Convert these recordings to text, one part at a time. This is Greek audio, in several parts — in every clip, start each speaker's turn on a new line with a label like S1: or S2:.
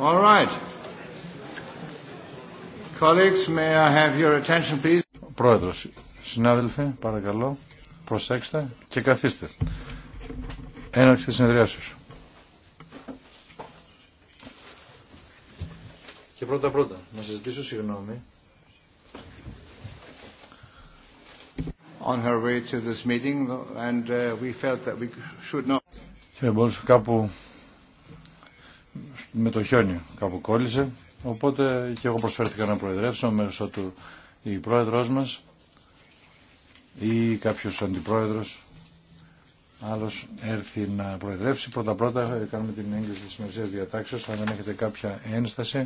S1: All right. Colleagues, may I have your attention, please? Πρόεδρος, συνάδελφοι, παρακαλώ, προσέξτε και καθίστε. Έναρξη της συνεδριάσεως. Και πρώτα πρώτα, να σας ζητήσω συγγνώμη. On her way to this meeting, and uh, we felt that we should not. Κύριε Μπόλς, κάπου με το χιόνι κάπου κόλλησε. Οπότε και εγώ προσφέρθηκα να προεδρεύσω μέσω του η πρόεδρος μας ή κάποιος αντιπρόεδρος άλλος έρθει να προεδρεύσει. Πρώτα πρώτα ε, κάνουμε την έγκριση της μεσαίας διατάξεως. Αν δεν έχετε κάποια ένσταση,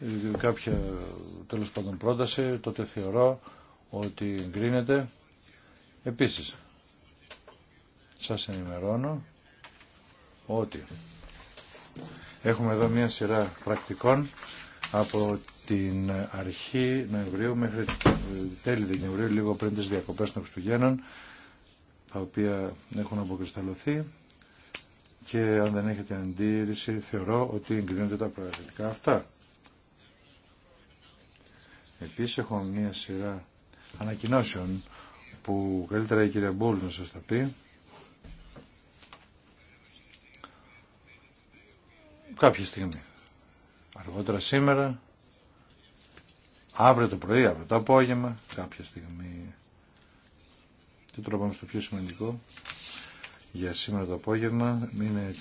S1: ε, κάποια τέλος πάντων πρόταση, τότε θεωρώ ότι εγκρίνεται. Επίσης, σας ενημερώνω ότι έχουμε εδώ μια σειρά πρακτικών από την αρχή Νοεμβρίου μέχρι τέλη Δεκεμβρίου, λίγο πριν τις διακοπές των Χριστουγέννων, τα οποία έχουν αποκρισταλωθεί και αν δεν έχετε αντίρρηση θεωρώ ότι εγκρίνονται τα πρακτικά αυτά. Επίσης έχω μια σειρά ανακοινώσεων που καλύτερα η κυρία Μπούλ να σας τα πει. κάποια στιγμή. Αργότερα σήμερα, αύριο το πρωί, αύριο το απόγευμα, κάποια στιγμή. Και τώρα πάμε στο πιο σημαντικό. Για σήμερα το απόγευμα είναι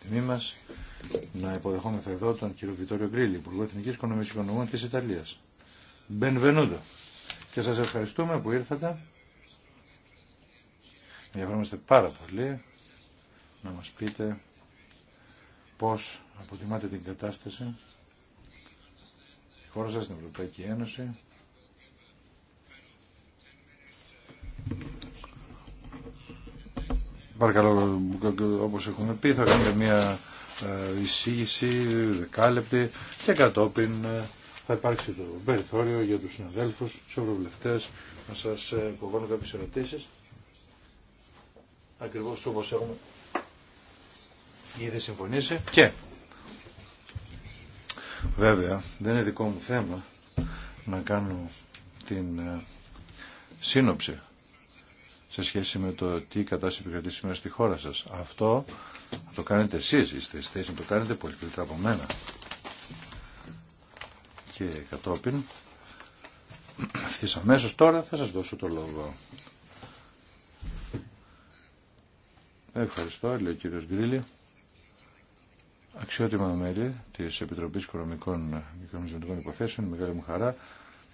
S1: τιμή μα να υποδεχόμεθα εδώ τον κύριο Βιτόριο Γκρίλη, Υπουργό Εθνική Οικονομία Οικονομών τη Ιταλία. Μπενβενούντο. Και σα ευχαριστούμε που ήρθατε. Διαφέρομαστε πάρα πολύ να μας πείτε πώς αποτιμάτε την κατάσταση η χώρα σας στην Ευρωπαϊκή Ένωση Παρακαλώ, όπως έχουμε πει, θα κάνουμε μια ε, εισήγηση δεκάλεπτη και κατόπιν ε, θα υπάρξει το περιθώριο για τους συναδέλφους, τους ευρωβουλευτές, να σας ε, υποβάλω κάποιες ερωτήσεις. Ακριβώς όπως έχουμε ήδη συμφωνήσει. Και Βέβαια, δεν είναι δικό μου θέμα να κάνω την ε, σύνοψη σε σχέση με το τι κατάσταση επικρατεί σήμερα στη χώρα σας. Αυτό το κάνετε εσείς, είστε εσείς, να το κάνετε πολύ καλύτερα από μένα. Και κατόπιν, αυτής αμέσως τώρα θα σας δώσω το λόγο. Ευχαριστώ, λέει ο κύριος Γκρίλη. Αξιότιμα μέλη της Επιτροπής Οικονομικών Οικονομικών Υποθέσεων, μεγάλη μου χαρά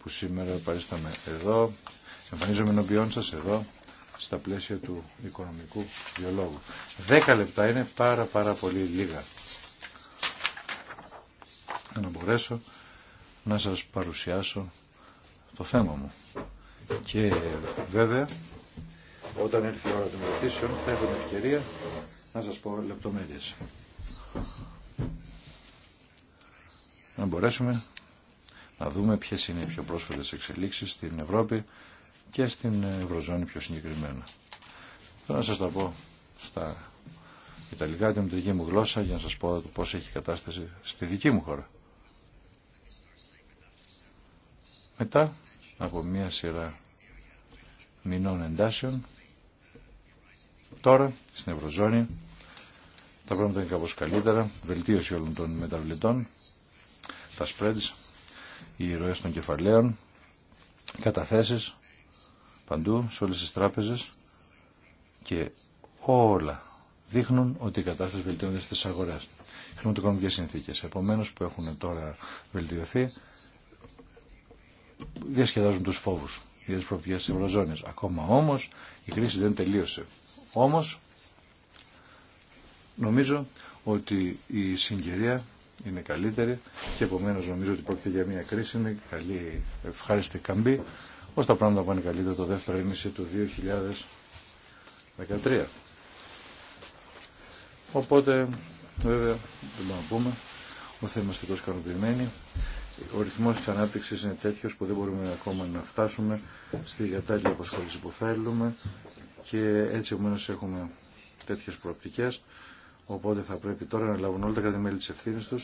S1: που σήμερα παρίσταμε εδώ, εμφανίζομαι ενώπιόν σας εδώ, στα πλαίσια του οικονομικού διολόγου. Δέκα λεπτά είναι πάρα πάρα πολύ λίγα. Για να μπορέσω να σας παρουσιάσω το θέμα μου. Και βέβαια, όταν έρθει η ώρα των ερωτήσεων, θα έχω την ευκαιρία να σας πω λεπτομέρειες να μπορέσουμε να δούμε ποιες είναι οι πιο πρόσφατες εξελίξεις στην Ευρώπη και στην Ευρωζώνη πιο συγκεκριμένα. Θέλω να σας τα πω στα Ιταλικά, την δική μου γλώσσα, για να σας πω το πώς έχει κατάσταση στη δική μου χώρα. Μετά από μία σειρά μηνών εντάσεων, τώρα στην Ευρωζώνη τα πράγματα είναι κάπως καλύτερα, βελτίωση όλων των μεταβλητών, τα spreads, οι ροές των κεφαλαίων, καταθέσεις παντού, σε όλες τις τράπεζες και όλα δείχνουν ότι η κατάσταση βελτιώνεται στις αγορές. Χρηματοοικονομικές συνθήκες, επομένως που έχουν τώρα βελτιωθεί, διασκεδάζουν τους φόβους για τις προοπτικές της Ακόμα όμως η κρίση δεν τελείωσε. Όμως Νομίζω ότι η συγκυρία είναι καλύτερη και επομένω νομίζω ότι πρόκειται για μια κρίσιμη, καλή, ευχάριστη καμπή, ώστε τα πράγματα πάνε καλύτερα το δεύτερο ημίση του 2013. Οπότε, βέβαια, δεν μπορούμε να πούμε ότι είμαστε τόσο ικανοποιημένοι. Ο ρυθμός της ανάπτυξης είναι τέτοιο που δεν μπορούμε ακόμα να φτάσουμε στη κατάλληλη απασχόληση που θέλουμε και έτσι επομένως έχουμε τέτοιες προοπτικές Οπότε θα πρέπει τώρα να λάβουν όλα τα κράτη-μέλη τι ευθύνε του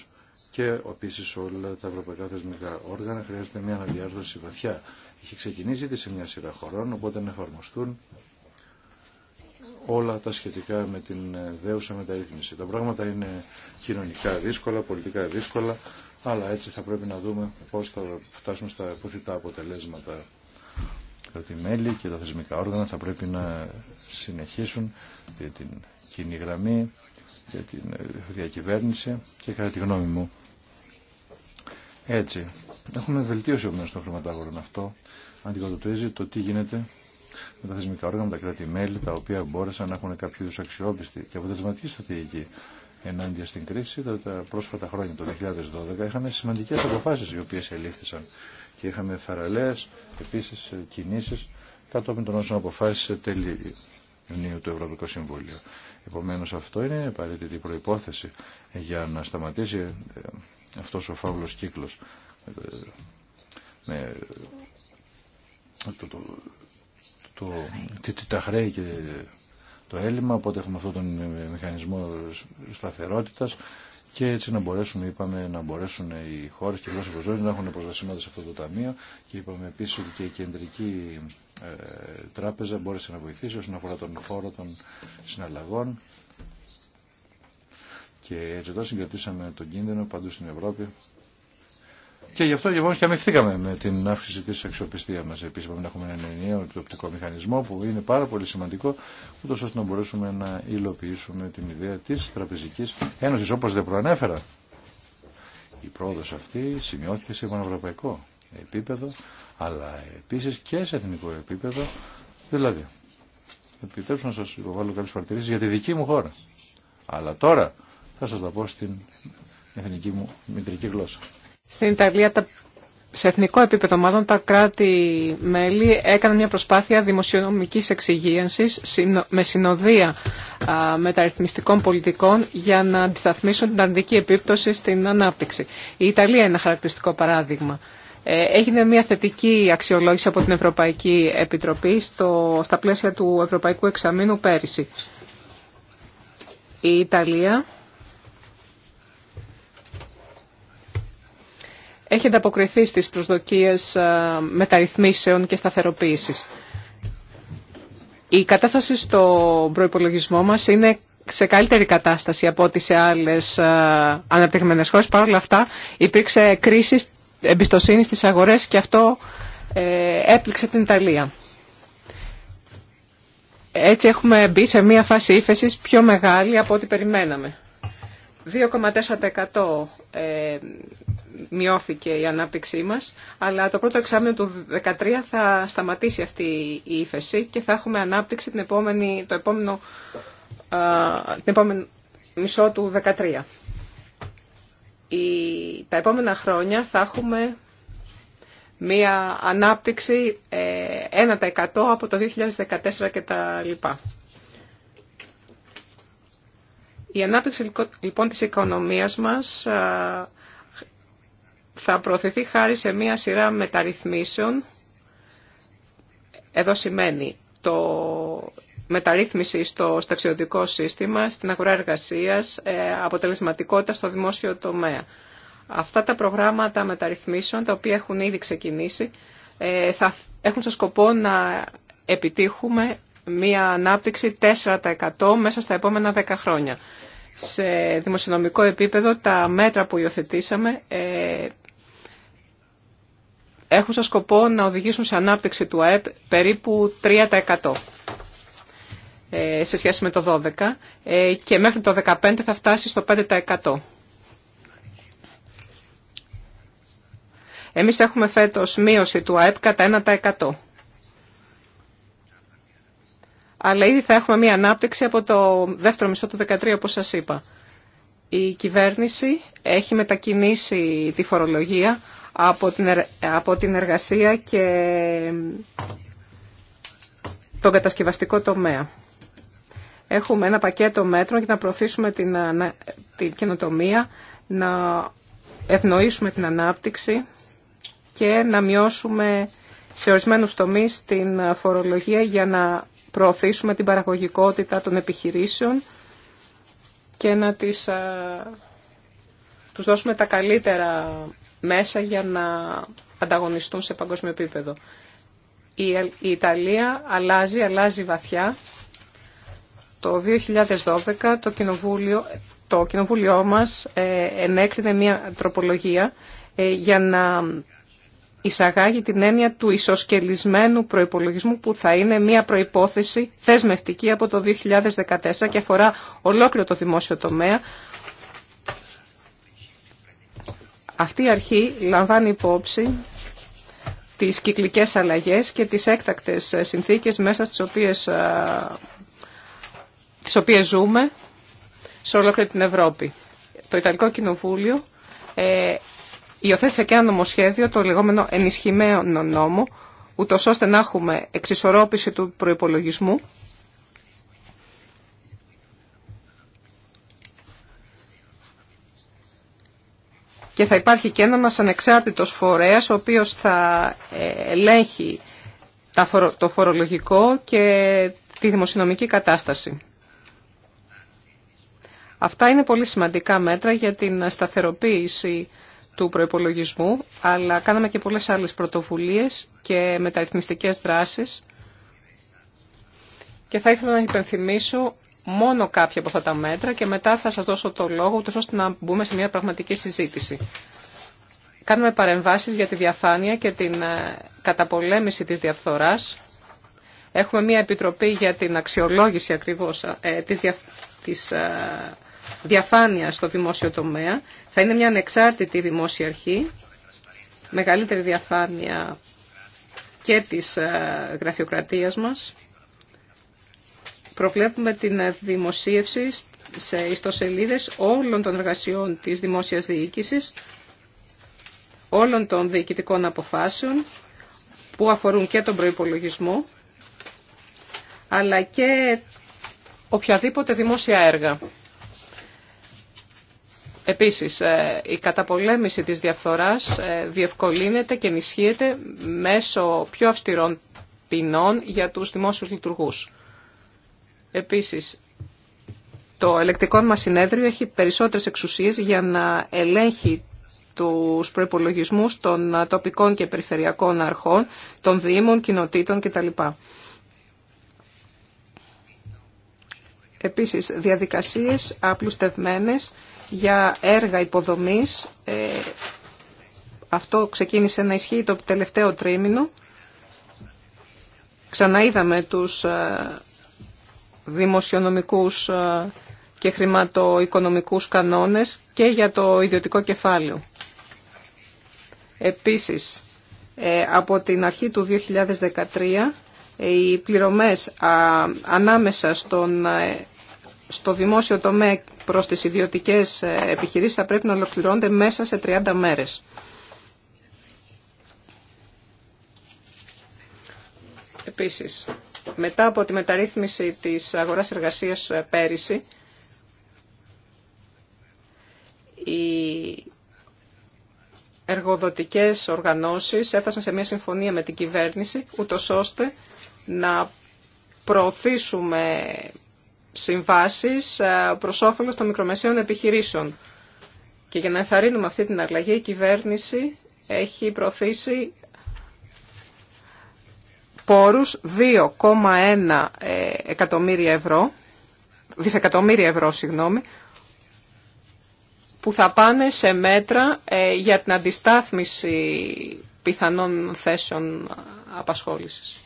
S1: και επίση όλα τα ευρωπαϊκά θεσμικά όργανα. Χρειάζεται μια αναδιάρθρωση βαθιά. Έχει ξεκινήσει ήδη σε μια σειρά χωρών, οπότε να εφαρμοστούν όλα τα σχετικά με την δέουσα μεταρρύθμιση. Τα πράγματα είναι κοινωνικά δύσκολα, πολιτικά δύσκολα, αλλά έτσι θα πρέπει να δούμε πώς θα φτάσουμε στα υποθητά αποτελέσματα. Ότι μέλη και τα θεσμικά όργανα θα πρέπει να συνεχίσουν την κοινή γραμμή για την ε, διακυβέρνηση και κατά τη γνώμη μου. Έτσι, έχουμε βελτίωση το των με αυτό, αντικατοπτρίζει το τι γίνεται με τα θεσμικά όργανα, με τα κράτη-μέλη, τα οποία μπόρεσαν να έχουν κάποιο είδου αξιόπιστη και αποτελεσματική στρατηγική ενάντια στην κρίση. Τα, τα πρόσφατα χρόνια, το 2012, είχαμε σημαντικές αποφάσεις οι οποίες ελήφθησαν και είχαμε θαραλέε επίση ε, κινήσει κατόπιν των όσων αποφάσισε τελείω Ιουνίου του Ευρωπαϊκού Συμβούλιο. Επομένως αυτό είναι απαραίτητη προϋπόθεση για να σταματήσει ε, αυτός ο φαύλος κύκλος ε, με το, το, τα χρέη και το έλλειμμα, οπότε έχουμε αυτόν τον ε, μηχανισμό σταθερότητας και έτσι να μπορέσουμε, είπαμε, να μπορέσουν οι χώρες και οι γλώσσες να έχουν προσβασιμότητα σε αυτό το ταμείο και είπαμε επίσης ότι και η κεντρική ε, τράπεζα μπόρεσε να βοηθήσει όσον αφορά τον φόρο των συναλλαγών και έτσι εδώ συγκρατήσαμε τον κίνδυνο παντού στην Ευρώπη. Και γι' αυτό λοιπόν και αμυφθήκαμε με την αύξηση τη αξιοπιστία μα. Επίση, πρέπει να έχουμε έναν ενιαίο επιτοπτικό μηχανισμό που είναι πάρα πολύ σημαντικό, ούτω ώστε να μπορέσουμε να υλοποιήσουμε την ιδέα τη Τραπεζική Ένωση, όπω δεν προανέφερα. Η πρόοδο αυτή σημειώθηκε σε πανευρωπαϊκό επίπεδο, αλλά επίσης και σε εθνικό επίπεδο. Δηλαδή, επιτρέψτε να σας υποβάλω κάποιες παρατηρήσεις για τη δική μου χώρα. Αλλά τώρα θα σας τα πω στην εθνική μου μητρική γλώσσα.
S2: Στην Ιταλία τα σε εθνικό επίπεδο μάλλον τα κράτη-μέλη έκαναν μια προσπάθεια δημοσιονομικής εξυγίανσης με συνοδεία μεταρρυθμιστικών πολιτικών για να αντισταθμίσουν την αρνητική επίπτωση στην ανάπτυξη. Η Ιταλία είναι ένα χαρακτηριστικό παράδειγμα. Ε, έγινε μια θετική αξιολόγηση από την Ευρωπαϊκή Επιτροπή στο, στα πλαίσια του Ευρωπαϊκού Εξαμήνου πέρυσι. Η Ιταλία έχει ανταποκριθεί στις προσδοκίες ε, μεταρρυθμίσεων και σταθεροποίησης. Η κατάσταση στο προϋπολογισμό μας είναι σε καλύτερη κατάσταση από ό,τι σε άλλες ε, αναπτυγμένες χώρες. Παρ' αυτά υπήρξε κρίση εμπιστοσύνη στις αγορές και αυτό ε, έπληξε την Ιταλία. Έτσι έχουμε μπει σε μια φάση ύφεση πιο μεγάλη από ό,τι περιμέναμε. 2,4% ε, μειώθηκε η ανάπτυξή μας, αλλά το πρώτο εξάμεινο του 2013 θα σταματήσει αυτή η ύφεση και θα έχουμε ανάπτυξη επόμενη, το επόμενο, ε, την επόμενη μισό του 2013 τα επόμενα χρόνια θα έχουμε μία ανάπτυξη 1% ε, από το 2014 και τα λοιπά. Η ανάπτυξη λοιπόν της οικονομίας μας θα προωθηθεί χάρη σε μία σειρά μεταρρυθμίσεων. Εδώ σημαίνει το μεταρρύθμιση στο σταξιωτικό σύστημα, στην αγορά εργασίας, ε, αποτελεσματικότητα στο δημόσιο τομέα. Αυτά τα προγράμματα μεταρρυθμίσεων, τα οποία έχουν ήδη ξεκινήσει, ε, θα έχουν σκοπό να επιτύχουμε μία ανάπτυξη 4% μέσα στα επόμενα 10 χρόνια. Σε δημοσιονομικό επίπεδο, τα μέτρα που υιοθετήσαμε ε, έχουν σκοπό να οδηγήσουν σε ανάπτυξη του ΑΕΠ περίπου 3%. Ε, σε σχέση με το 12 ε, και μέχρι το 15 θα φτάσει στο 5%. Εμείς έχουμε φέτος μείωση του ΑΕΠ κατά 1%. Αλλά ήδη θα έχουμε μία ανάπτυξη από το δεύτερο μισό του 2013, όπως σας είπα. Η κυβέρνηση έχει μετακινήσει τη φορολογία από την, από την εργασία και τον κατασκευαστικό τομέα έχουμε ένα πακέτο μέτρων για να προωθήσουμε την, την καινοτομία, να ευνοήσουμε την ανάπτυξη και να μειώσουμε σε ορισμένου τομεί την φορολογία για να προωθήσουμε την παραγωγικότητα των επιχειρήσεων και να τις, τους δώσουμε τα καλύτερα μέσα για να ανταγωνιστούν σε παγκόσμιο επίπεδο. Η, η Ιταλία αλλάζει, αλλάζει βαθιά το 2012 το κοινοβούλιο, το κοινοβούλιο μας ε, ενέκρινε μια τροπολογία ε, για να εισαγάγει την έννοια του ισοσκελισμένου προϋπολογισμού που θα είναι μια προϋπόθεση θεσμευτική από το 2014 και αφορά ολόκληρο το δημόσιο τομέα. Αυτή η αρχή λαμβάνει υπόψη τις κυκλικές αλλαγές και τις έκτακτες συνθήκες μέσα στις οποίες ε, τις οποίες ζούμε σε ολόκληρη την Ευρώπη. Το Ιταλικό Κοινοβούλιο ε, υιοθέτησε και ένα νομοσχέδιο, το λεγόμενο ενισχυμένο νόμο, ούτω ώστε να έχουμε εξισορρόπηση του προϋπολογισμού και θα υπάρχει και ένα μας ανεξάρτητος φορέας ο οποίος θα ε, ελέγχει το φορολογικό και τη δημοσιονομική κατάσταση. Αυτά είναι πολύ σημαντικά μέτρα για την σταθεροποίηση του προϋπολογισμού, αλλά κάναμε και πολλές άλλες πρωτοβουλίες και μεταρρυθμιστικές δράσεις. Και θα ήθελα να υπενθυμίσω μόνο κάποια από αυτά τα μέτρα και μετά θα σας δώσω το λόγο, ούτως ώστε να μπούμε σε μια πραγματική συζήτηση. Κάνουμε παρεμβάσεις για τη διαφάνεια και την ε, καταπολέμηση της διαφθοράς. Έχουμε μια επιτροπή για την αξιολόγηση ακριβώς ε, της, της ε, διαφάνεια στο δημόσιο τομέα. Θα είναι μια ανεξάρτητη δημόσια αρχή, μεγαλύτερη διαφάνεια και της ε, γραφειοκρατίας μας. Προβλέπουμε την δημοσίευση σε ιστοσελίδες όλων των εργασιών της δημόσιας διοίκησης, όλων των διοικητικών αποφάσεων που αφορούν και τον προϋπολογισμό, αλλά και οποιαδήποτε δημόσια έργα. Επίσης, ε, η καταπολέμηση της διαφθοράς ε, διευκολύνεται και ενισχύεται μέσω πιο αυστηρών ποινών για τους δημόσιους λειτουργούς. Επίσης, το ελεκτικό μας συνέδριο έχει περισσότερες εξουσίες για να ελέγχει τους προϋπολογισμούς των τοπικών και περιφερειακών αρχών, των δήμων, κοινοτήτων κτλ. Επίσης, διαδικασίες απλουστευμένες για έργα υποδομής. Ε, αυτό ξεκίνησε να ισχύει το τελευταίο τρίμηνο. Ξαναείδαμε τους ε, δημοσιονομικούς ε, και χρηματοοικονομικούς κανόνες και για το ιδιωτικό κεφάλαιο. Επίσης, από την αρχή του 2013 οι πληρωμές ανάμεσα στον, στο δημόσιο τομέα προς τις ιδιωτικές επιχειρήσεις θα πρέπει να ολοκληρώνεται μέσα σε 30 μέρες. Επίσης, μετά από τη μεταρρύθμιση της αγοράς εργασίας πέρυσι, οι εργοδοτικές οργανώσεις έφτασαν σε μια συμφωνία με την κυβέρνηση, ούτω ώστε να προωθήσουμε συμβάσεις ε, προς όφελος των μικρομεσαίων επιχειρήσεων. Και για να ενθαρρύνουμε αυτή την αλλαγή, η κυβέρνηση έχει προωθήσει πόρους 2,1 ε, εκατομμύρια ευρώ, δισεκατομμύρια ευρώ, συγγνώμη, που θα πάνε σε μέτρα ε, για την αντιστάθμιση πιθανών θέσεων απασχόλησης.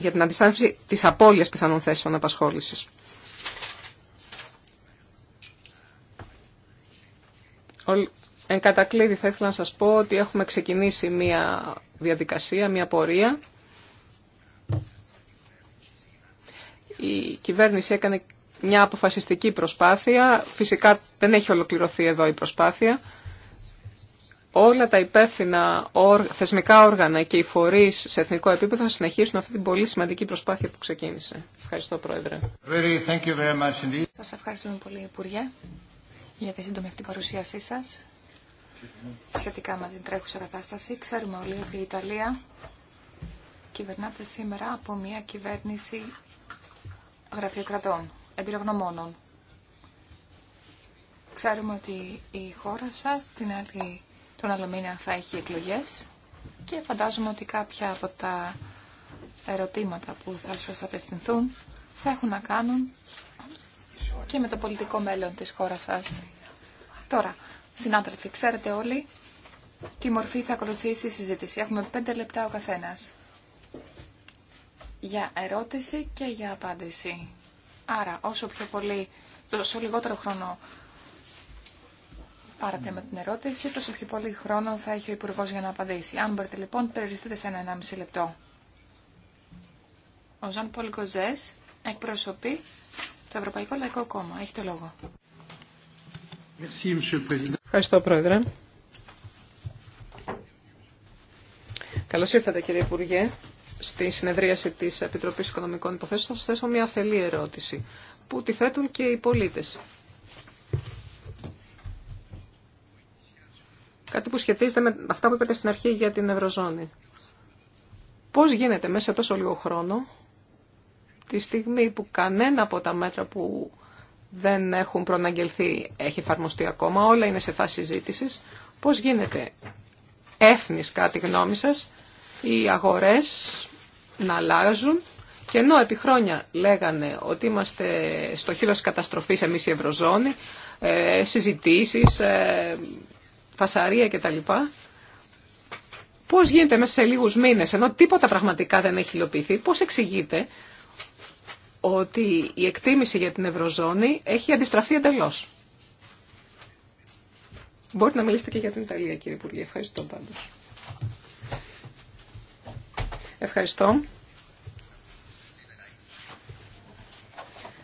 S2: για την αντιστάθμιση της απώλειας πιθανών θέσεων απασχόλησης. Εν κατακλείδη θα ήθελα να σας πω ότι έχουμε ξεκινήσει μία διαδικασία, μία πορεία. Η κυβέρνηση έκανε μια αποφασιστική προσπάθεια. Φυσικά δεν έχει ολοκληρωθεί εδώ η προσπάθεια όλα τα υπεύθυνα θεσμικά όργανα και οι φορείς σε εθνικό επίπεδο θα συνεχίσουν αυτή την πολύ σημαντική προσπάθεια που ξεκίνησε. Ευχαριστώ, Πρόεδρε.
S1: Thank you
S3: σας ευχαριστούμε πολύ, Υπουργέ, για τη σύντομη αυτή παρουσίασή σας σχετικά με την τρέχουσα κατάσταση. Ξέρουμε όλοι ότι η Ιταλία κυβερνάται σήμερα από μια κυβέρνηση γραφειοκρατών, εμπειρογνωμόνων. Ξέρουμε ότι η χώρα σας την άλλη τον άλλο μήνα θα έχει εκλογές και φαντάζομαι ότι κάποια από τα ερωτήματα που θα σας απευθυνθούν θα έχουν να κάνουν και με το πολιτικό μέλλον της χώρας σας. Τώρα, συνάδελφοι, ξέρετε όλοι τι μορφή θα ακολουθήσει η συζήτηση. Έχουμε πέντε λεπτά ο καθένας για ερώτηση και για απάντηση. Άρα, όσο πιο πολύ, όσο λιγότερο χρόνο Πάρατε με την ερώτηση, τόσο πιο πολύ χρόνο θα έχει ο Υπουργό για να απαντήσει. Αν μπορείτε λοιπόν, περιοριστείτε σε ένα 1,5 λεπτό. Ο Ζαν Κοζέ εκπροσωπεί το Ευρωπαϊκό Λαϊκό Κόμμα. Έχει το λόγο.
S2: Ευχαριστώ, Πρόεδρε. Καλώ ήρθατε, κύριε Υπουργέ, στη συνεδρίαση τη Επιτροπή Οικονομικών Υποθέσεων. Θα σα θέσω μια αφελή ερώτηση που τη θέτουν και οι πολίτε. κάτι που σχετίζεται με αυτά που είπατε στην αρχή για την Ευρωζώνη. Πώς γίνεται μέσα τόσο λίγο χρόνο, τη στιγμή που κανένα από τα μέτρα που δεν έχουν προναγγελθεί έχει εφαρμοστεί ακόμα, όλα είναι σε φάση συζήτηση. πώς γίνεται έφνης κάτι γνώμη σα, οι αγορές να αλλάζουν και ενώ επί χρόνια λέγανε ότι είμαστε στο χείλος καταστροφής εμείς η Ευρωζώνη, ε, συζητήσεις, ε, φασαρία κτλ. Πώς γίνεται μέσα σε λίγου μήνε ενώ τίποτα πραγματικά δεν έχει υλοποιηθεί, πώς εξηγείται ότι η εκτίμηση για την Ευρωζώνη έχει αντιστραφεί εντελώ. Μπορείτε να μιλήσετε και για την Ιταλία, κύριε Υπουργέ. Ευχαριστώ πάντω. Ευχαριστώ.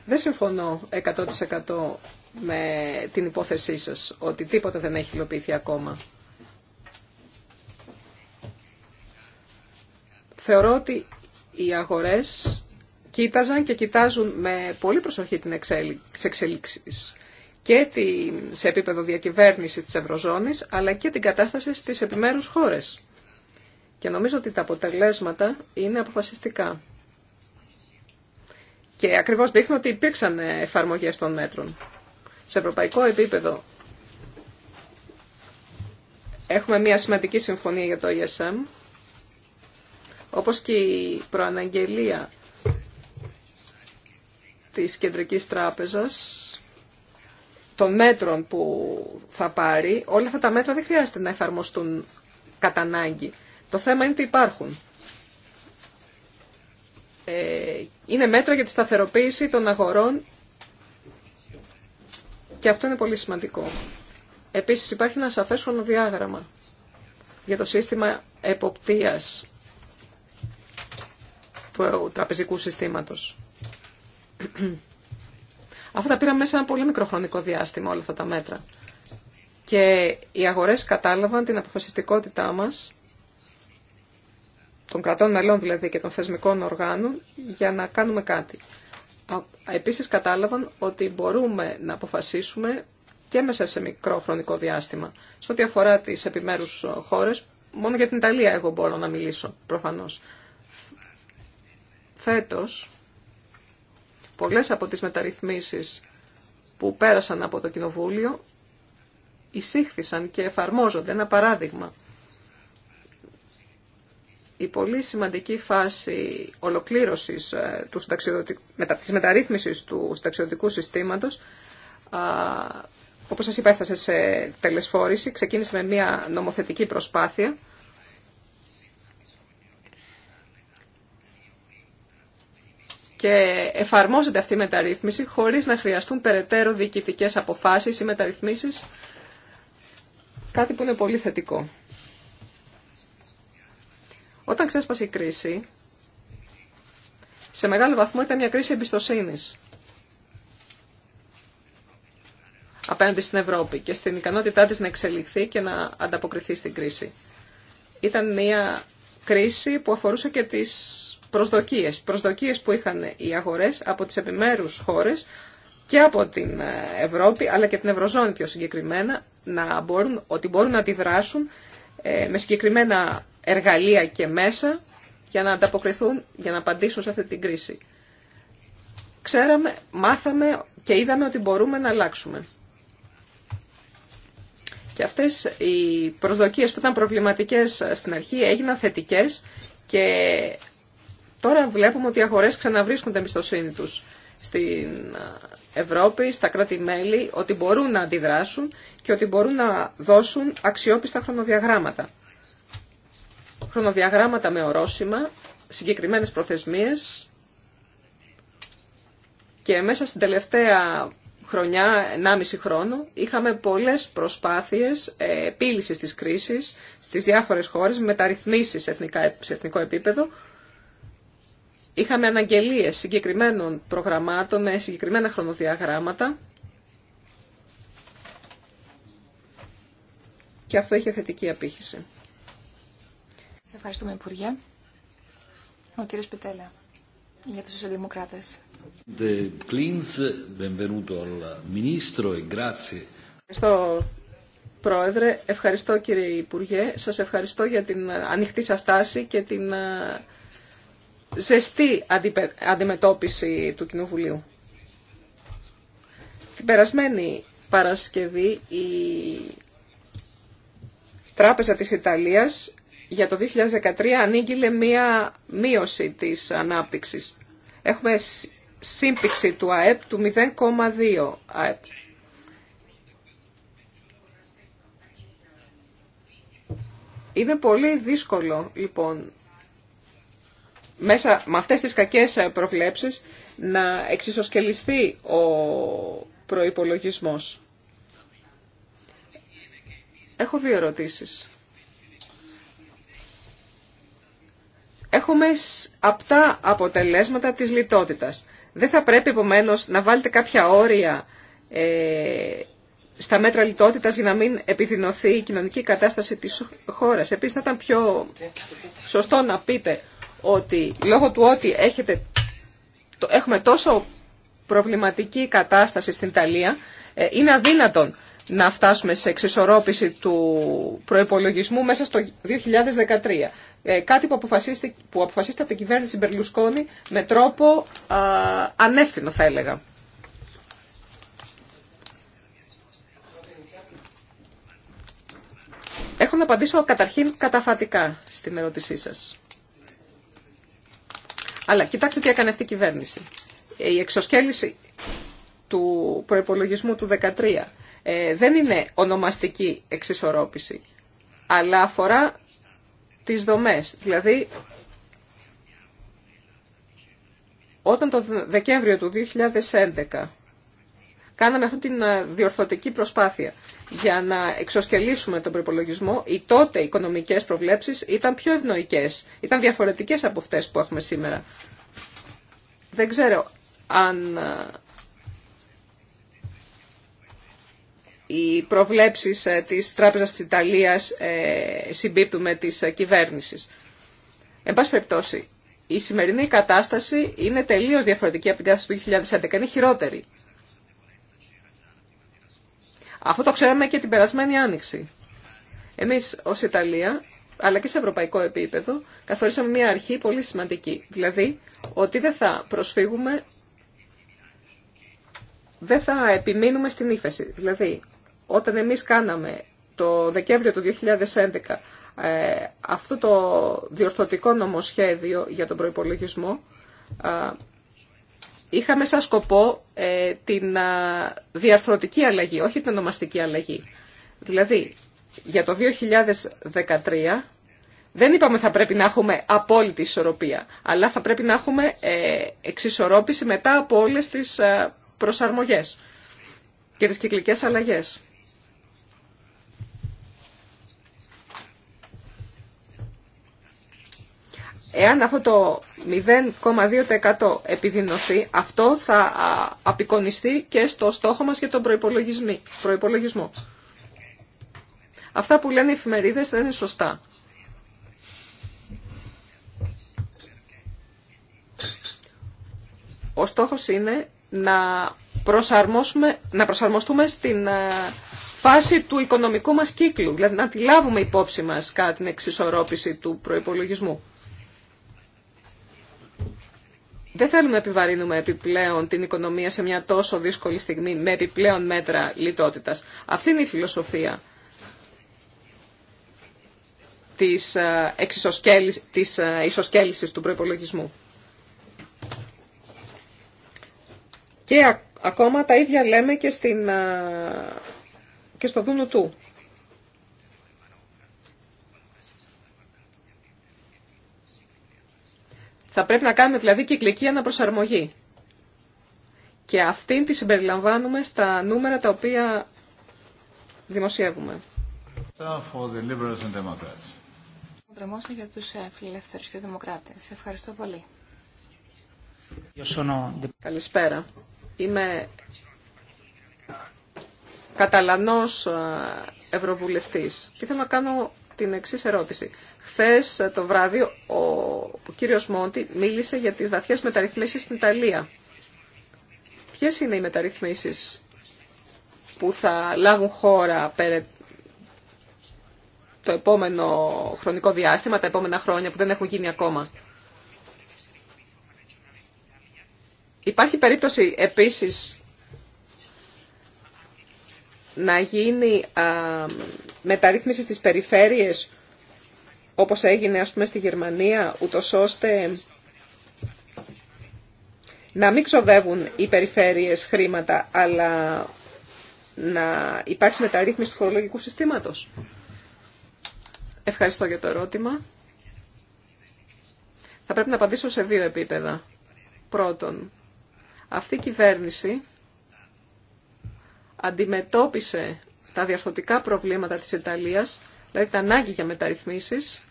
S2: Δεν συμφωνώ 100% με την υπόθεσή σας, ότι τίποτα δεν έχει υλοποιηθεί ακόμα. Θεωρώ ότι οι αγορές κοίταζαν και κοιτάζουν με πολύ προσοχή την εξέλιξη και σε επίπεδο διακυβέρνησης της Ευρωζώνης, αλλά και την κατάσταση στις επιμέρους χώρες. Και νομίζω ότι τα αποτελέσματα είναι αποφασιστικά. Και ακριβώς δείχνω ότι υπήρξαν εφαρμογές των μέτρων σε ευρωπαϊκό επίπεδο έχουμε μια σημαντική συμφωνία για το ESM, όπως και η προαναγγελία της Κεντρικής Τράπεζας, των μέτρων που θα πάρει, όλα αυτά τα μέτρα δεν χρειάζεται να εφαρμοστούν κατά ανάγκη. Το θέμα είναι ότι υπάρχουν. Ε, είναι μέτρα για τη σταθεροποίηση των αγορών και αυτό είναι πολύ σημαντικό. Επίσης υπάρχει ένα σαφές χρονοδιάγραμμα για το σύστημα εποπτείας του τραπεζικού συστήματος. Αυτά τα πήραμε σε ένα πολύ μικροχρονικό διάστημα όλα αυτά τα μέτρα. Και οι αγορές κατάλαβαν την αποφασιστικότητά μας, των κρατών μελών δηλαδή και των θεσμικών οργάνων, για να κάνουμε κάτι. Επίσης κατάλαβαν ότι μπορούμε να αποφασίσουμε και μέσα σε μικρό χρονικό διάστημα. Σε ό,τι αφορά τις επιμέρους ε, χώρες, μόνο για την Ιταλία εγώ μπορώ να μιλήσω προφανώς. Φέτος, πολλές από τις μεταρρυθμίσεις που πέρασαν από το Κοινοβούλιο εισήχθησαν και εφαρμόζονται. Ένα παράδειγμα η πολύ σημαντική φάση ολοκλήρωσης ε, του της μεταρρύθμισης του συνταξιοδοτικού συστήματος, όπως σας είπα έφτασε σε τελεσφόρηση, ξεκίνησε με μια νομοθετική προσπάθεια. Και εφαρμόζεται αυτή η μεταρρύθμιση χωρίς να χρειαστούν περαιτέρω διοικητικές αποφάσεις ή μεταρρυθμίσεις, κάτι που είναι πολύ θετικό. Όταν ξέσπασε η κρίση, σε μεγάλο βαθμό ήταν μια κρίση εμπιστοσύνης απέναντι στην Ευρώπη και στην ικανότητά της να εξελιχθεί και να ανταποκριθεί στην κρίση. Ήταν μια κρίση που αφορούσε και τις προσδοκίες. Προσδοκίες που είχαν οι αγορές από τις επιμέρους χώρες και από την Ευρώπη, αλλά και την Ευρωζώνη πιο συγκεκριμένα, να ότι μπορούν να αντιδράσουν ε, με συγκεκριμένα εργαλεία και μέσα για να ανταποκριθούν, για να απαντήσουν σε αυτή την κρίση. Ξέραμε, μάθαμε και είδαμε ότι μπορούμε να αλλάξουμε. Και αυτές οι προσδοκίες που ήταν προβληματικές στην αρχή έγιναν θετικές και τώρα βλέπουμε ότι οι αγορές ξαναβρίσκουν την εμπιστοσύνη τους στην Ευρώπη, στα κράτη-μέλη, ότι μπορούν να αντιδράσουν και ότι μπορούν να δώσουν αξιόπιστα χρονοδιαγράμματα χρονοδιαγράμματα με ορόσημα, συγκεκριμένες προθεσμίες και μέσα στην τελευταία χρονιά, 1,5 χρόνο, είχαμε πολλές προσπάθειες επίλυσης της κρίσης στις διάφορες χώρες, μεταρρυθμίσεις σε εθνικό επίπεδο. Είχαμε αναγγελίες συγκεκριμένων προγραμμάτων με συγκεκριμένα χρονοδιαγράμματα και αυτό είχε θετική απήχηση.
S3: Ευχαριστούμε, Υπουργέ. Ο κύριο Πιτέλα, για τους
S1: e grazie.
S2: Ευχαριστώ, Πρόεδρε. Ευχαριστώ, κύριε Υπουργέ. Σας ευχαριστώ για την ανοιχτή σας τάση και την ε, ζεστή αντιμετώπιση του Κοινοβουλίου. Την περασμένη Παρασκευή η Τράπεζα της Ιταλίας για το 2013 ανήγγειλε μία μείωση της ανάπτυξης. Έχουμε σύμπηξη του ΑΕΠ του 0,2 ΑΕΠ. Είναι πολύ δύσκολο, λοιπόν, μέσα με αυτές τις κακές προβλέψεις να εξισοσκελιστεί ο προϋπολογισμός. Έχω δύο ερωτήσεις. έχουμε απτά αποτελέσματα της λιτότητας. Δεν θα πρέπει επομένως να βάλετε κάποια όρια ε, στα μέτρα λιτότητας για να μην επιδεινωθεί η κοινωνική κατάσταση της χώρας. Επίσης θα ήταν πιο σωστό να πείτε ότι λόγω του ότι έχετε, έχουμε τόσο προβληματική κατάσταση στην Ιταλία, ε, είναι αδύνατον να φτάσουμε σε εξισορρόπηση του προπολογισμού μέσα στο 2013. Ε, κάτι που αποφασίστηκε, που αποφασίστηκε από την κυβέρνηση Μπερλουσκόνη με τρόπο α, ανεύθυνο θα έλεγα. Έχω να απαντήσω καταρχήν καταφατικά στην ερώτησή σας. Αλλά κοιτάξτε τι έκανε αυτή η κυβέρνηση. Ε, η εξοσκέληση του προϋπολογισμού του 2013 ε, δεν είναι ονομαστική εξισορρόπηση, αλλά αφορά τις δομές. Δηλαδή, όταν το Δεκέμβριο του 2011 κάναμε αυτή την ε, διορθωτική προσπάθεια για να εξοσκελίσουμε τον προπολογισμό, οι τότε οικονομικές προβλέψεις ήταν πιο ευνοϊκές, ήταν διαφορετικές από αυτές που έχουμε σήμερα. Δεν ξέρω αν ε, οι προβλέψεις ε, της Τράπεζας της Ιταλίας ε, συμπίπτουν με τις ε, κυβέρνησης. Εν πάση περιπτώσει, η σημερινή κατάσταση είναι τελείως διαφορετική από την κατάσταση του 2011, είναι χειρότερη. Αυτό το ξέραμε και την περασμένη Άνοιξη. Εμείς ως Ιταλία, αλλά και σε ευρωπαϊκό επίπεδο, καθορίσαμε μια αρχή πολύ σημαντική. Δηλαδή, ότι δεν θα προσφύγουμε, δεν θα επιμείνουμε στην ύφεση. Δηλαδή, όταν εμείς κάναμε το Δεκέμβριο του 2011 ε, αυτό το διορθωτικό νομοσχέδιο για τον προϋπολογισμό, ε, είχαμε σαν σκοπό ε, την διαρθρωτική αλλαγή, όχι την ονομαστική αλλαγή. Δηλαδή, για το 2013 δεν είπαμε θα πρέπει να έχουμε απόλυτη ισορροπία, αλλά θα πρέπει να έχουμε εξισορρόπηση μετά από όλες τις προσαρμογές και τις κυκλικές αλλαγές. Εάν αυτό το 0,2% επιδεινωθεί, αυτό θα απεικονιστεί και στο στόχο μας για τον προϋπολογισμό. Αυτά που λένε οι εφημερίδες δεν είναι σωστά. Ο στόχος είναι να, προσαρμόσουμε, να προσαρμοστούμε στην ε, φάση του οικονομικού μας κύκλου, δηλαδή να τη λάβουμε υπόψη μας κατά την εξισορρόπηση του προϋπολογισμού. Δεν θέλουμε να επιβαρύνουμε επιπλέον την οικονομία σε μια τόσο δύσκολη στιγμή με επιπλέον μέτρα λιτότητας. Αυτή είναι η φιλοσοφία της, ε, της ε, ισοσκέλησης του προϋπολογισμού. Και ακόμα τα ίδια λέμε και, στην, ε, και στο Δούνου του. Θα πρέπει να κάνουμε δηλαδή κυκλική αναπροσαρμογή. Και αυτήν τη συμπεριλαμβάνουμε στα νούμερα τα οποία δημοσιεύουμε.
S1: Ε,
S3: Ευχαριστώ πολύ.
S2: Καλησπέρα. Είμαι καταλανός ε, ευρωβουλευτής και θέλω να κάνω την εξής ερώτηση. Χθε το βράδυ ο, ο κύριος Μόντι μίλησε για τις βαθιές μεταρρυθμίσεις στην Ιταλία. Ποιε είναι οι μεταρρυθμίσεις που θα λάβουν χώρα πέρα το επόμενο χρονικό διάστημα, τα επόμενα χρόνια που δεν έχουν γίνει ακόμα. Υπάρχει περίπτωση επίσης να γίνει α, μεταρρύθμιση στις περιφέρειες όπως έγινε ας πούμε στη Γερμανία, ούτως ώστε να μην ξοδεύουν οι περιφέρειες χρήματα, αλλά να υπάρξει μεταρρύθμιση του φορολογικού συστήματος. Ευχαριστώ για το ερώτημα. Θα πρέπει να απαντήσω σε δύο επίπεδα. Πρώτον, αυτή η κυβέρνηση αντιμετώπισε τα διαρθωτικά προβλήματα της Ιταλίας, δηλαδή τα ανάγκη για μεταρρυθμίσεις,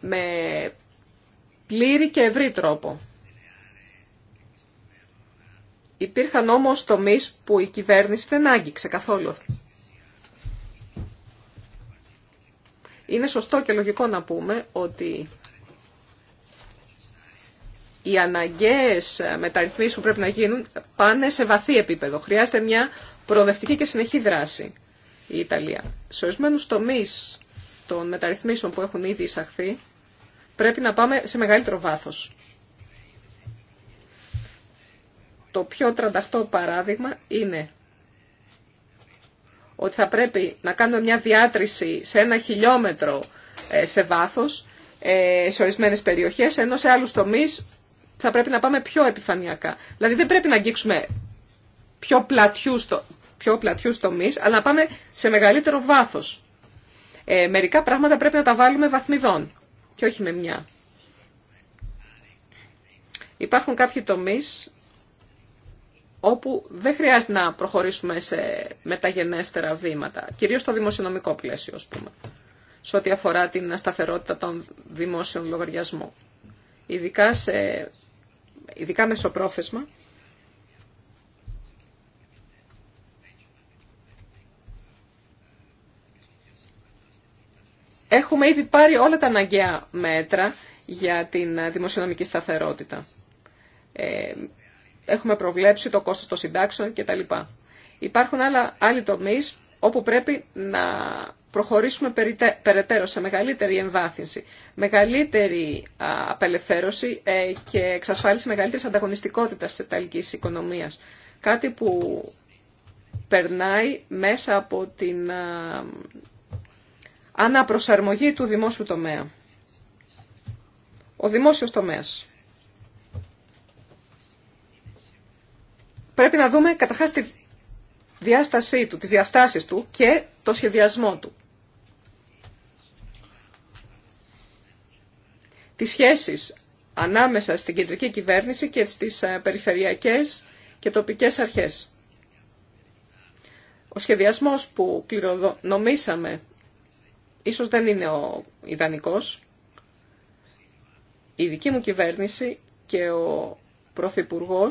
S2: με πλήρη και ευρύ τρόπο. Υπήρχαν όμως τομείς που η κυβέρνηση δεν άγγιξε καθόλου. Είναι σωστό και λογικό να πούμε ότι οι αναγκαίες μεταρρυθμίσεις που πρέπει να γίνουν πάνε σε βαθύ επίπεδο. Χρειάζεται μια προοδευτική και συνεχή δράση η Ιταλία. Σε ορισμένου τομεί των μεταρρυθμίσεων που έχουν ήδη εισαχθεί, πρέπει να πάμε σε μεγαλύτερο βάθος. Το πιο τρανταχτό παράδειγμα είναι ότι θα πρέπει να κάνουμε μια διάτρηση σε ένα χιλιόμετρο ε, σε βάθος, ε, σε ορισμένες περιοχές, ενώ σε άλλους τομείς θα πρέπει να πάμε πιο επιφανειακά. Δηλαδή δεν πρέπει να αγγίξουμε πιο πλατιού πιο πλατιούς τομείς, αλλά να πάμε σε μεγαλύτερο βάθος. Ε, μερικά πράγματα πρέπει να τα βάλουμε βαθμιδών και όχι με μια. Υπάρχουν κάποιοι τομείς όπου δεν χρειάζεται να προχωρήσουμε σε μεταγενέστερα βήματα, κυρίως στο δημοσιονομικό πλαίσιο, ας πούμε, σε ό,τι αφορά την σταθερότητα των δημόσιων λογαριασμών. Ειδικά, σε, ειδικά μεσοπρόθεσμα, Έχουμε ήδη πάρει όλα τα αναγκαία μέτρα για την δημοσιονομική σταθερότητα. Ε, έχουμε προβλέψει το κόστος των συντάξεων κτλ. Υπάρχουν άλλα, άλλοι τομείς όπου πρέπει να προχωρήσουμε περαιτέρω σε μεγαλύτερη εμβάθυνση, μεγαλύτερη απελευθέρωση ε, και εξασφάλιση μεγαλύτερης ανταγωνιστικότητας της ιταλικής οικονομίας. Κάτι που περνάει μέσα από την αναπροσαρμογή του δημόσιου τομέα. Ο δημόσιος τομέας. Πρέπει να δούμε καταρχάς τη διάστασή του, τις διαστάσεις του και το σχεδιασμό του. Τις σχέσεις ανάμεσα στην κεντρική κυβέρνηση και στις ε, περιφερειακές και τοπικές αρχές. Ο σχεδιασμός που κληρονομήσαμε ίσως δεν είναι ο ιδανικός. Η δική μου κυβέρνηση και ο Πρωθυπουργό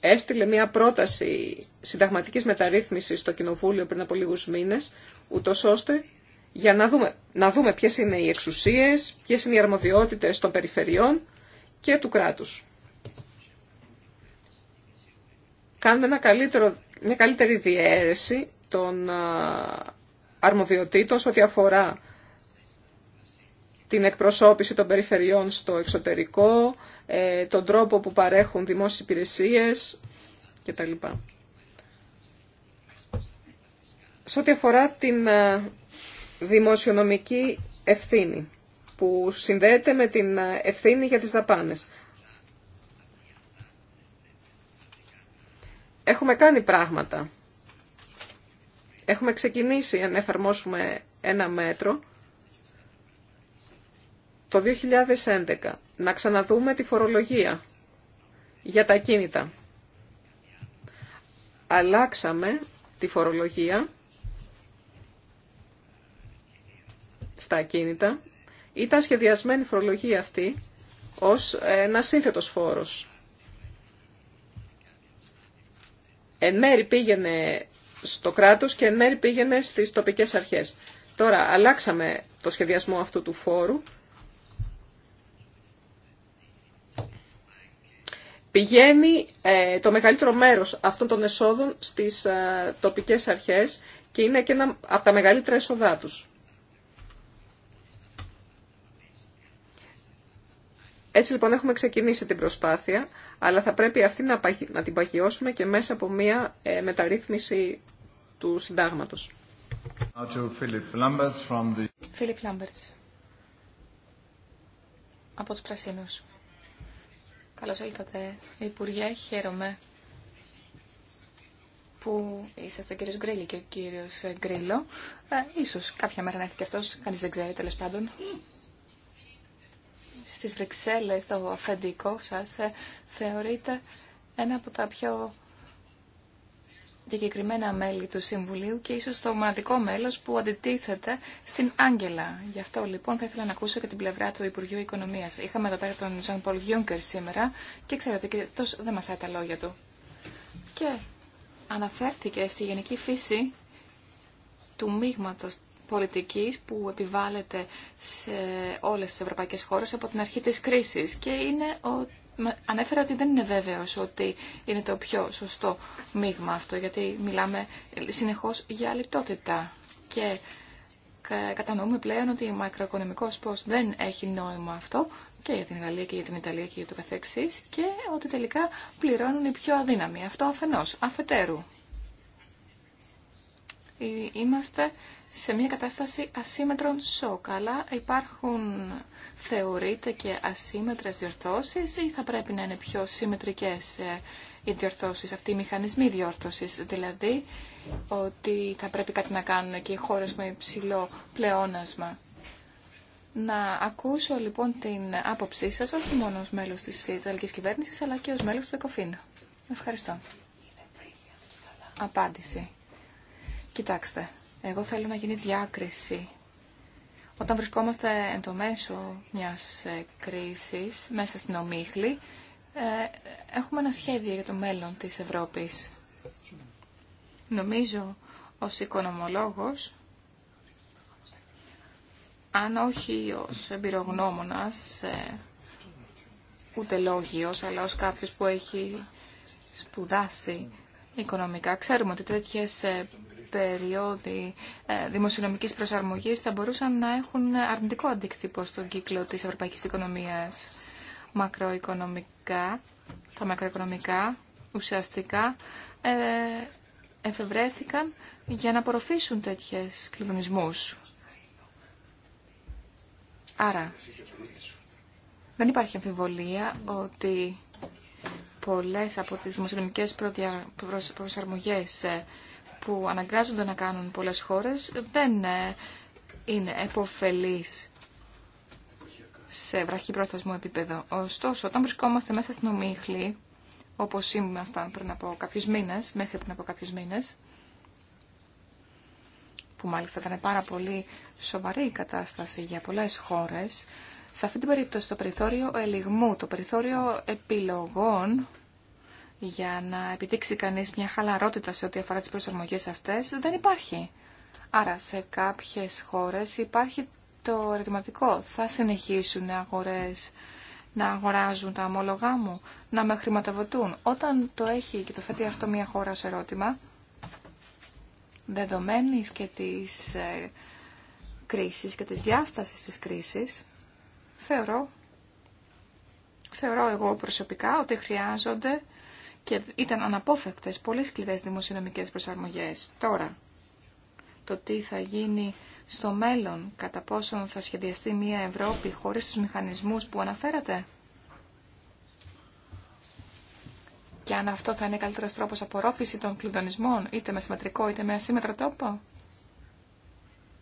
S2: έστειλε μια πρόταση συνταγματικής μεταρρύθμισης στο Κοινοβούλιο πριν από λίγους μήνες, ούτω ώστε για να δούμε, να δούμε ποιες είναι οι εξουσίες, ποιες είναι οι αρμοδιότητες των περιφερειών και του κράτους. Κάνουμε καλύτερο, μια καλύτερη διαίρεση των αρμοδιοτήτως ό,τι αφορά την εκπροσώπηση των περιφερειών στο εξωτερικό, ε, τον τρόπο που παρέχουν δημόσιες υπηρεσίες κτλ. Σε ό,τι αφορά την ε, δημοσιονομική ευθύνη, που συνδέεται με την ε, ευθύνη για τις δαπάνες. Έχουμε κάνει πράγματα Έχουμε ξεκινήσει να εφαρμόσουμε ένα μέτρο το 2011. Να ξαναδούμε τη φορολογία για τα κίνητα. Αλλάξαμε τη φορολογία στα ακίνητα. Ήταν σχεδιασμένη η φορολογία αυτή ως ένα σύνθετος φόρος. Εν μέρη πήγαινε στο κράτος και εν μέρη πήγαινε στις τοπικές αρχές. Τώρα αλλάξαμε το σχεδιασμό αυτού του φόρου. Πηγαίνει ε, το μεγαλύτερο μέρος αυτών των εσόδων στις ε, τοπικές αρχές και είναι και ένα από τα μεγαλύτερα εσόδά τους. Έτσι λοιπόν έχουμε ξεκινήσει την προσπάθεια, αλλά θα πρέπει αυτή να, να την παγιώσουμε και μέσα από μια ε, μεταρρύθμιση του συντάγματος.
S1: Φίλιπ
S3: Λάμπερτς the... από τους Πρασίνους. Καλώς ήλθατε, Υπουργέ. Χαίρομαι που είσαστε ο κύριος Γκρίλη και ο κύριος Γκρίλο. Ε, ίσως κάποια μέρα να έρθει και αυτός, κανείς δεν ξέρει, τέλος πάντων στις Βρυξέλλες, το αφεντικό σας, ε, θεωρείται ένα από τα πιο διακεκριμένα μέλη του Συμβουλίου και ίσως το μοναδικό μέλος που αντιτίθεται στην Άγγελα. Γι' αυτό λοιπόν θα ήθελα να ακούσω και την πλευρά του Υπουργείου Οικονομίας. Είχαμε εδώ πέρα τον Ζαν Πολ Γιούγκερ σήμερα και ξέρετε και τόσο δεν μας τα λόγια του. Και αναφέρθηκε στη γενική φύση του μείγματος πολιτικής που επιβάλλεται σε όλες τις ευρωπαϊκές χώρες από την αρχή της κρίσης και είναι Ανέφερα ότι δεν είναι βέβαιος ότι είναι το πιο σωστό μείγμα αυτό, γιατί μιλάμε συνεχώς για λιτότητα και κατανοούμε πλέον ότι ο μακροοικονομικός πώς δεν έχει νόημα αυτό και για την Γαλλία και για την Ιταλία και για το καθεξής και ότι τελικά πληρώνουν οι πιο αδύναμοι. Αυτό αφενός, αφετέρου είμαστε σε μια κατάσταση ασύμετρων σοκ, αλλά υπάρχουν, θεωρείται και ασύμετρες διορθώσεις ή θα πρέπει να είναι πιο συμμετρικές ε, οι διορθώσεις, αυτοί οι μηχανισμοί διόρθωσης, δηλαδή ότι θα πρέπει κάτι να κάνουν και οι χώρες με υψηλό πλεόνασμα. Να ακούσω λοιπόν την άποψή σας, όχι μόνο ως μέλος της Ιταλικής Κυβέρνησης, αλλά και ως μέλος του ΕΚΟΦΗΝ. Ευχαριστώ. Απάντηση. Κοιτάξτε, εγώ θέλω να γίνει διάκριση. Όταν βρισκόμαστε εν το μέσο μιας ε, κρίσης, μέσα στην ομίχλη, ε, έχουμε ένα σχέδιο για το μέλλον της Ευρώπης. Νομίζω, ως οικονομολόγος, αν όχι ως εμπειρογνώμονας, ε, ούτε λόγιος, αλλά ως κάποιος που έχει σπουδάσει οικονομικά, ξέρουμε ότι τέτοιες περίοδοι ε, δημοσιονομικής προσαρμογής θα μπορούσαν να έχουν αρνητικό αντίκτυπο στον κύκλο της ευρωπαϊκής οικονομίας μακροοικονομικά, τα μακροοικονομικά ουσιαστικά ε, εφευρέθηκαν για να απορροφήσουν τέτοιες κλειδονισμούς. Άρα, δεν υπάρχει αμφιβολία ότι πολλές από τις δημοσιονομικές προσαρμογές ε, που αναγκάζονται να κάνουν πολλές χώρες δεν ε, είναι εποφελής σε βραχή επίπεδο. Ωστόσο, όταν βρισκόμαστε μέσα στην ομίχλη, όπως ήμασταν πριν από κάποιους μήνες, μέχρι πριν από κάποιους μήνες, που μάλιστα ήταν πάρα πολύ σοβαρή η κατάσταση για πολλές χώρες, σε αυτή την περίπτωση το περιθώριο ελιγμού, το περιθώριο επιλογών για να επιδείξει κανεί μια χαλαρότητα σε ό,τι αφορά τι προσαρμογές αυτές δεν υπάρχει. Άρα σε κάποιες χώρες υπάρχει το ερωτηματικό. Θα συνεχίσουν αγορές να αγοράζουν τα ομόλογά μου, να με χρηματοδοτούν. Όταν το έχει και το θέτει αυτό μια χώρα σε ερώτημα, δεδομένης και της ε, κρίσης και της διάστασης τη κρίση θεωρώ, θεωρώ εγώ προσωπικά ότι χρειάζονται και ήταν αναπόφευκτες πολύ σκληρέ δημοσιονομικές προσαρμογές. Τώρα, το τι θα γίνει στο μέλλον, κατά πόσον θα σχεδιαστεί μια Ευρώπη χωρίς τους μηχανισμούς που αναφέρατε. Και αν αυτό θα είναι καλύτερος τρόπος απορρόφηση των κλειδονισμών, είτε με συμμετρικό είτε με ασύμμετρο τόπο.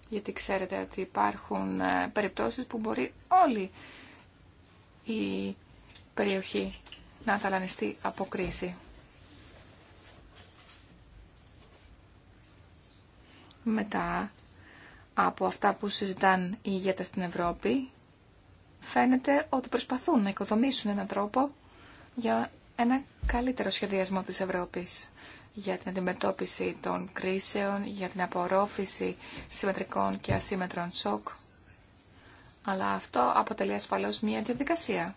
S3: Γιατί ξέρετε ότι υπάρχουν ε, περιπτώσεις που μπορεί όλη η περιοχή να ταλανιστεί από κρίση. Μετά από αυτά που συζητάνε οι ηγέτες στην Ευρώπη, φαίνεται ότι προσπαθούν να οικοδομήσουν έναν τρόπο για ένα καλύτερο σχεδιασμό της Ευρώπης για την αντιμετώπιση των κρίσεων, για την απορρόφηση συμμετρικών και ασύμμετρων σοκ. Αλλά αυτό αποτελεί ασφαλώς μια διαδικασία.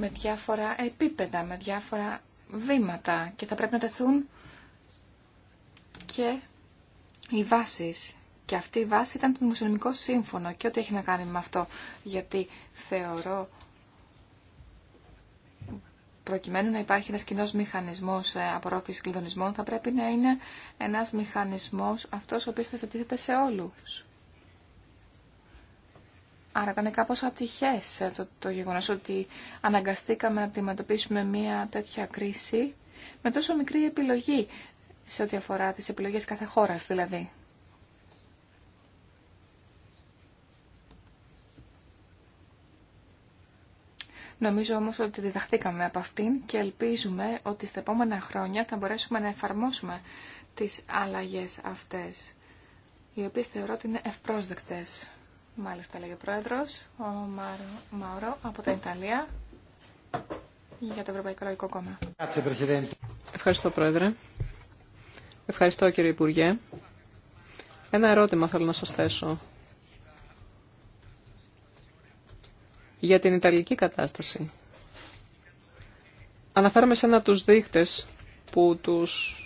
S3: με διάφορα επίπεδα, με διάφορα βήματα και θα πρέπει να τεθούν και οι βάσεις. Και αυτή η βάση ήταν το Μουσουλμικό Σύμφωνο και ό,τι έχει να κάνει με αυτό. Γιατί θεωρώ προκειμένου να υπάρχει ένας κοινός μηχανισμός ε, απορρόφησης κλειδονισμών θα πρέπει να είναι ένας μηχανισμός αυτός ο οποίος θα θετήθεται σε όλους. Άρα ήταν κάπως ατυχές ε, το, το γεγονός ότι αναγκαστήκαμε να αντιμετωπίσουμε μια τέτοια κρίση με τόσο μικρή επιλογή σε ό,τι αφορά τις επιλογές κάθε χώρας δηλαδή. Νομίζω όμως ότι διδαχτήκαμε από αυτήν και ελπίζουμε ότι στα επόμενα χρόνια θα μπορέσουμε να εφαρμόσουμε τις αλλαγές αυτές, οι οποίες θεωρώ ότι είναι ευπρόσδεκτες. Μάλιστα, λέγει ο πρόεδρος, ο Μάρο, Μαουρό από την Ιταλία για το Ευρωπαϊκό Λαϊκό Κόμμα.
S2: Ευχαριστώ, πρόεδρε. Ευχαριστώ, κύριε Υπουργέ. Ένα ερώτημα θέλω να σας θέσω. Για την Ιταλική κατάσταση. Αναφέρομαι σε ένα από τους δείχτες που τους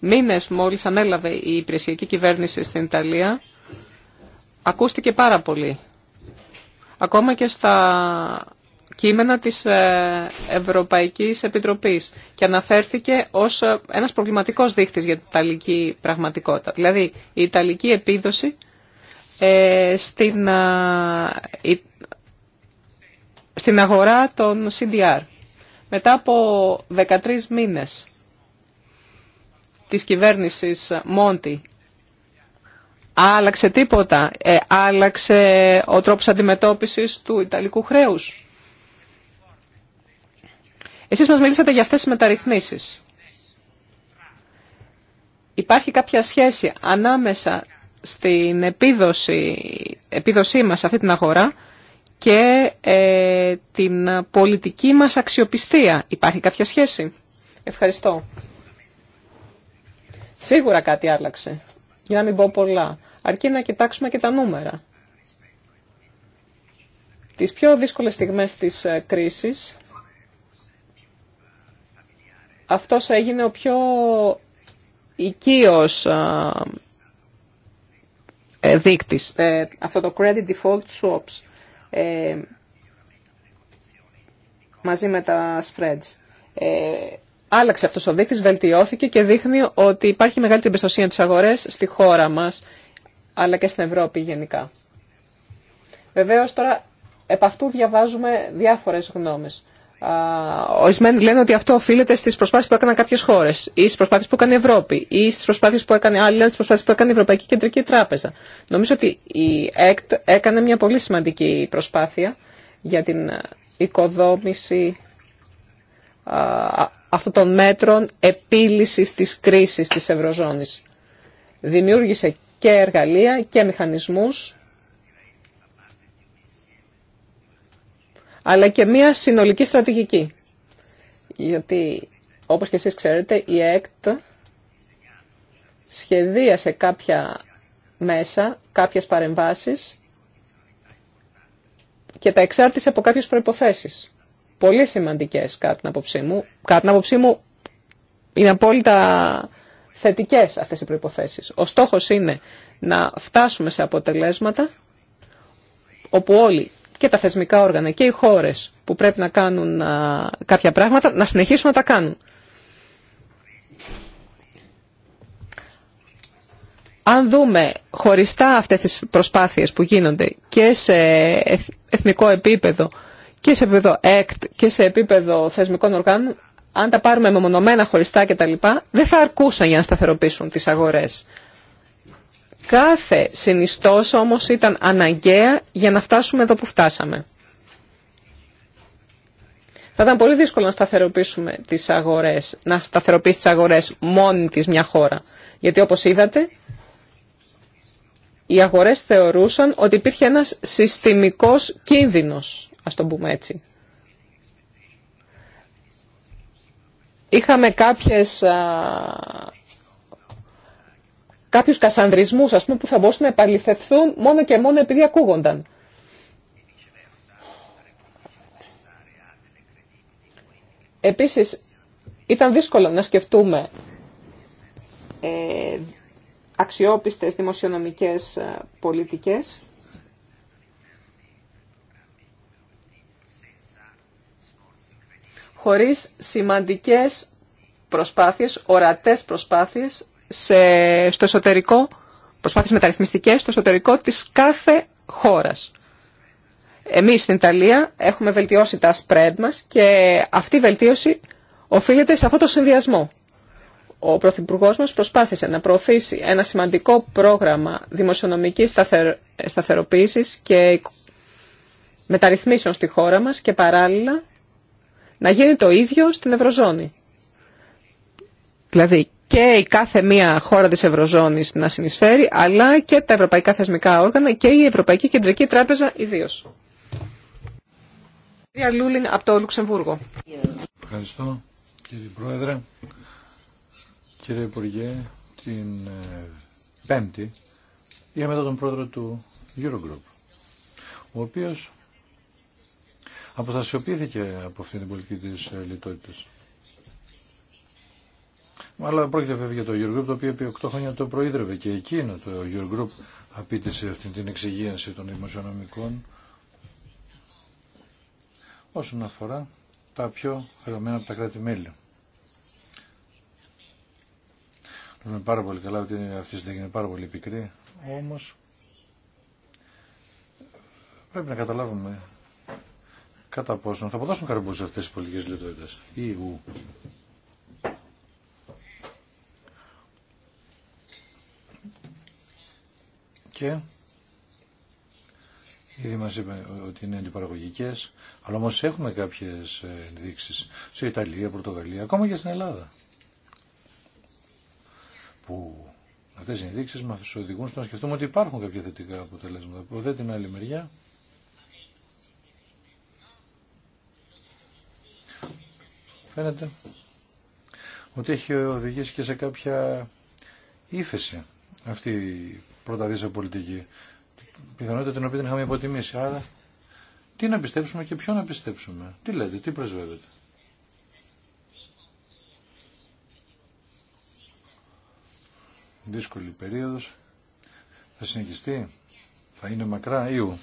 S2: μήνες μόλις ανέλαβε η υπηρεσιακή κυβέρνηση στην Ιταλία ακούστηκε πάρα πολύ. Ακόμα και στα κείμενα της ε, Ευρωπαϊκής Επιτροπής και αναφέρθηκε ως ε, ένας προβληματικός δείχτης για την Ιταλική πραγματικότητα. Δηλαδή η Ιταλική επίδοση ε, στην, αγορά των CDR. Μετά από 13 μήνες της κυβέρνησης Μόντι Άλλαξε τίποτα. Ε, άλλαξε ο τρόπος αντιμετώπισης του Ιταλικού χρέους. Εσείς μας μιλήσατε για αυτές τις μεταρρυθμίσεις. Υπάρχει κάποια σχέση ανάμεσα στην επίδοση, επίδοσή μας σε αυτή την αγορά και ε, την πολιτική μας αξιοπιστία. Υπάρχει κάποια σχέση. Ευχαριστώ. Σίγουρα κάτι άλλαξε. Για να μην πω πολλά αρκεί να κοιτάξουμε και τα νούμερα. Τις πιο δύσκολες στιγμές της ε, κρίσης, αυτός έγινε ο πιο οικείος ε, ε, δείκτης, αυτό το credit default swaps, μαζί με τα spreads. Άλλαξε αυτός ο δείκτης, βελτιώθηκε και δείχνει ότι υπάρχει μεγαλύτερη εμπιστοσύνη στις αγορές στη χώρα μας αλλά και στην Ευρώπη γενικά. Βεβαίω τώρα επ' αυτού διαβάζουμε διάφορε γνώμε. Ορισμένοι λένε ότι αυτό οφείλεται στι προσπάθειε που έκαναν κάποιε χώρε ή στι προσπάθειε που έκανε η Ευρώπη ή στι προσπάθειε που έκανε άλλοι, στι προσπάθειε που έκανε η Ευρωπαϊκή Κεντρική Τράπεζα. Νομίζω ότι η ΕΚΤ έκανε μια πολύ σημαντική προσπάθεια για την οικοδόμηση αυτών των μέτρων επίλυση τη κρίση της Ευρωζώνης. Δημιούργησε και εργαλεία και μηχανισμούς, αλλά και μια συνολική στρατηγική. Γιατί, όπως και εσείς ξέρετε, η ΕΚΤ σχεδίασε κάποια μέσα, κάποιες παρεμβάσεις και τα εξάρτησε από κάποιες προϋποθέσεις. Πολύ σημαντικές, κάτι την άποψή μου. να την άποψή μου, είναι απόλυτα Θετικέ αυτέ οι προποθέσει. Ο στόχος είναι να φτάσουμε σε αποτελέσματα όπου όλοι και τα θεσμικά όργανα και οι χώρες που πρέπει να κάνουν κάποια πράγματα να συνεχίσουν να τα κάνουν. Αν δούμε χωριστά αυτές τις προσπάθειες που γίνονται και σε εθνικό επίπεδο και σε επίπεδο ΕΚΤ και σε επίπεδο θεσμικών οργάνων, αν τα πάρουμε μεμονωμένα, χωριστά κτλ., δεν θα αρκούσαν για να σταθεροποιήσουν τις αγορές. Κάθε συνιστός όμως ήταν αναγκαία για να φτάσουμε εδώ που φτάσαμε. Θα ήταν πολύ δύσκολο να σταθεροποιήσουμε τις αγορές, να σταθεροποιήσει τις αγορές μόνη της μια χώρα. Γιατί όπως είδατε, οι αγορές θεωρούσαν ότι υπήρχε ένας συστημικός κίνδυνος, ας το πούμε έτσι. είχαμε κάποιες, α, κάποιους κασανδρισμούς ας που θα μπορούσαν να επαληθευθούν μόνο και μόνο επειδή ακούγονταν. Επίσης, ήταν δύσκολο να σκεφτούμε ε, αξιόπιστες δημοσιονομικές πολιτικές χωρίς σημαντικές προσπάθειες, ορατές προσπάθειες σε, στο εσωτερικό, προσπάθειες μεταρρυθμιστικές στο εσωτερικό της κάθε χώρας. Εμείς στην Ιταλία έχουμε βελτιώσει τα spread μας και αυτή η βελτίωση οφείλεται σε αυτό το συνδυασμό. Ο Πρωθυπουργό μας προσπάθησε να προωθήσει ένα σημαντικό πρόγραμμα δημοσιονομικής σταθεροποίησης και μεταρρυθμίσεων στη χώρα μας και παράλληλα να γίνει το ίδιο στην Ευρωζώνη. Δηλαδή και η κάθε μία χώρα της Ευρωζώνης να συνεισφέρει, αλλά και τα ευρωπαϊκά θεσμικά όργανα και η Ευρωπαϊκή Κεντρική Τράπεζα ιδίως. Κυρία Λούλιν από το Λουξεμβούργο.
S1: Ευχαριστώ κύριε Πρόεδρε. Κύριε Υπουργέ, την ε, Πέμπτη είχαμε εδώ τον πρόεδρο του Eurogroup, ο οποίος αποστασιοποιήθηκε από αυτή την πολιτική τη ε, λιτότητα. Αλλά πρόκειται βέβαια για το Eurogroup, το οποίο επί 8 χρόνια το προείδρευε και εκείνο το Eurogroup απίτησε αυτή την εξυγίανση των δημοσιονομικών όσον αφορά τα πιο χρεωμένα από τα κράτη-μέλη. Λέμε πάρα πολύ καλά ότι αυτή η συνταγή είναι πάρα πολύ πικρή, όμως πρέπει να καταλάβουμε κατά πόσο θα αποδώσουν καρπούς αυτές τις πολιτικές λιτότητες ή ου. Και ήδη μας είπε ότι είναι αντιπαραγωγικές, αλλά όμως έχουμε κάποιες ενδείξεις σε Ιταλία, Πορτογαλία, ακόμα και στην Ελλάδα. Που αυτές οι ενδείξεις μας οδηγούν στο να σκεφτούμε ότι υπάρχουν κάποια θετικά αποτελέσματα. Από την άλλη μεριά, φαίνεται ότι έχει οδηγήσει και σε κάποια ύφεση αυτή η πρωταδίσα πολιτική. Πιθανότητα την οποία την είχαμε υποτιμήσει. Άρα, τι να πιστέψουμε και ποιο να πιστέψουμε. Τι λέτε, τι πρεσβεύετε. Δύσκολη περίοδος. Θα συνεχιστεί, θα είναι μακρά ή ου.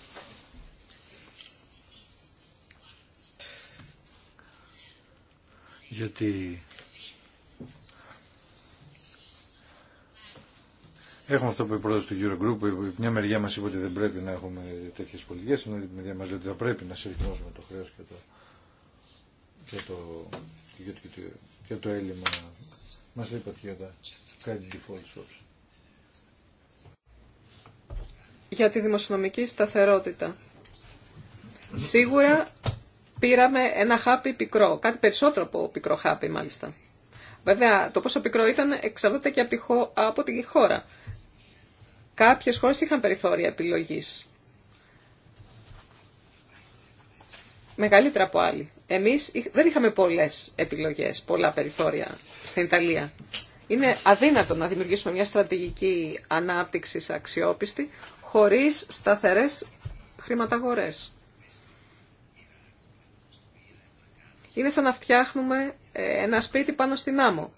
S1: γιατί Έχουμε αυτό που είπε πρώτα του Eurogroup, που μια μεριά μας είπε ότι δεν πρέπει να έχουμε τέτοιες πολιτικές ενώ η μεριά μας λέει ότι θα πρέπει να συρρυκνώσουμε το χρέος και το, και το, και το, και το, έλλειμμα. Μας λέει ότι για τα κάτι default
S2: Για τη δημοσιονομική σταθερότητα. Σίγουρα πήραμε ένα χάπι πικρό, κάτι περισσότερο από πικρό χάπι μάλιστα. Βέβαια, το πόσο πικρό ήταν εξαρτάται και από τη χώρα. Κάποιες χώρες είχαν περιθώρια επιλογής. Μεγαλύτερα από άλλη. Εμείς δεν είχαμε πολλές επιλογές, πολλά περιθώρια στην Ιταλία. Είναι αδύνατο να δημιουργήσουμε μια στρατηγική ανάπτυξη αξιόπιστη χωρίς σταθερές χρηματαγορές. Είναι σαν να φτιάχνουμε ε, ένα σπίτι πάνω στην άμμο.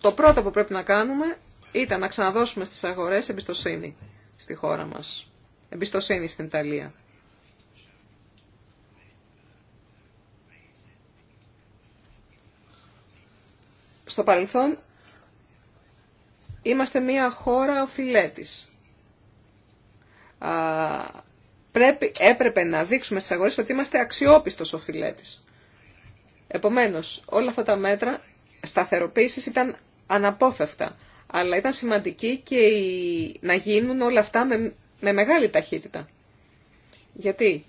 S2: Το πρώτο που πρέπει να κάνουμε ήταν να ξαναδώσουμε στις αγορές εμπιστοσύνη στη χώρα μας. Εμπιστοσύνη στην Ιταλία. Στο παρελθόν είμαστε μια χώρα οφειλέτης πρέπει, έπρεπε να δείξουμε στι αγορές ότι είμαστε αξιόπιστος ο Επομένως, όλα αυτά τα μέτρα σταθεροποίηση ήταν αναπόφευκτα, αλλά ήταν σημαντική και να γίνουν όλα αυτά με, μεγάλη ταχύτητα. Γιατί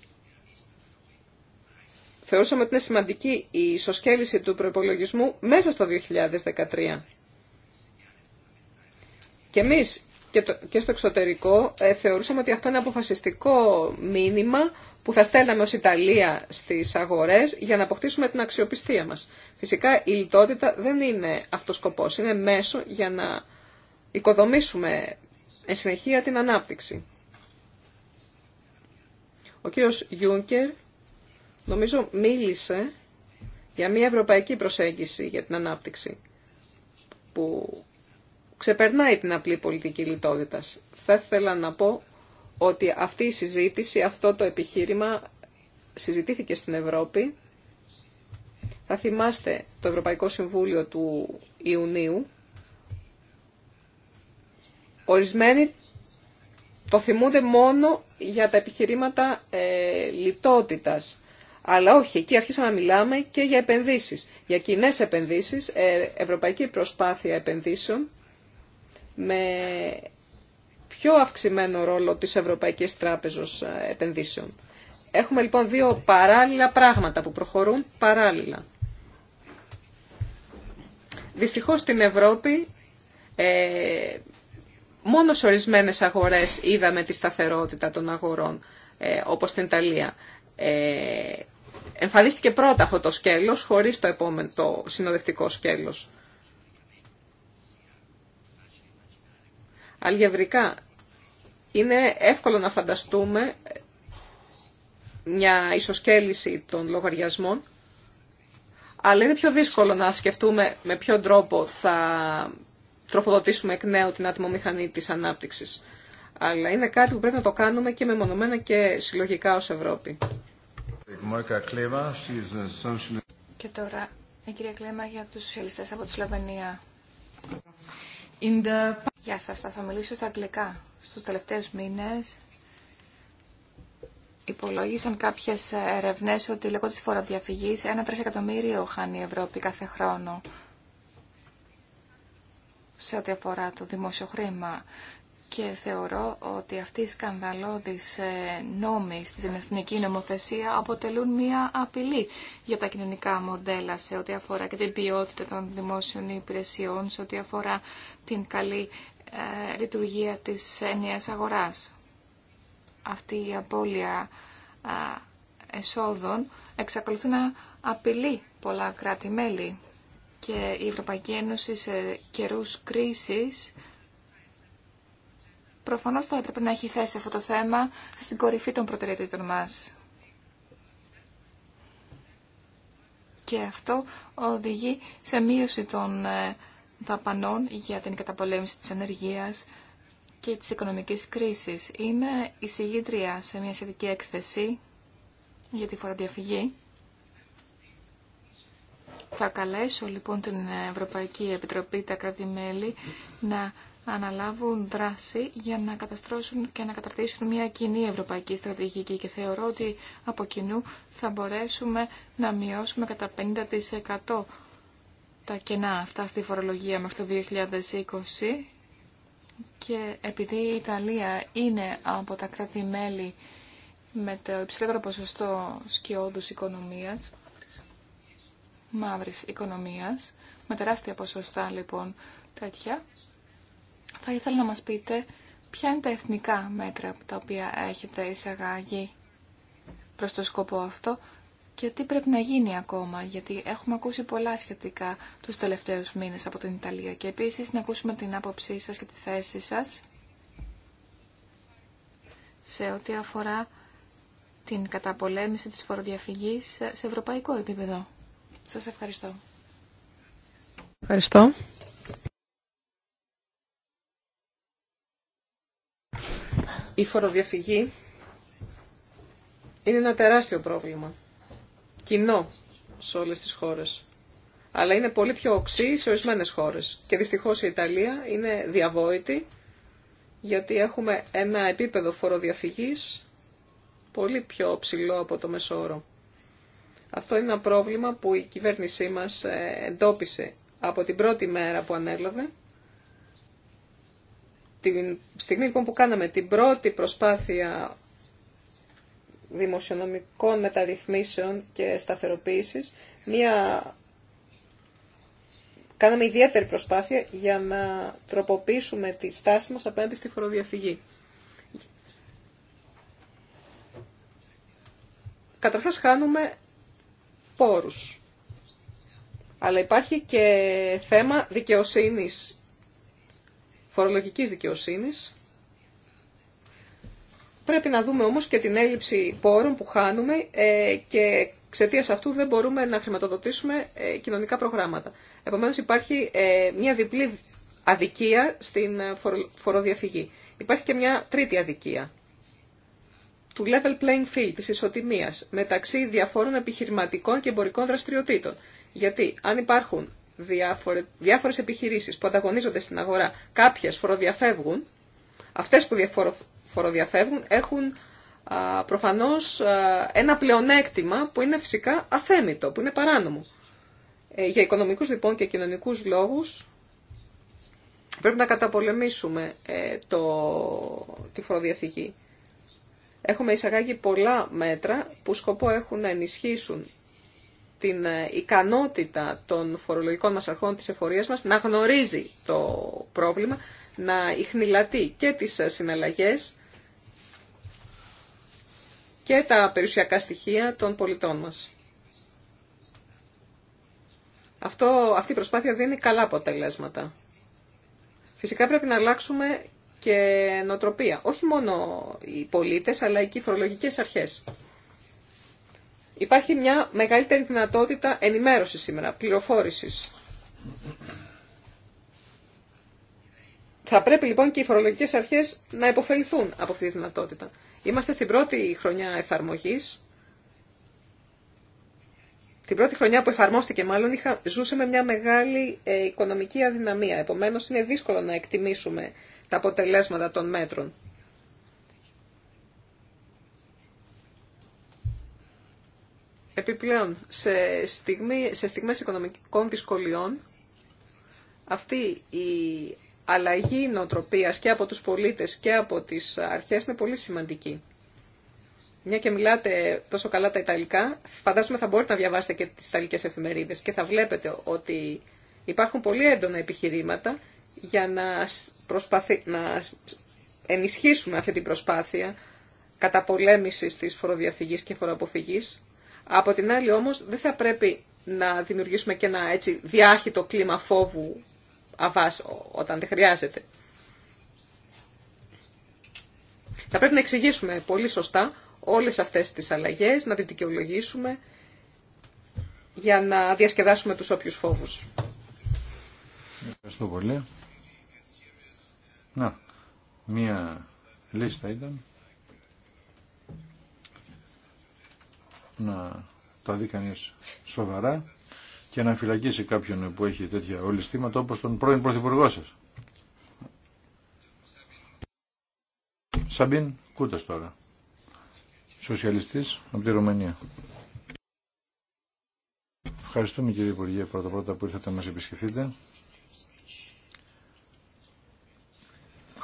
S2: θεωρούσαμε ότι είναι σημαντική η ισοσκέληση του προπολογισμού μέσα στο 2013. Και εμείς και, το, και στο εξωτερικό ε, θεωρούσαμε ότι αυτό είναι αποφασιστικό μήνυμα που θα στέλναμε ως Ιταλία στις αγορές για να αποκτήσουμε την αξιοπιστία μας. Φυσικά η λιτότητα δεν είναι αυτός σκοπός, είναι μέσο για να οικοδομήσουμε εν συνεχεία την ανάπτυξη. Ο κύριος Γιούνκερ νομίζω μίλησε για μια ευρωπαϊκή προσέγγιση για την ανάπτυξη που ξεπερνάει την απλή πολιτική λιτότητα. Θα ήθελα να πω ότι αυτή η συζήτηση, αυτό το επιχείρημα συζητήθηκε στην Ευρώπη. Θα θυμάστε το Ευρωπαϊκό Συμβούλιο του Ιουνίου. Ορισμένοι το θυμούνται μόνο για τα επιχειρήματα ε, λιτότητας. Αλλά όχι, εκεί αρχίσαμε να μιλάμε και για επενδύσεις. Για κοινέ επενδύσεις, ε, ευρωπαϊκή προσπάθεια επενδύσεων με πιο αυξημένο ρόλο της Ευρωπαϊκής Τράπεζος ε, Επενδύσεων. Έχουμε λοιπόν δύο παράλληλα πράγματα που προχωρούν παράλληλα. Δυστυχώς στην Ευρώπη ε, μόνο σε ορισμένες αγορές είδαμε τη σταθερότητα των αγορών, ε, όπως στην Ιταλία. Ε, εμφανίστηκε πρώτα αυτό το σκέλος, χωρίς το επόμενο το συνοδευτικό σκέλος. αλγευρικά. Είναι εύκολο να φανταστούμε μια ισοσκέληση των λογαριασμών, αλλά είναι πιο δύσκολο να σκεφτούμε με ποιον τρόπο θα τροφοδοτήσουμε εκ νέου την ατμομηχανή της ανάπτυξης. Αλλά είναι κάτι που πρέπει να το κάνουμε και μεμονωμένα και συλλογικά ως Ευρώπη.
S3: Και τώρα η κυρία Κλέμα για τους σοσιαλιστές από τη Σλοβενία. Γεια σας, θα, μιλήσω στα αγγλικά. Στους τελευταίους μήνες υπολόγισαν κάποιες ερευνές ότι λόγω της φοροδιαφυγής ένα τρισεκατομμύριο χάνει η Ευρώπη κάθε χρόνο σε ό,τι αφορά το δημόσιο χρήμα και θεωρώ ότι αυτοί οι σκανδαλώδεις ε, νόμοι στην εθνική νομοθεσία αποτελούν μία απειλή για τα κοινωνικά μοντέλα σε ό,τι αφορά και την ποιότητα των δημόσιων υπηρεσιών, σε ό,τι αφορά την καλή ε, λειτουργία της ενιαίας αγοράς. Αυτή η απώλεια εσόδων εξακολουθεί να απειλεί πολλά κράτη-μέλη και η Ευρωπαϊκή Ένωση σε καιρούς κρίσης Προφανώ θα έπρεπε να έχει θέσει αυτό το θέμα στην κορυφή των προτεραιοτήτων μας. Και αυτό οδηγεί σε μείωση των ε, δαπανών για την καταπολέμηση της ενεργείας και της οικονομικής κρίσης. Είμαι εισηγήτρια σε μια σχετική έκθεση για τη φοροδιαφυγή. Θα καλέσω λοιπόν την Ευρωπαϊκή Επιτροπή, τα κράτη-μέλη, να αναλάβουν δράση για να καταστρώσουν και να καταρτήσουν μια κοινή ευρωπαϊκή στρατηγική και θεωρώ ότι από κοινού θα μπορέσουμε να μειώσουμε κατά 50% τα κενά αυτά στη φορολογία μέχρι το 2020 και επειδή η Ιταλία είναι από τα κράτη-μέλη με το υψηλότερο ποσοστό σκιώδους οικονομίας, μαύρης οικονομίας, με τεράστια ποσοστά λοιπόν τέτοια, θα ήθελα να μας πείτε ποια είναι τα εθνικά μέτρα τα οποία έχετε εισαγάγει προς το σκοπό αυτό και τι πρέπει να γίνει ακόμα, γιατί έχουμε ακούσει πολλά σχετικά τους τελευταίους μήνες από την Ιταλία και επίσης να ακούσουμε την άποψή σας και τη θέση σας σε ό,τι αφορά την καταπολέμηση της φοροδιαφυγής σε ευρωπαϊκό επίπεδο.
S2: Σας ευχαριστώ. Ευχαριστώ. η φοροδιαφυγή είναι ένα τεράστιο πρόβλημα. Κοινό σε όλες τις χώρες. Αλλά είναι πολύ πιο οξύ σε ορισμένε χώρες. Και δυστυχώς η Ιταλία είναι διαβόητη γιατί έχουμε ένα επίπεδο φοροδιαφυγής πολύ πιο ψηλό από το μεσόωρο. Αυτό είναι ένα πρόβλημα που η κυβέρνησή μας ε, εντόπισε από την πρώτη μέρα που ανέλαβε τη στιγμή λοιπόν που κάναμε την πρώτη προσπάθεια δημοσιονομικών μεταρρυθμίσεων και σταθεροποίησης, μία... κάναμε ιδιαίτερη προσπάθεια για να τροποποιήσουμε τη στάση μας απέναντι στη φοροδιαφυγή. Καταρχάς χάνουμε πόρους. Αλλά υπάρχει και θέμα δικαιοσύνης φορολογικής δικαιοσύνης. Πρέπει να δούμε όμως και την έλλειψη πόρων που χάνουμε ε, και εξαιτία αυτού δεν μπορούμε να χρηματοδοτήσουμε ε, κοινωνικά προγράμματα. Επομένως υπάρχει ε, μια διπλή αδικία στην φοροδιαφυγή. Υπάρχει και μια τρίτη αδικία του level playing field, της ισοτιμίας μεταξύ διαφόρων επιχειρηματικών και εμπορικών δραστηριοτήτων. Γιατί αν υπάρχουν διάφορε, διάφορες που ανταγωνίζονται στην αγορά. Κάποιες φοροδιαφεύγουν. Αυτές που φοροδιαφεύγουν έχουν α, προφανώς ένα πλεονέκτημα που είναι φυσικά αθέμητο, που είναι παράνομο. Ε, για οικονομικούς λοιπόν και κοινωνικούς λόγους πρέπει να καταπολεμήσουμε ε, το, τη φοροδιαφυγή. Έχουμε εισαγάγει πολλά μέτρα που σκοπό έχουν να ενισχύσουν την ε, ικανότητα των φορολογικών μας αρχών της εφορίας μας να γνωρίζει το πρόβλημα, να ιχνηλατεί και τις ε, συναλλαγές και τα περιουσιακά στοιχεία των πολιτών μας. Αυτό, αυτή η προσπάθεια δίνει καλά αποτελέσματα. Φυσικά πρέπει να αλλάξουμε και νοτροπία. Όχι μόνο οι πολίτες, αλλά και οι φορολογικές αρχές. Υπάρχει μια μεγαλύτερη δυνατότητα ενημέρωσης σήμερα, πληροφόρησης. Θα πρέπει λοιπόν και οι φορολογικές αρχές να υποφεληθούν από αυτή τη δυνατότητα. Είμαστε στην πρώτη χρονιά εφαρμογής. Την πρώτη χρονιά που εφαρμόστηκε μάλλον είχα, με μια μεγάλη ε, οικονομική αδυναμία. Επομένως είναι δύσκολο να εκτιμήσουμε τα αποτελέσματα των μέτρων. Επιπλέον, σε, στιγμή, σε στιγμές οικονομικών δυσκολιών, αυτή η αλλαγή νοοτροπίας και από τους πολίτες και από τις αρχές είναι πολύ σημαντική. Μια και μιλάτε τόσο καλά τα Ιταλικά, φαντάζομαι θα μπορείτε να διαβάσετε και τις Ιταλικές εφημερίδες και θα βλέπετε ότι υπάρχουν πολύ έντονα επιχειρήματα για να, προσπαθει... να ενισχύσουμε αυτή την προσπάθεια καταπολέμησης της φοροδιαφυγής και φοροαποφυγής από την άλλη όμως δεν θα πρέπει να δημιουργήσουμε και ένα έτσι διάχυτο κλίμα φόβου αβάς όταν δεν χρειάζεται. Θα πρέπει να εξηγήσουμε πολύ σωστά όλες αυτές τις αλλαγές, να τις δικαιολογήσουμε για να διασκεδάσουμε τους όποιους φόβους.
S1: Ευχαριστώ πολύ. Να, μία λίστα ήταν. να τα δει κανεί σοβαρά και να φυλακίσει κάποιον που έχει τέτοια ολιστήματα όπως τον πρώην Πρωθυπουργό σας. Σαμπίν Κούτας τώρα, σοσιαλιστής από τη Ρουμανία. Ευχαριστούμε κύριε Υπουργέ πρώτα πρώτα που ήρθατε να μας επισκεφτείτε.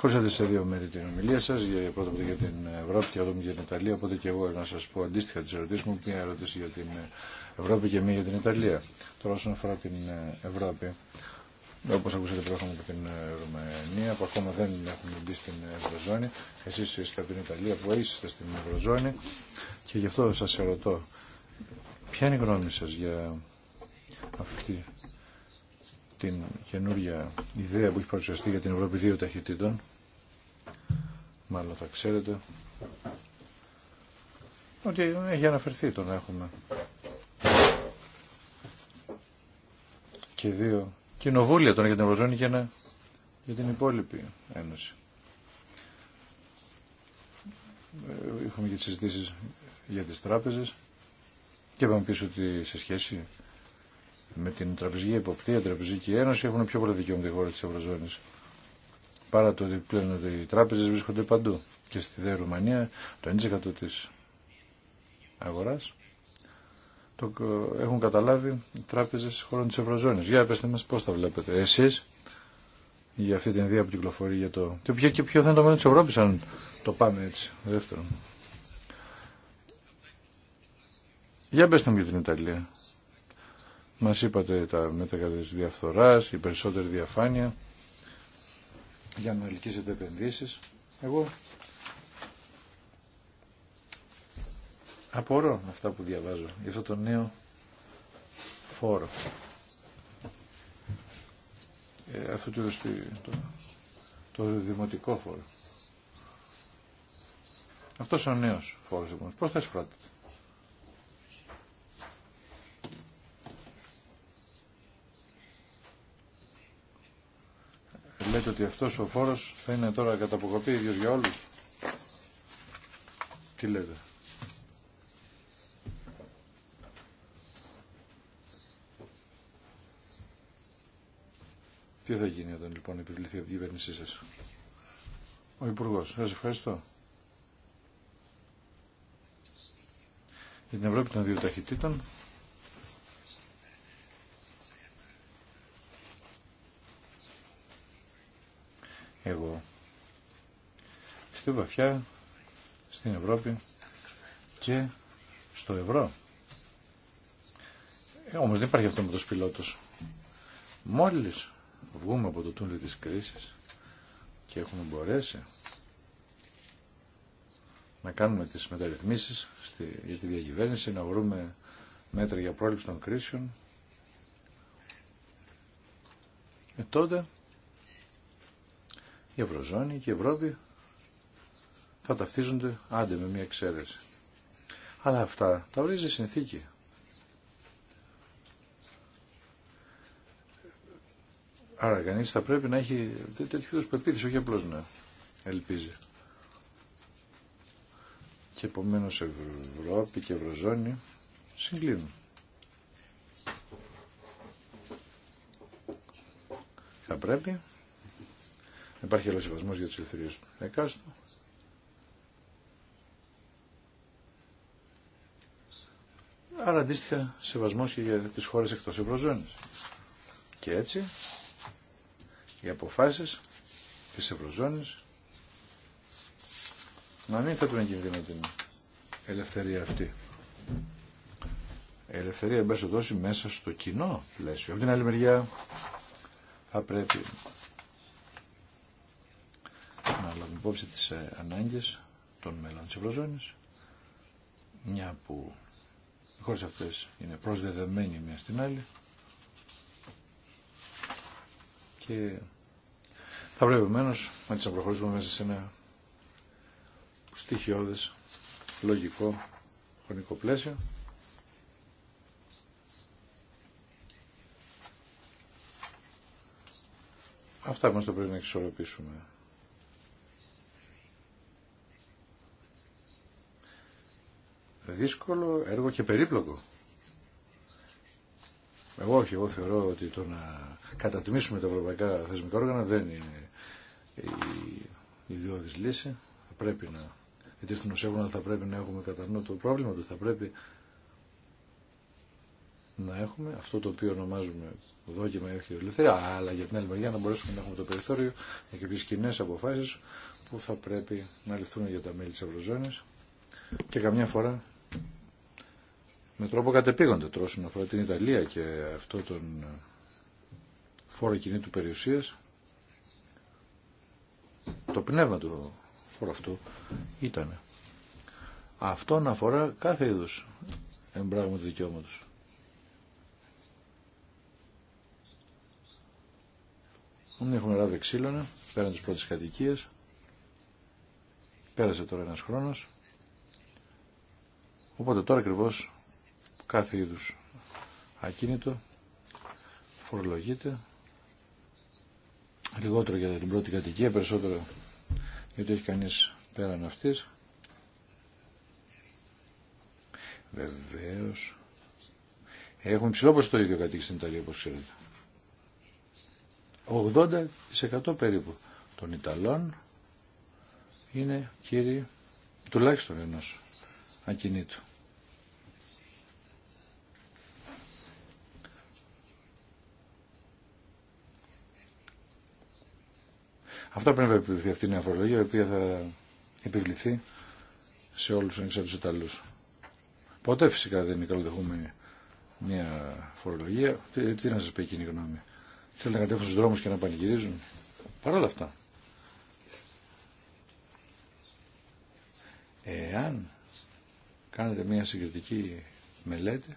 S1: Χωρίσατε σε δύο μέρη την ομιλία σα, πρώτα για την Ευρώπη και εδώ για την Ιταλία. Οπότε και εγώ να σα πω αντίστοιχα τι ερωτήσει μου, μια ερώτηση για την Ευρώπη και μία για την Ιταλία. Τώρα, όσον αφορά την Ευρώπη, όπω ακούσατε προέρχομαι από την Ρουμανία, που ακόμα δεν έχουμε μπει στην Ευρωζώνη. Εσεί είστε από την Ιταλία που είστε στην Ευρωζώνη και γι' αυτό σα ερωτώ, ποια είναι η γνώμη σα για αυτή την καινούργια ιδέα που έχει παρουσιαστεί για την Ευρώπη δύο ταχυτήτων μάλλον θα ξέρετε ότι έχει αναφερθεί το να έχουμε και δύο κοινοβούλια, τον για την Ευρωζώνη και ένα για την υπόλοιπη Ένωση. Είχαμε και τις συζητήσεις για τις τράπεζες και είπαμε πίσω ότι σε σχέση με την τραπεζική υποπτία, τραπεζική ένωση έχουν πιο πολλά δικαιώματα οι χώρες της Ευρωζώνης. Παρά το ότι πλέον ότι οι τράπεζες βρίσκονται παντού και στη Δε Ρουμανία το 1% της αγοράς το έχουν καταλάβει οι τράπεζες χωρών της Ευρωζώνης. Για πέστε μας πώς τα βλέπετε εσείς για αυτή την ιδέα που κυκλοφορεί για το... Και ποιο, και ποιο θα είναι το μέλλον της Ευρώπης αν το πάμε έτσι. Δεύτερον. Για πέστε μου για την Ιταλία. Μας είπατε τα μέτρα της διαφθοράς, η περισσότερη διαφάνεια για να ελκύσετε επενδύσεις. Εγώ απορώ αυτά που διαβάζω για αυτό το νέο φόρο. Ε, αυτό το, το, το δημοτικό φόρο. Αυτός ο νέος φόρος, λοιπόν, πώς θα εισπράττεται. λέτε ότι αυτός ο φόρος θα είναι τώρα κατά αποκοπή ίδιος για όλους. Τι λέτε. Τι θα γίνει όταν λοιπόν επιβληθεί η κυβέρνησή σας. Ο Υπουργός. Σας ευχαριστώ. Για την Ευρώπη των δύο ταχυτήτων. εγώ Στην βαθιά στην Ευρώπη και στο ευρώ. Ε, όμως δεν υπάρχει αυτό με τους πιλότους. Μόλις βγούμε από το τούνελ της κρίσης και έχουμε μπορέσει να κάνουμε τις μεταρρυθμίσεις στη, για τη διακυβέρνηση, να βρούμε μέτρα για πρόληψη των κρίσεων, ε, τότε η Ευρωζώνη και η Ευρώπη θα ταυτίζονται άντε με μια εξαίρεση. Αλλά αυτά τα ορίζει η συνθήκη. Άρα κανείς θα πρέπει να έχει τέτοιου είδους πεποίθηση, όχι απλώς να ελπίζει. Και επομένως Ευρώπη και Ευρωζώνη συγκλίνουν. Θα πρέπει υπάρχει άλλο σεβασμός για τις ελευθερίες του ε, εκάστου. Άρα αντίστοιχα σεβασμός και για τις χώρες εκτός Ευρωζώνης. Και έτσι οι αποφάσεις της Ευρωζώνης να μην θέτουν να την ελευθερία αυτή. Η ελευθερία μπέσω δώσει μέσα στο κοινό πλαίσιο. Από την άλλη μεριά θα πρέπει υπόψη τις ε, ανάγκες των μελών της Ευρωζώνης, μια που οι χώρες αυτές είναι προσδεδεμένοι μια στην άλλη και θα πρέπει επομένω να τις προχωρήσουμε μέσα σε ένα στοιχειώδες, λογικό, χρονικό πλαίσιο. Αυτά μας το πρέπει να εξορροπήσουμε. δύσκολο έργο και περίπλοκο. Εγώ όχι, εγώ θεωρώ ότι το να κατατιμήσουμε τα ευρωπαϊκά θεσμικά όργανα δεν είναι η ιδιώδης λύση. Θα πρέπει να γιατί ως αλλά θα πρέπει να έχουμε κατά νου το πρόβλημα του. Θα πρέπει να έχουμε αυτό το οποίο ονομάζουμε δόκιμα ή όχι ελευθερία, αλλά για την άλλη μεριά να μπορέσουμε να έχουμε το περιθώριο για κάποιε κοινέ αποφάσει που θα πρέπει να ληφθούν για τα μέλη τη Ευρωζώνη και καμιά φορά με τρόπο κατεπήγοντο τρόσον αφορά την Ιταλία και αυτό τον φόρο του περιουσίας το πνεύμα του φόρου αυτού ήταν αυτό να αφορά κάθε είδους εμπράγμα του δικαιώματος. Έχουμε ράβει ξύλωνα πέραν τις πρώτες κατοικίες πέρασε τώρα ένας χρόνος οπότε τώρα ακριβώ κάθε είδους ακίνητο φορολογείται λιγότερο για την πρώτη κατοικία, περισσότερο γιατί έχει κανείς πέραν αυτής. Βεβαίως. έχουν ψηλό το ίδιο κατοίκη στην Ιταλία, όπως ξέρετε. 80% περίπου των Ιταλών είναι κύριοι τουλάχιστον ενός ακινήτου. Αυτά πρέπει να επιβληθεί αυτή είναι η αφορολογία η οποία θα επιβληθεί σε όλους τους Ιταλούς. Ποτέ φυσικά δεν είναι καλοδεχούμενη μια φορολογία. Τι, να σας πει εκείνη η γνώμη. Θέλετε να κατέβουν στους δρόμους και να πανηγυρίζουν. Παρ' όλα αυτά. Εάν κάνετε μια συγκριτική μελέτη,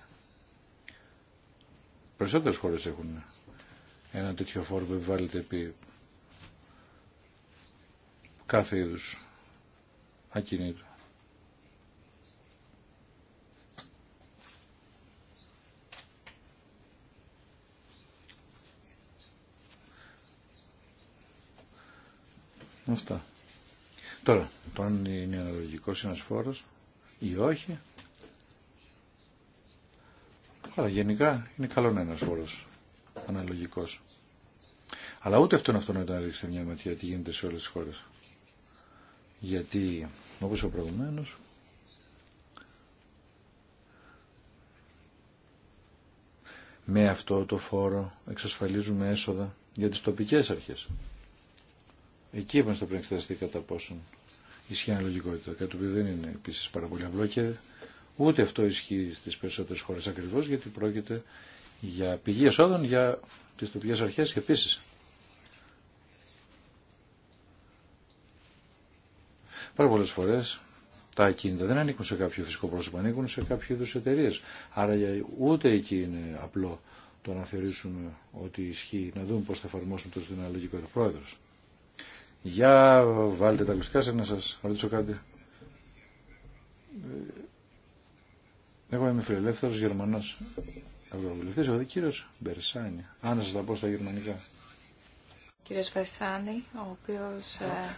S1: περισσότερες χώρες έχουν ένα τέτοιο φόρο που επιβάλλεται επί κάθε είδους ακινήτου. Αυτά. Τώρα, το αν είναι αναλογικός ένας φόρος ή όχι, αλλά γενικά είναι καλό να είναι ένας φόρος αναλογικός. Αλλά ούτε αυτό είναι αυτό να ρίξετε μια ματιά τι γίνεται σε όλες τις χώρες γιατί όπως ο προηγουμένος με αυτό το φόρο εξασφαλίζουμε έσοδα για τις τοπικές αρχές. Εκεί είμαστε πρέπει να εξεταστεί κατά πόσον ισχύει αναλογικότητα, κάτι το οποίο δεν είναι επίσης πάρα πολύ απλό και ούτε αυτό ισχύει στις περισσότερες χώρες ακριβώς γιατί πρόκειται για πηγή εσόδων για τις τοπικές αρχές και επίσης Πάρα πολλέ φορέ, τα ακίνητα δεν ανήκουν σε κάποιο φυσικό πρόσωπο, ανήκουν σε κάποιο είδου εταιρείε. Άρα ούτε εκεί είναι απλό το να θεωρήσουμε ότι ισχύει, να δούμε πώ θα εφαρμόσουμε το στην αναλογικό του πρόεδρος. Για βάλτε τα λευκά σας να σα ρωτήσω κάτι. Εγώ είμαι φιλελεύθερος Γερμανός ευρωβουλευτή, ο κύριο Μπερσάνη. Αν σα τα πω στα γερμανικά.
S3: Κύριος Βερσάνη, ο οποίος ε,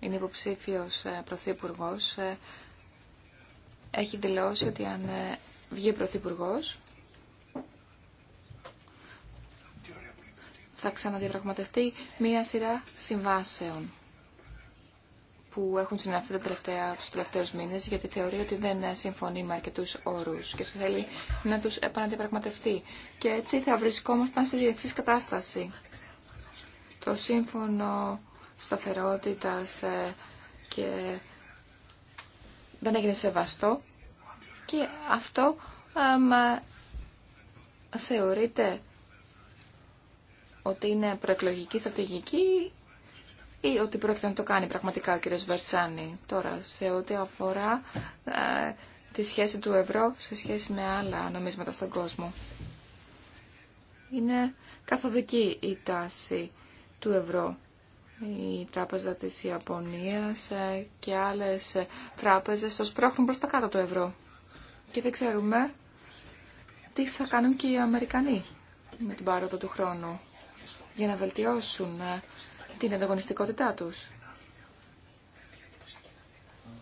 S3: είναι υποψήφιος ε, πρωθυπουργός, ε, έχει δηλώσει ότι αν ε, βγει πρωθυπουργός θα ξαναδιαπραγματευτεί μία σειρά συμβάσεων που έχουν συναυθεί τα τελευταία, τους τελευταίους μήνες γιατί θεωρεί ότι δεν συμφωνεί με αρκετούς όρους και θέλει να τους επαναδιαπραγματευτεί. Και έτσι θα βρισκόμασταν στη σε κατάσταση. Το σύμφωνο σταθερότητας ε, και δεν έγινε σεβαστό και αυτό μα θεωρείται ότι είναι προεκλογική στρατηγική ή ότι πρόκειται να το κάνει πραγματικά ο κύριος Βερσάνη τώρα σε ό,τι αφορά ε, τη σχέση του ευρώ σε σχέση με άλλα νομίσματα στον κόσμο. Είναι καθοδική η τάση του ευρώ η τράπεζα της Ιαπωνίας ε, και άλλες ε, τράπεζες το σπρώχνουν προς τα κάτω το ευρώ. Και δεν ξέρουμε τι θα κάνουν και οι Αμερικανοί με την πάροδο του χρόνου για να βελτιώσουν ε, την ανταγωνιστικότητά τους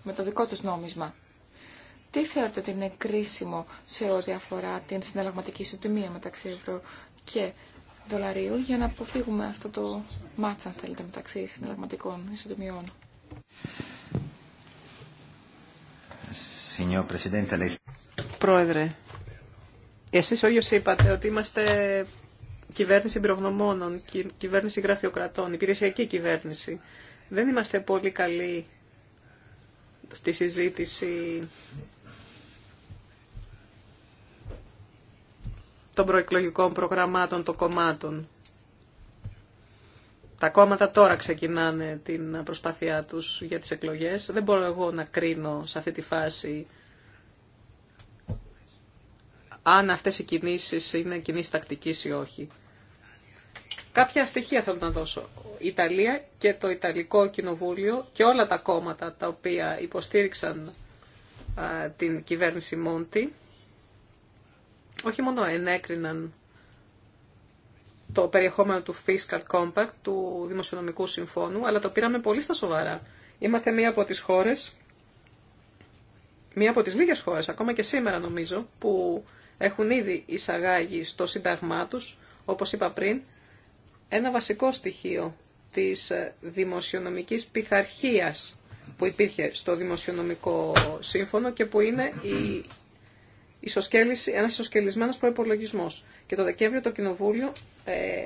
S3: με το δικό τους νόμισμα. Τι θεωρείτε ότι είναι κρίσιμο σε ό,τι αφορά την συναλλαγματική συντομία μεταξύ ευρώ και δολαρίου για να αποφύγουμε αυτό το μάτσα, αν θέλετε, μεταξύ συνταγματικών
S2: ισοτιμιών. Πρόεδρε, εσείς ο ίδιος είπατε ότι είμαστε κυβέρνηση εμπειρογνωμόνων, κυβέρνηση γραφειοκρατών, υπηρεσιακή κυβέρνηση. Δεν είμαστε πολύ καλοί στη συζήτηση των προεκλογικών προγραμμάτων των κομμάτων. Τα κόμματα τώρα ξεκινάνε την προσπάθειά τους για τις εκλογές. Δεν μπορώ εγώ να κρίνω σε αυτή τη φάση αν αυτές οι κινήσεις είναι κινήσεις τακτικής ή όχι. Κάποια στοιχεία θέλω να δώσω. Η Ιταλία και το Ιταλικό Κοινοβούλιο και όλα τα κόμματα τα οποία υποστήριξαν την κυβέρνηση Μόντι όχι μόνο ενέκριναν το περιεχόμενο του Fiscal Compact, του Δημοσιονομικού Συμφώνου, αλλά το πήραμε πολύ στα σοβαρά. Είμαστε μία από τις χώρες, μία από τις λίγες χώρες, ακόμα και σήμερα νομίζω, που έχουν ήδη εισαγάγει στο Σύνταγμά τους, όπως είπα πριν, ένα βασικό στοιχείο της δημοσιονομικής πειθαρχία που υπήρχε στο Δημοσιονομικό Σύμφωνο και που είναι η ένας ισοσκελισμένος προϋπολογισμός. Και το Δεκέμβριο το Κοινοβούλιο ε,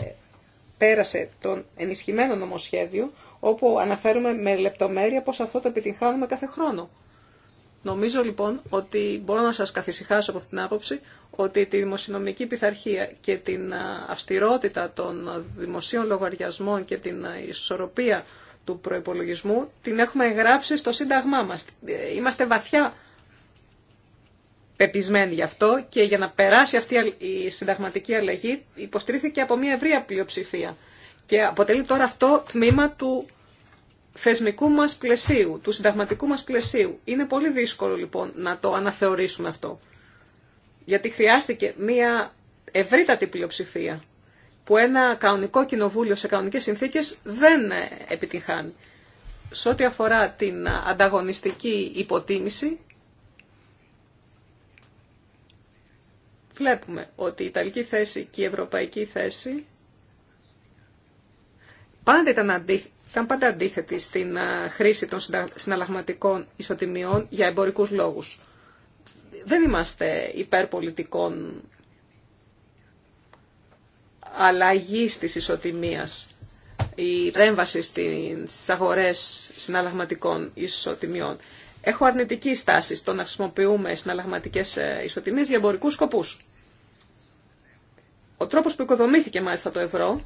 S2: πέρασε τον ενισχυμένο νομοσχέδιο, όπου αναφέρουμε με λεπτομέρεια πώς αυτό το επιτυγχάνουμε κάθε χρόνο. Νομίζω λοιπόν ότι μπορώ να σας καθησυχάσω από αυτήν την άποψη ότι τη δημοσιονομική πειθαρχία και την ε, αυστηρότητα των δημοσίων λογαριασμών και την ε, ισορροπία του προϋπολογισμού την έχουμε γράψει στο σύνταγμά μας. Ε, είμαστε βαθιά Πεπισμένη γι' αυτό και για να περάσει αυτή η συνταγματική αλλαγή υποστηρίχθηκε από μια ευρία πλειοψηφία. Και αποτελεί τώρα αυτό τμήμα του θεσμικού μας πλαισίου, του συνταγματικού μας πλαισίου. Είναι πολύ δύσκολο λοιπόν να το αναθεωρήσουμε αυτό. Γιατί χρειάστηκε μια ευρύτατη πλειοψηφία που ένα κανονικό κοινοβούλιο σε κανονικές συνθήκες δεν επιτυχάνει. Σε ό,τι αφορά την ανταγωνιστική υποτίμηση, βλέπουμε ότι η Ιταλική θέση και η Ευρωπαϊκή θέση πάντα ήταν, ήταν πάντα αντίθετη στην χρήση των συναλλαγματικών ισοτιμιών για εμπορικούς λόγους. Δεν είμαστε υπερπολιτικών αλλαγή της ισοτιμίας, η τρέμβαση στις αγορές συναλλαγματικών ισοτιμιών. Έχω αρνητική στάση στο να χρησιμοποιούμε συναλλαγματικές ε, ισοτιμίες για εμπορικούς σκοπούς ο τρόπος που οικοδομήθηκε μάλιστα το ευρώ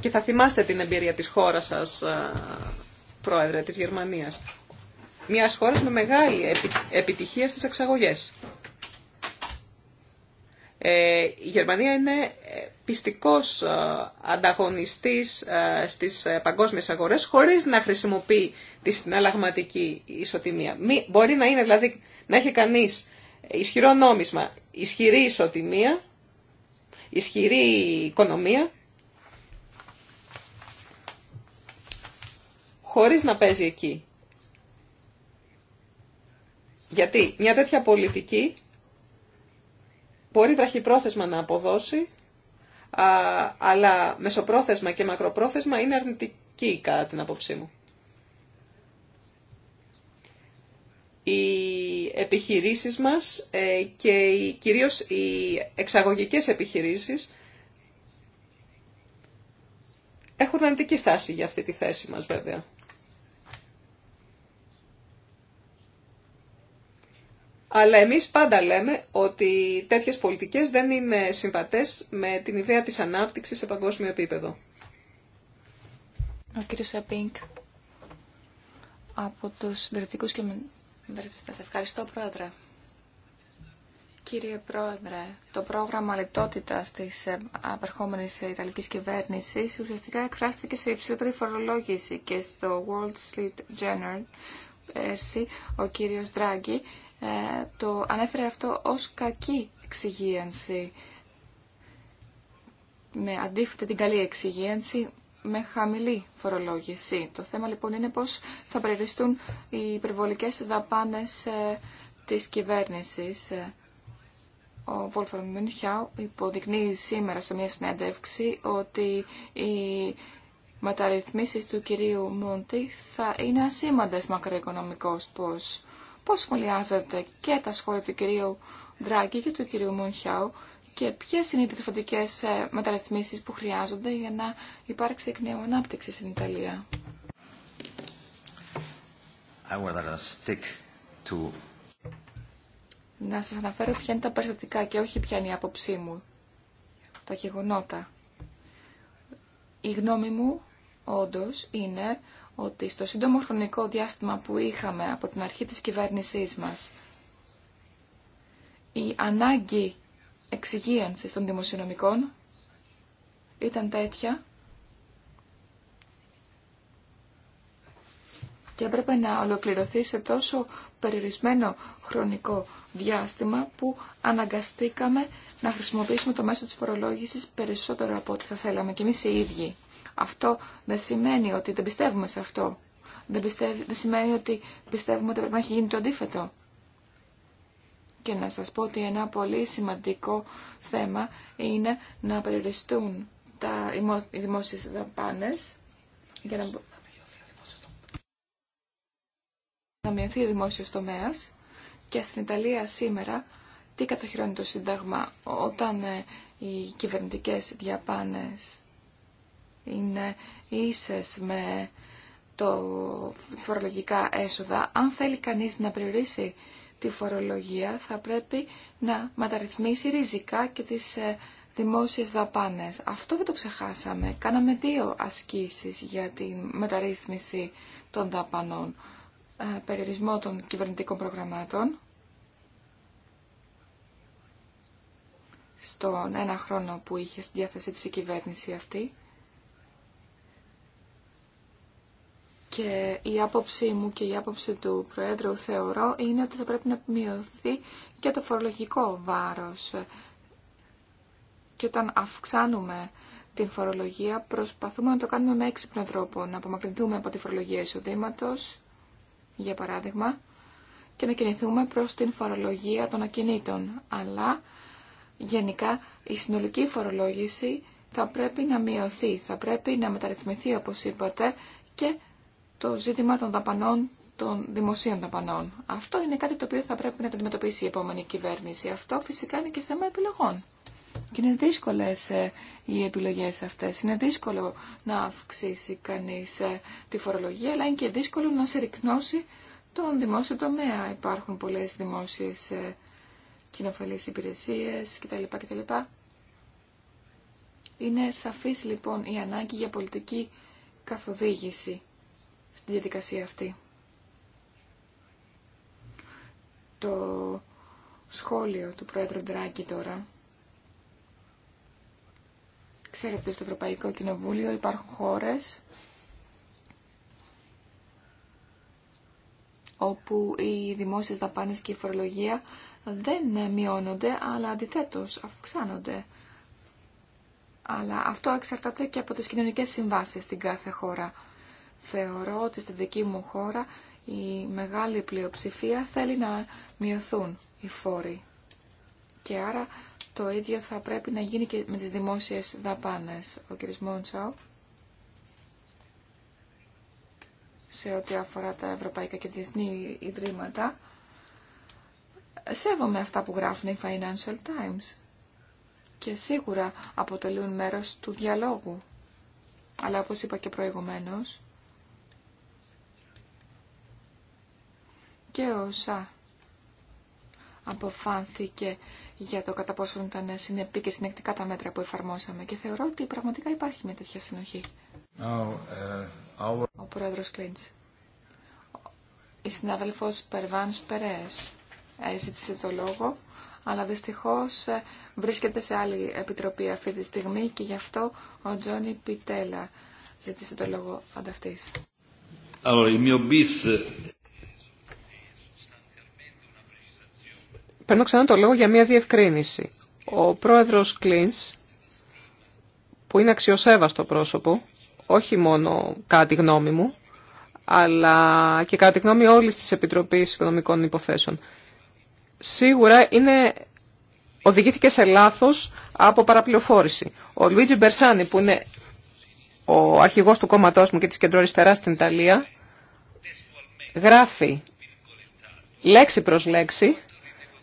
S2: και θα θυμάστε την εμπειρία της χώρας σας, πρόεδρε, της Γερμανίας. Μια χώρας με μεγάλη επιτυχία στις εξαγωγές. Ε, η Γερμανία είναι ε, πιστικός ανταγωνιστής στις ε, παγκόσμιες αγορές χωρίς να χρησιμοποιεί τη συναλλαγματική ισοτιμία. Μπορεί να είναι δηλαδή να έχει κανείς ισχυρό νόμισμα, ισχυρή ισοτιμία, ισχυρή οικονομία, χωρίς να παίζει εκεί. Γιατί μια τέτοια πολιτική μπορεί βραχυπρόθεσμα να αποδώσει, αλλά μεσοπρόθεσμα και μακροπρόθεσμα είναι αρνητική κατά την άποψή μου. οι επιχειρήσεις μας ε, και οι, κυρίως οι εξαγωγικές επιχειρήσεις έχουν αρνητική στάση για αυτή τη θέση μας βέβαια. Αλλά εμείς πάντα λέμε ότι τέτοιες πολιτικές δεν είναι συμβατές με την ιδέα της ανάπτυξης σε παγκόσμιο επίπεδο.
S3: Ο κύριος από τους συντηρητικούς και ευχαριστώ, Πρόεδρε. Κύριε Πρόεδρε, το πρόγραμμα λιτότητα τη ε, απερχόμενη Ιταλική κυβέρνηση ουσιαστικά εκφράστηκε σε υψηλότερη φορολόγηση και στο World Sleep Journal πέρσι ο κύριο Δράγκη ε, το ανέφερε αυτό ω κακή εξυγίανση με αντίθετη την καλή εξυγίανση με χαμηλή φορολόγηση. Το θέμα λοιπόν είναι πώς θα περιοριστούν οι υπερβολικές δαπάνες ε, της κυβέρνησης. Ε, ο Βόλφαρ Μουνχιάου υποδεικνύει σήμερα σε μια συνέντευξη ότι οι μεταρρυθμίσεις του κυρίου Μόντι θα είναι ασήμαντες μακροοικονομικός πώς. Πώς σχολιάζεται και τα σχόλια του κυρίου Δράκη και του κυρίου Μουνχιάου και ποιε είναι οι τριφωτικέ ε, μεταρρυθμίσει που χρειάζονται για να υπάρξει εκ νέου ανάπτυξη στην Ιταλία. to... Να σα αναφέρω ποια είναι τα περιστατικά και όχι ποια είναι η άποψή μου. Τα γεγονότα. Η γνώμη μου όντω είναι ότι στο σύντομο χρονικό διάστημα που είχαμε από την αρχή της κυβέρνησής μας η ανάγκη εξυγίανσης των δημοσιονομικών ήταν τέτοια και έπρεπε να ολοκληρωθεί σε τόσο περιορισμένο χρονικό διάστημα που αναγκαστήκαμε να χρησιμοποιήσουμε το μέσο της φορολόγησης περισσότερο από ό,τι θα θέλαμε και εμείς οι ίδιοι. Αυτό δεν σημαίνει ότι δεν πιστεύουμε σε αυτό. Δεν, δεν σημαίνει ότι πιστεύουμε ότι πρέπει να έχει γίνει το αντίθετο και να σας πω ότι ένα πολύ σημαντικό θέμα είναι να περιοριστούν τα, οι δημόσιες δαπάνες για να, να μειωθεί ο δημόσιος τομέας και στην Ιταλία σήμερα τι κατοχυρώνει το Σύνταγμα όταν ε, οι κυβερνητικές διαπάνες είναι ίσες με το φορολογικά έσοδα, αν θέλει κανείς να περιορίσει τη φορολογία θα πρέπει να μεταρρυθμίσει ριζικά και τις ε, δημόσιες δαπάνες. Αυτό δεν το ξεχάσαμε. Κάναμε δύο ασκήσεις για τη μεταρρύθμιση των δαπανών. Ε, περιορισμό των κυβερνητικών προγραμμάτων. Στον ένα χρόνο που είχε στη διάθεσή της η κυβέρνηση αυτή Και η άποψή μου και η άποψη του Προέδρου θεωρώ είναι ότι θα πρέπει να μειωθεί και το φορολογικό βάρος. Και όταν αυξάνουμε την φορολογία προσπαθούμε να το κάνουμε με έξυπνο τρόπο, να απομακρυνθούμε από τη φορολογία εισοδήματο, για παράδειγμα, και να κινηθούμε προς την φορολογία των ακινήτων. Αλλά γενικά η συνολική φορολόγηση θα πρέπει να μειωθεί, θα πρέπει να μεταρρυθμιστεί όπως είπατε και το ζήτημα των δαπανών, των δημοσίων δαπανών. Αυτό είναι κάτι το οποίο θα πρέπει να το αντιμετωπίσει η επόμενη κυβέρνηση. Αυτό φυσικά είναι και θέμα επιλογών. Και είναι δύσκολες ε, οι επιλογές αυτές. Είναι δύσκολο να αυξήσει κανείς ε, τη φορολογία, αλλά είναι και δύσκολο να συρρυκνώσει τον δημόσιο τομέα. Υπάρχουν πολλές δημόσιες ε, κοινοφελείς υπηρεσίες κτλ. κτλ. Είναι σαφής λοιπόν η ανάγκη για πολιτική καθοδήγηση στη διαδικασία αυτή. Το σχόλιο του Πρόεδρου Ντράκη τώρα. Ξέρετε ότι στο Ευρωπαϊκό Κοινοβούλιο υπάρχουν χώρες όπου οι δημόσιες δαπάνες και η φορολογία δεν μειώνονται, αλλά αντιθέτως αυξάνονται. Αλλά αυτό εξαρτάται και από τις κοινωνικές συμβάσεις στην κάθε χώρα. Θεωρώ ότι στη δική μου χώρα η μεγάλη πλειοψηφία θέλει να μειωθούν οι φόροι. Και άρα το ίδιο θα πρέπει να γίνει και με τις δημόσιες δαπάνες. Ο κ. Μόντσαου, σε ό,τι αφορά τα ευρωπαϊκά και διεθνή ιδρύματα, σέβομαι αυτά που γράφουν οι Financial Times και σίγουρα αποτελούν μέρος του διαλόγου. Αλλά όπως είπα και προηγουμένως, και όσα αποφάνθηκε για το κατά πόσο ήταν συνεπή και συνεκτικά τα μέτρα που εφαρμόσαμε και θεωρώ ότι πραγματικά υπάρχει μια τέτοια συνοχή.
S1: uh, our... Ο
S3: πρόεδρος Κλίντς. Η συνάδελφος Περβάν Περέες ζήτησε το λόγο, αλλά δυστυχώς ε, βρίσκεται σε άλλη επιτροπή αυτή τη στιγμή και γι' αυτό ο Τζόνι Πιτέλα ζήτησε το λόγο ανταυτής.
S2: Παίρνω ξανά το λόγο για μια διευκρίνηση. Ο πρόεδρος Κλίνς, που είναι αξιοσέβαστο πρόσωπο, όχι μόνο κάτι γνώμη μου, αλλά και κατά γνώμη όλης της Επιτροπής Οικονομικών Υποθέσεων. Σίγουρα είναι, οδηγήθηκε σε λάθος από παραπληροφόρηση. Ο Λουίτζι Μπερσάνη, που είναι ο αρχηγός του κόμματός μου και της κεντροαριστεράς στην Ιταλία, γράφει λέξη προς λέξη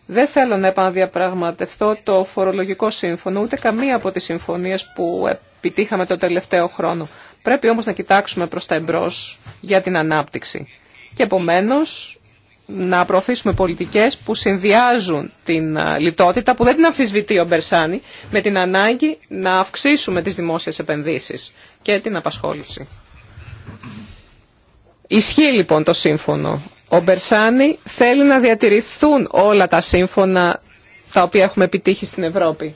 S2: δεν θέλω να επαναδιαπραγματευτώ το φορολογικό σύμφωνο, ούτε καμία από τις συμφωνίες που επιτύχαμε το τελευταίο χρόνο. Πρέπει όμως να κοιτάξουμε προς τα εμπρός για την ανάπτυξη. Και επομένω να προωθήσουμε πολιτικές που συνδυάζουν την λιτότητα, που δεν την αμφισβητεί ο Μπερσάνη, με την ανάγκη να αυξήσουμε τις δημόσιες επενδύσεις και την απασχόληση. Ισχύει λοιπόν το σύμφωνο ο Μπερσάνη θέλει να διατηρηθούν όλα τα σύμφωνα τα οποία έχουμε επιτύχει στην Ευρώπη.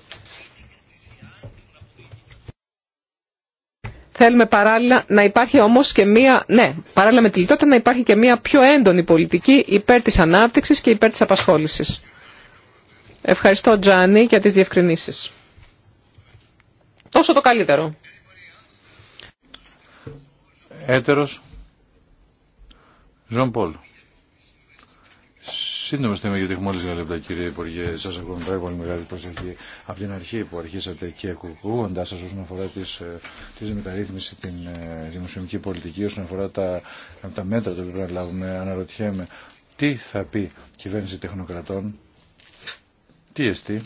S2: Θέλουμε παράλληλα να υπάρχει όμως και μία, ναι, παράλληλα με τη λιτότητα να υπάρχει και μία πιο έντονη πολιτική υπέρ της ανάπτυξης και υπέρ της απασχόλησης. Ευχαριστώ Τζάνι για τις διευκρινήσεις. Τόσο
S1: το καλύτερο. Έτερος, Ζων Πόλου σύντομα θέμα, γιατί έχουμε όλες λεπτά, κύριε Υπουργέ. Σα ακούμε πάρα πολύ μεγάλη προσοχή από την αρχή που αρχίσατε και ακούγοντά σα όσον αφορά τις, ε, τη μεταρρύθμιση, την ε, δημοσιομική πολιτική, όσον αφορά τα, τα μέτρα τα οποία λάβουμε. Αναρωτιέμαι, τι θα πει κυβέρνηση τεχνοκρατών, τι εστί.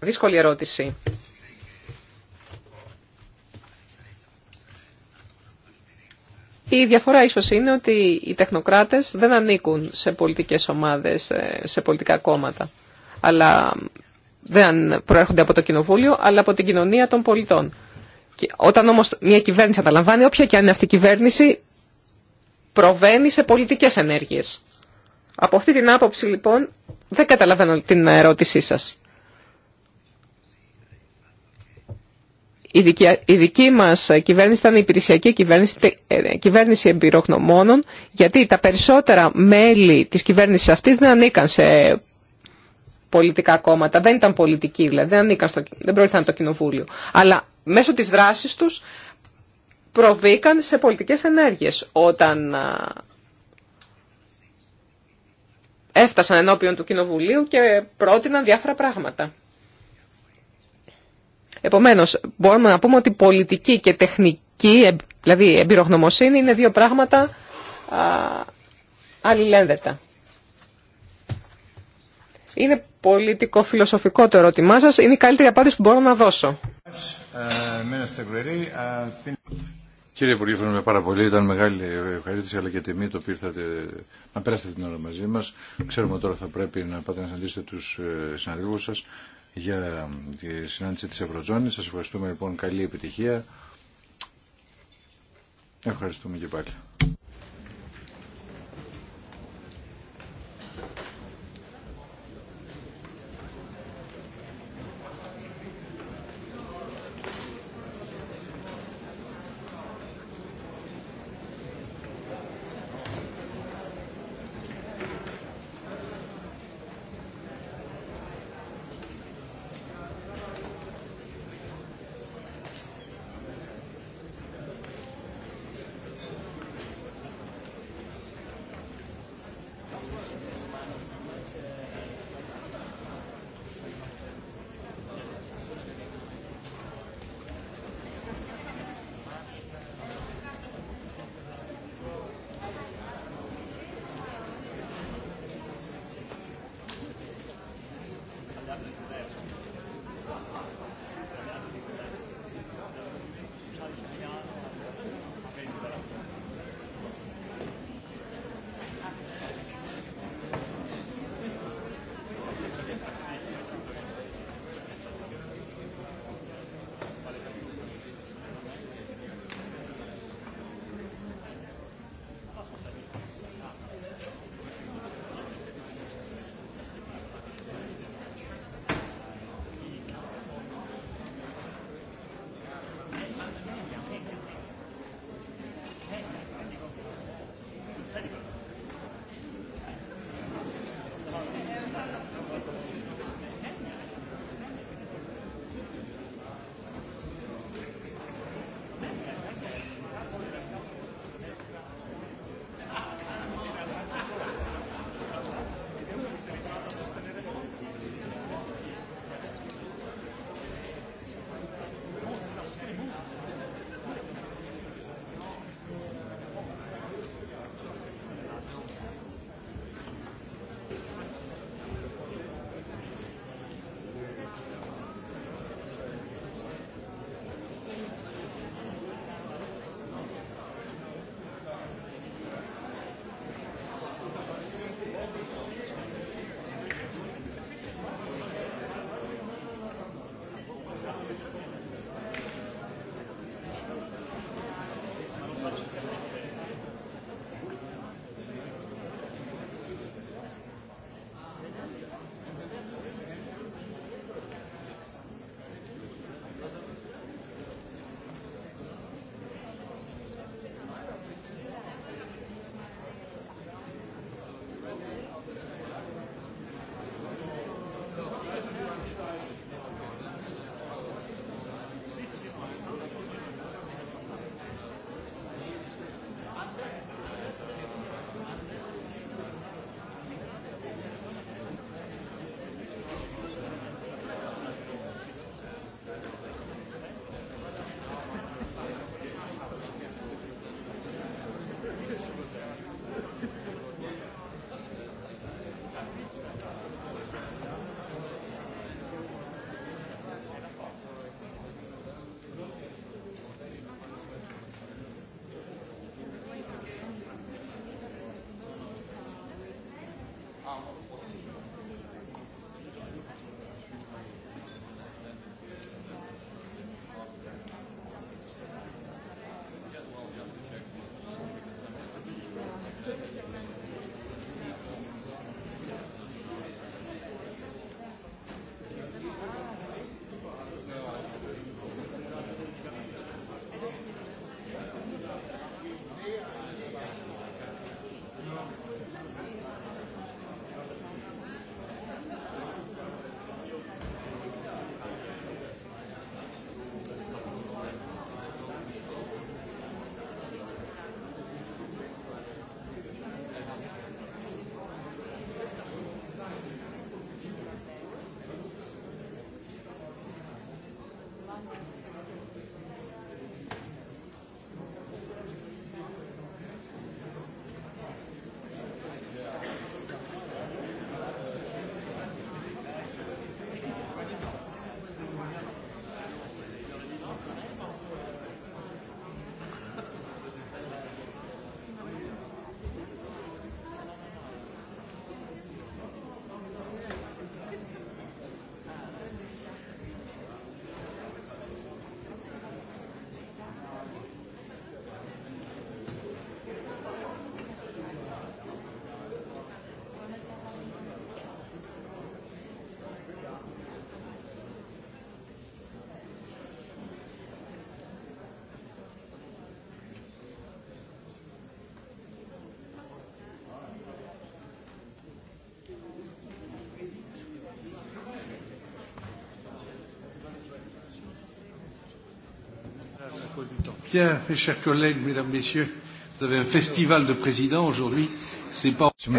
S2: Δύσκολη ερώτηση. Η διαφορά ίσως είναι ότι οι τεχνοκράτες δεν ανήκουν σε πολιτικές ομάδες, ε, σε πολιτικά κόμματα, αλλά δεν προέρχονται από το κοινοβούλιο, αλλά από την κοινωνία των πολιτών. Και όταν όμως μια κυβέρνηση αναλαμβάνει, όποια και αν είναι αυτή η κυβέρνηση, προβαίνει σε πολιτικές ενέργειες. Από αυτή την άποψη, λοιπόν, δεν καταλαβαίνω την ερώτησή σας. Η δική, η μας κυβέρνηση ήταν η υπηρεσιακή κυβέρνηση, ε, κυβέρνηση εμπειρογνωμόνων, γιατί τα περισσότερα μέλη της κυβέρνησης αυτής δεν ανήκαν σε πολιτικά κόμματα, δεν ήταν πολιτικοί, δηλαδή δεν, ανήκαν στο, δεν το κοινοβούλιο. Αλλά μέσω της δράσης τους προβήκαν σε πολιτικές ενέργειες όταν έφτασαν ενώπιον του κοινοβουλίου και πρότειναν διάφορα πράγματα. Επομένω, μπορούμε να πούμε ότι πολιτική και τεχνική, ε, δηλαδή εμπειρογνωμοσύνη, είναι δύο πράγματα αλληλένδετα. Είναι πολιτικο-φιλοσοφικό το ερώτημά σα. Είναι η καλύτερη απάντηση που μπορώ να δώσω.
S1: Κύριε Υπουργέ, ευχαριστούμε πάρα πολύ. Ήταν μεγάλη ευχαρίστηση αλλά και τιμή το που ήρθατε να πέρασετε την ώρα μαζί μα. Ξέρουμε τώρα θα πρέπει να πάτε να συναντήσετε του ε, συναδέλφου σα για τη συνάντηση της Ευρωζώνης. Σας ευχαριστούμε λοιπόν. Καλή επιτυχία. Ευχαριστούμε και πάλι.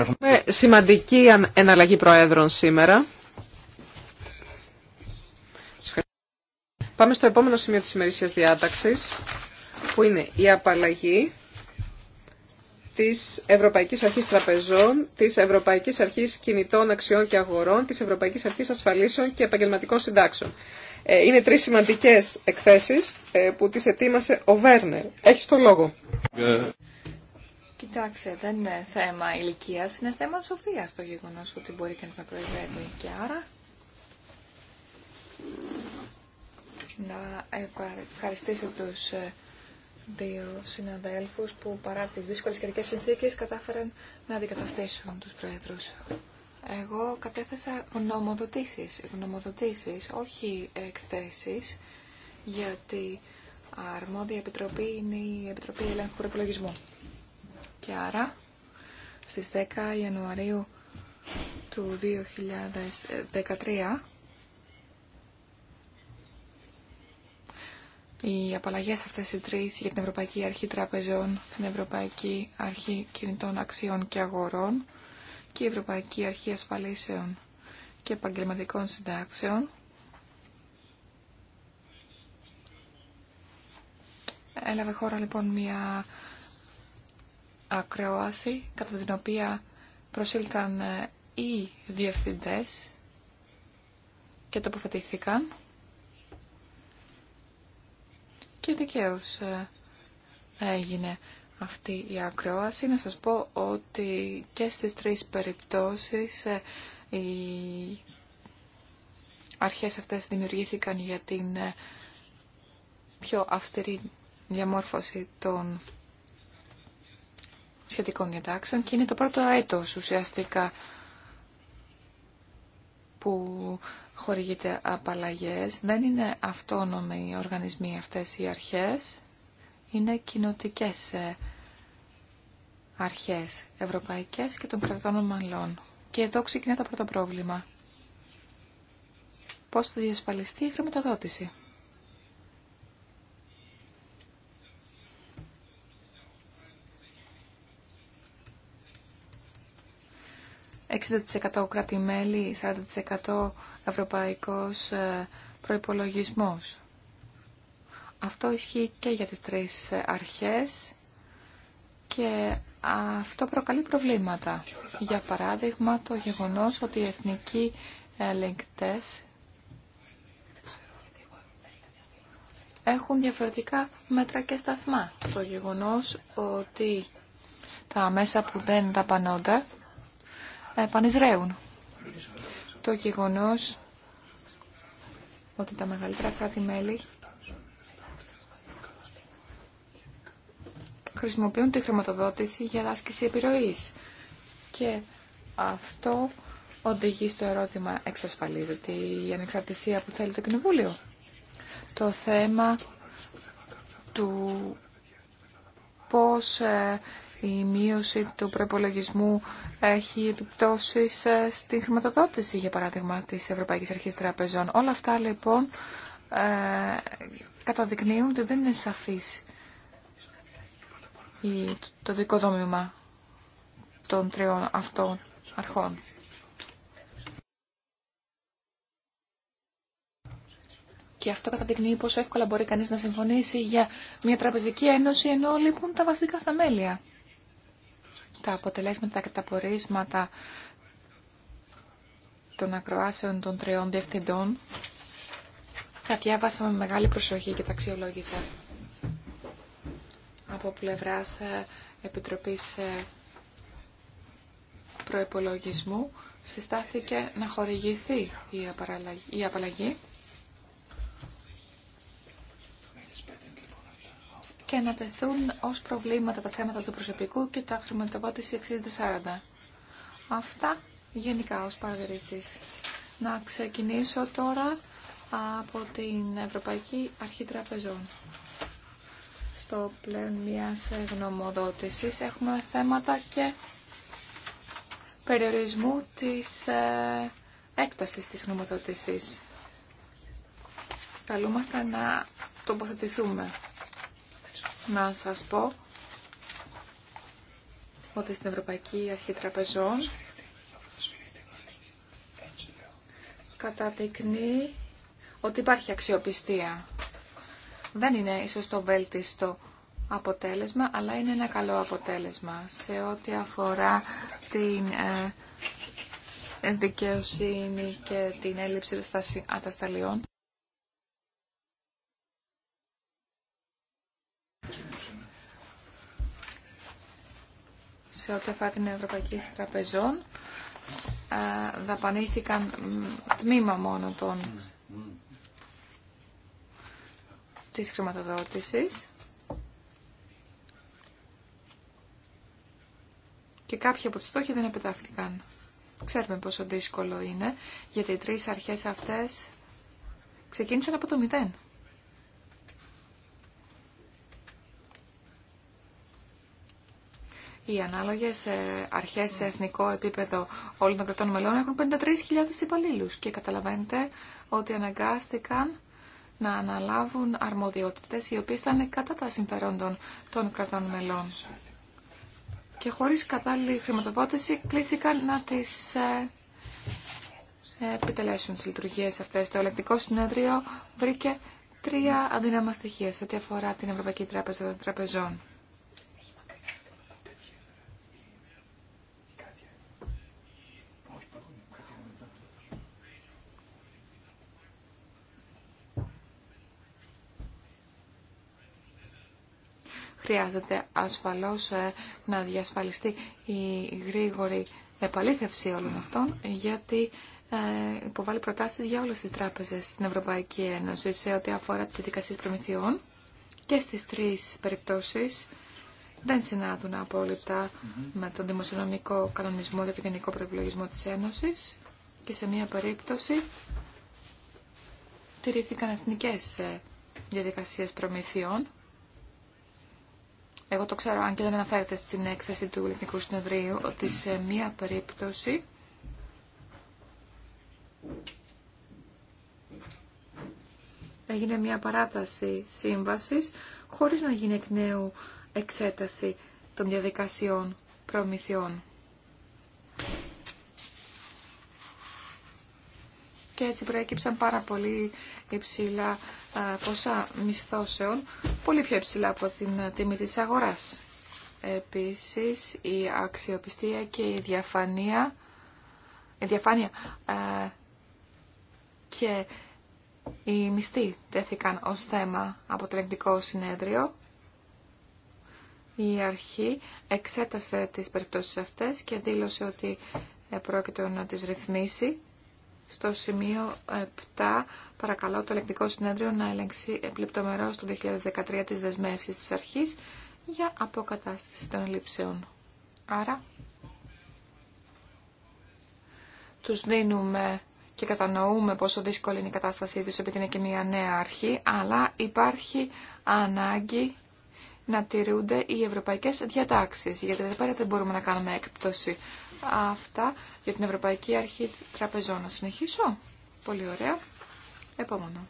S1: Έχουμε
S2: σημαντική εναλλαγή προέδρων σήμερα. Πάμε στο επόμενο σημείο της ημερήσιας διάταξης, που είναι η απαλλαγή της Ευρωπαϊκής Αρχής Τραπεζών, της Ευρωπαϊκής Αρχής Κινητών Αξιών και Αγορών, της Ευρωπαϊκής Αρχής Ασφαλίσεων και Επαγγελματικών Συντάξεων. Ε, είναι τρεις σημαντικές εκθέσεις ε, που τις ετοίμασε ο Βέρνερ. Έχεις το λόγο.
S3: Κοιτάξτε, δεν είναι θέμα ηλικία, είναι θέμα σοφία το γεγονό ότι μπορεί κανεί να προεδρεύει. Και άρα να ευχαριστήσω του ε, δύο συναδέλφου που παρά τι δύσκολε καιρικέ συνθήκε κατάφεραν να αντικαταστήσουν του προέδρου. Εγώ κατέθεσα γνωμοδοτήσεις, γνωμοδοτήσεις, όχι εκθέσεις, γιατί αρμόδια επιτροπή είναι η Επιτροπή Ελέγχου Προεπιλογισμού Και άρα, στις 10 Ιανουαρίου του 2013, οι απαλλαγές αυτές οι τρεις για την Ευρωπαϊκή Αρχή Τραπεζών, την Ευρωπαϊκή Αρχή Κινητών Αξιών και Αγορών, και η Ευρωπαϊκή Αρχή Ασφαλίσεων και Επαγγελματικών Συντάξεων έλαβε χώρα λοιπόν μια ακρόαση κατά την οποία προσήλθαν ε, οι διευθυντές και τοποθετήθηκαν και δικαίως ε, έγινε αυτή η ακρόαση. Να σας πω ότι και στις τρεις περιπτώσεις ε, οι αρχές αυτές δημιουργήθηκαν για την ε, πιο αυστηρή διαμόρφωση των σχετικών διατάξεων και είναι το πρώτο έτος ουσιαστικά που χορηγείται απαλλαγές. Δεν είναι αυτόνομοι οι οργανισμοί αυτές οι αρχές, είναι κοινοτικές ε, αρχές ευρωπαϊκές και των κρατών ομαλών. Και εδώ ξεκινά το πρώτο πρόβλημα. Πώς θα διασφαλιστεί η χρηματοδότηση. ...60% κράτη-μέλη, 40% ευρωπαϊκός ε, προϋπολογισμός. Αυτό ισχύει και για τις τρεις ε, αρχές και αυτό προκαλεί προβλήματα. Για παράδειγμα, το γεγονός ότι οι εθνικοί ελεγκτές έχουν διαφορετικά μέτρα και σταθμά. Το γεγονός ότι τα μέσα που δεν δαπανώνται επανεισραίουν. Το γεγονός ότι τα μεγαλύτερα κράτη-μέλη χρησιμοποιούν τη χρηματοδότηση για άσκηση επιρροής. Και αυτό οδηγεί στο ερώτημα εξασφαλίζεται η ανεξαρτησία που θέλει το Κοινοβούλιο. Το θέμα του πώς ε, η μείωση του προπολογισμού έχει επιπτώσεις ε, στην χρηματοδότηση, για παράδειγμα, της Ευρωπαϊκής Αρχής Τραπεζών. Όλα αυτά, λοιπόν, ε, καταδεικνύουν ότι δεν είναι σαφής το δικό δόμημα των τριών αυτών αρχών. Και αυτό καταδεικνύει πόσο εύκολα μπορεί κανείς να συμφωνήσει για μια τραπεζική ένωση ενώ λείπουν τα βασικά θεμέλια. Τα αποτελέσματα και τα πορίσματα των ακροάσεων των τριών διευθυντών τα διάβασα με μεγάλη προσοχή και τα αξιολόγησα από πλευράς ε, Επιτροπής ε, προεπολογισμού συστάθηκε να χορηγηθεί η απαλλαγή και να τεθούν ως προβλήματα τα θέματα του προσωπικού και τα χρηματοδότηση 60-40. Αυτά γενικά ως παρατηρήσεις. Να ξεκινήσω τώρα από την Ευρωπαϊκή Αρχή Τραπεζών. Το πλέον μιας γνωμοδότησης έχουμε θέματα και περιορισμού της ε, έκτασης της γνωμοδότησης. Καλούμαστε να τοποθετηθούμε. Να σας πω ότι στην Ευρωπαϊκή Αρχή Τραπεζών καταδεικνύει ότι υπάρχει αξιοπιστία δεν είναι ίσως το βέλτιστο αποτέλεσμα, αλλά είναι ένα καλό αποτέλεσμα σε ό,τι αφορά την ε, δικαιοσύνη και την έλλειψη ατασταλιών. Σε ό,τι αφορά την Ευρωπαϊκή Τραπεζών, ε, δαπανήθηκαν τμήμα μόνο των της χρηματοδότησης και κάποιοι από τις στόχοι δεν επιτάχθηκαν. Ξέρουμε πόσο δύσκολο είναι, γιατί οι τρεις αρχές αυτές ξεκίνησαν από το μηδέν. Οι ανάλογες ε, αρχές σε εθνικό επίπεδο όλων των κρατών μελών έχουν 53.000 υπαλλήλους και καταλαβαίνετε ότι αναγκάστηκαν να αναλάβουν αρμοδιότητες οι οποίες ήταν κατά τα συμφερόντων των κρατών μελών. Και χωρίς κατάλληλη χρηματοδότηση κλήθηκαν να τις ε, επιτελέσουν τις λειτουργίες αυτές. Το ελεκτικό συνέδριο βρήκε τρία αδύναμα στοιχεία σε ό,τι αφορά την Ευρωπαϊκή Τράπεζα των Τραπεζών. Χρειάζεται ασφαλώς ε, να διασφαλιστεί η γρήγορη επαλήθευση όλων αυτών, γιατί ε, υποβάλλει προτάσεις για όλες τις τράπεζες στην Ευρωπαϊκή Ένωση σε ό,τι αφορά τις δικασίες προμηθειών και στις τρεις περιπτώσεις δεν συνάδουν απόλυτα με τον δημοσιονομικό κανονισμό και τον γενικό προεπιλογισμό της Ένωσης και σε μία περίπτωση τηρήθηκαν εθνικές ε, διαδικασίες προμηθειών εγώ το ξέρω, αν και δεν αναφέρεται στην έκθεση του Ελληνικού Συνεδρίου, ότι σε μία περίπτωση έγινε μία παράταση σύμβασης χωρίς να γίνει εκ νέου εξέταση των διαδικασιών προμηθειών. Και έτσι προέκυψαν πάρα πολλοί υψηλά ποσά μισθώσεων, πολύ πιο υψηλά από την τιμή της αγοράς. Επίσης, η αξιοπιστία και η διαφάνεια, η διαφάνεια και οι μισθοί τέθηκαν ως θέμα από το ελεγκτικό συνέδριο. Η αρχή εξέτασε τις περιπτώσεις αυτές και δήλωσε ότι πρόκειται να τις ρυθμίσει στο σημείο 7 παρακαλώ το ελεκτικό συνέδριο να ελεγξει επλεπτομερώς το 2013 τις δεσμεύσεις της αρχής για αποκατάσταση των λήψεων. Άρα, τους δίνουμε και κατανοούμε πόσο δύσκολη είναι η κατάστασή τους επειδή είναι και μια νέα αρχή, αλλά υπάρχει ανάγκη να τηρούνται οι ευρωπαϊκές διατάξεις, γιατί δεν δεν μπορούμε να κάνουμε έκπτωση. Αυτά για την Ευρωπαϊκή Αρχή Τραπεζών. Να συνεχίσω. Πολύ ωραία. Επόμενο.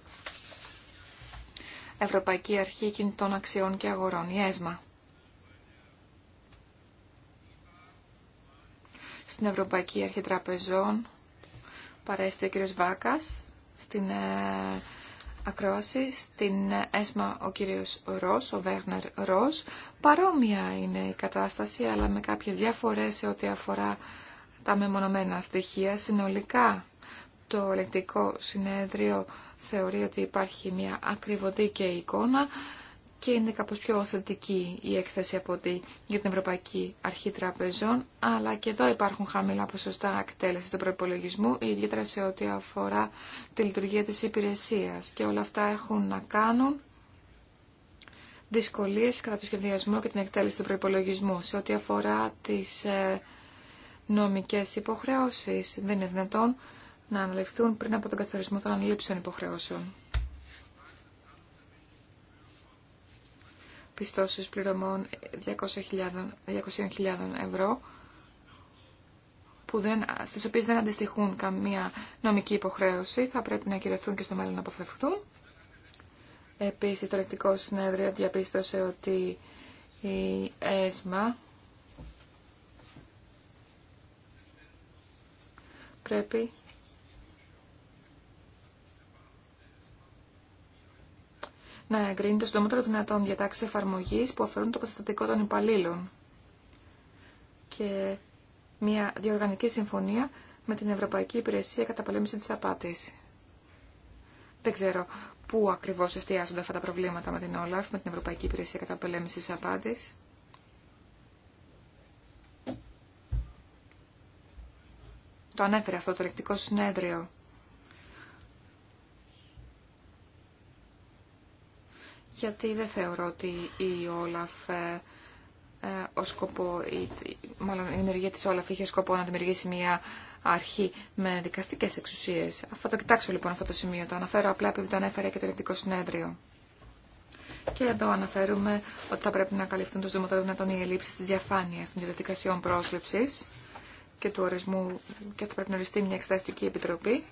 S3: Ευρωπαϊκή Αρχή Κινητών Αξιών και Αγορών, η ΕΣΜΑ. Στην Ευρωπαϊκή Αρχή Τραπεζών παρέστη ο κύριος Βάκας, στην ε, ακρόαση, στην ε, ΕΣΜΑ ο κύριος Ρος, ο Βέρνερ Ρος. Παρόμοια είναι η κατάσταση, αλλά με κάποιες διαφορές σε ό,τι αφορά τα μεμονωμένα στοιχεία. Συνολικά το ελεκτικό συνέδριο θεωρεί ότι υπάρχει μια ακριβωτή και εικόνα και είναι κάπως πιο θετική η έκθεση από τη για την Ευρωπαϊκή Αρχή Τραπεζών, αλλά και εδώ υπάρχουν χαμηλά ποσοστά εκτέλεση του προπολογισμού, ιδιαίτερα σε ό,τι αφορά τη λειτουργία της υπηρεσίας. Και όλα αυτά έχουν να κάνουν δυσκολίες κατά το σχεδιασμό και την εκτέλεση του προπολογισμού. Σε ό,τι αφορά τις ε, νομικές υποχρεώσεις. Δεν είναι δυνατόν να αναλυφθούν πριν από τον καθορισμό των ανλήψεων υποχρεώσεων. Πιστώσεις πληρωμών 200.000 ευρώ που δεν, στις οποίες δεν αντιστοιχούν καμία νομική υποχρέωση θα πρέπει να κυριευθούν και στο μέλλον να αποφευχθούν. Επίσης το Ελεκτικό Συνέδριο διαπίστωσε ότι η ΕΣΜΑ πρέπει να εγκρίνει το συντομότερο δυνατόν διατάξει εφαρμογή που αφορούν το καταστατικό των υπαλλήλων και μια διοργανική συμφωνία με την Ευρωπαϊκή Υπηρεσία πολέμηση τη Απάτη. Δεν ξέρω πού ακριβώ εστιάζονται αυτά τα προβλήματα με την ΟΛΑΦ, με την Ευρωπαϊκή Υπηρεσία πολέμηση τη Απάτη. Το ανέφερε αυτό το ηλεκτρικό συνέδριο. Γιατί δεν θεωρώ ότι η Όλαφ, ε, ε, ο σκοπό, η, μάλλον η δημιουργία της Όλαφ είχε σκοπό να δημιουργήσει μια αρχή με δικαστικές εξουσίες. Αυτό το κοιτάξω λοιπόν αυτό το σημείο, το αναφέρω απλά επειδή το ανέφερε και το ηλεκτρικό συνέδριο. Και εδώ αναφέρουμε ότι θα πρέπει να καλυφθούν το δυνατόν οι ελλείψεις της διαφάνειας των διαδικασιών πρόσληψης και του ορισμού και θα πρέπει να οριστεί μια εξεταστική επιτροπή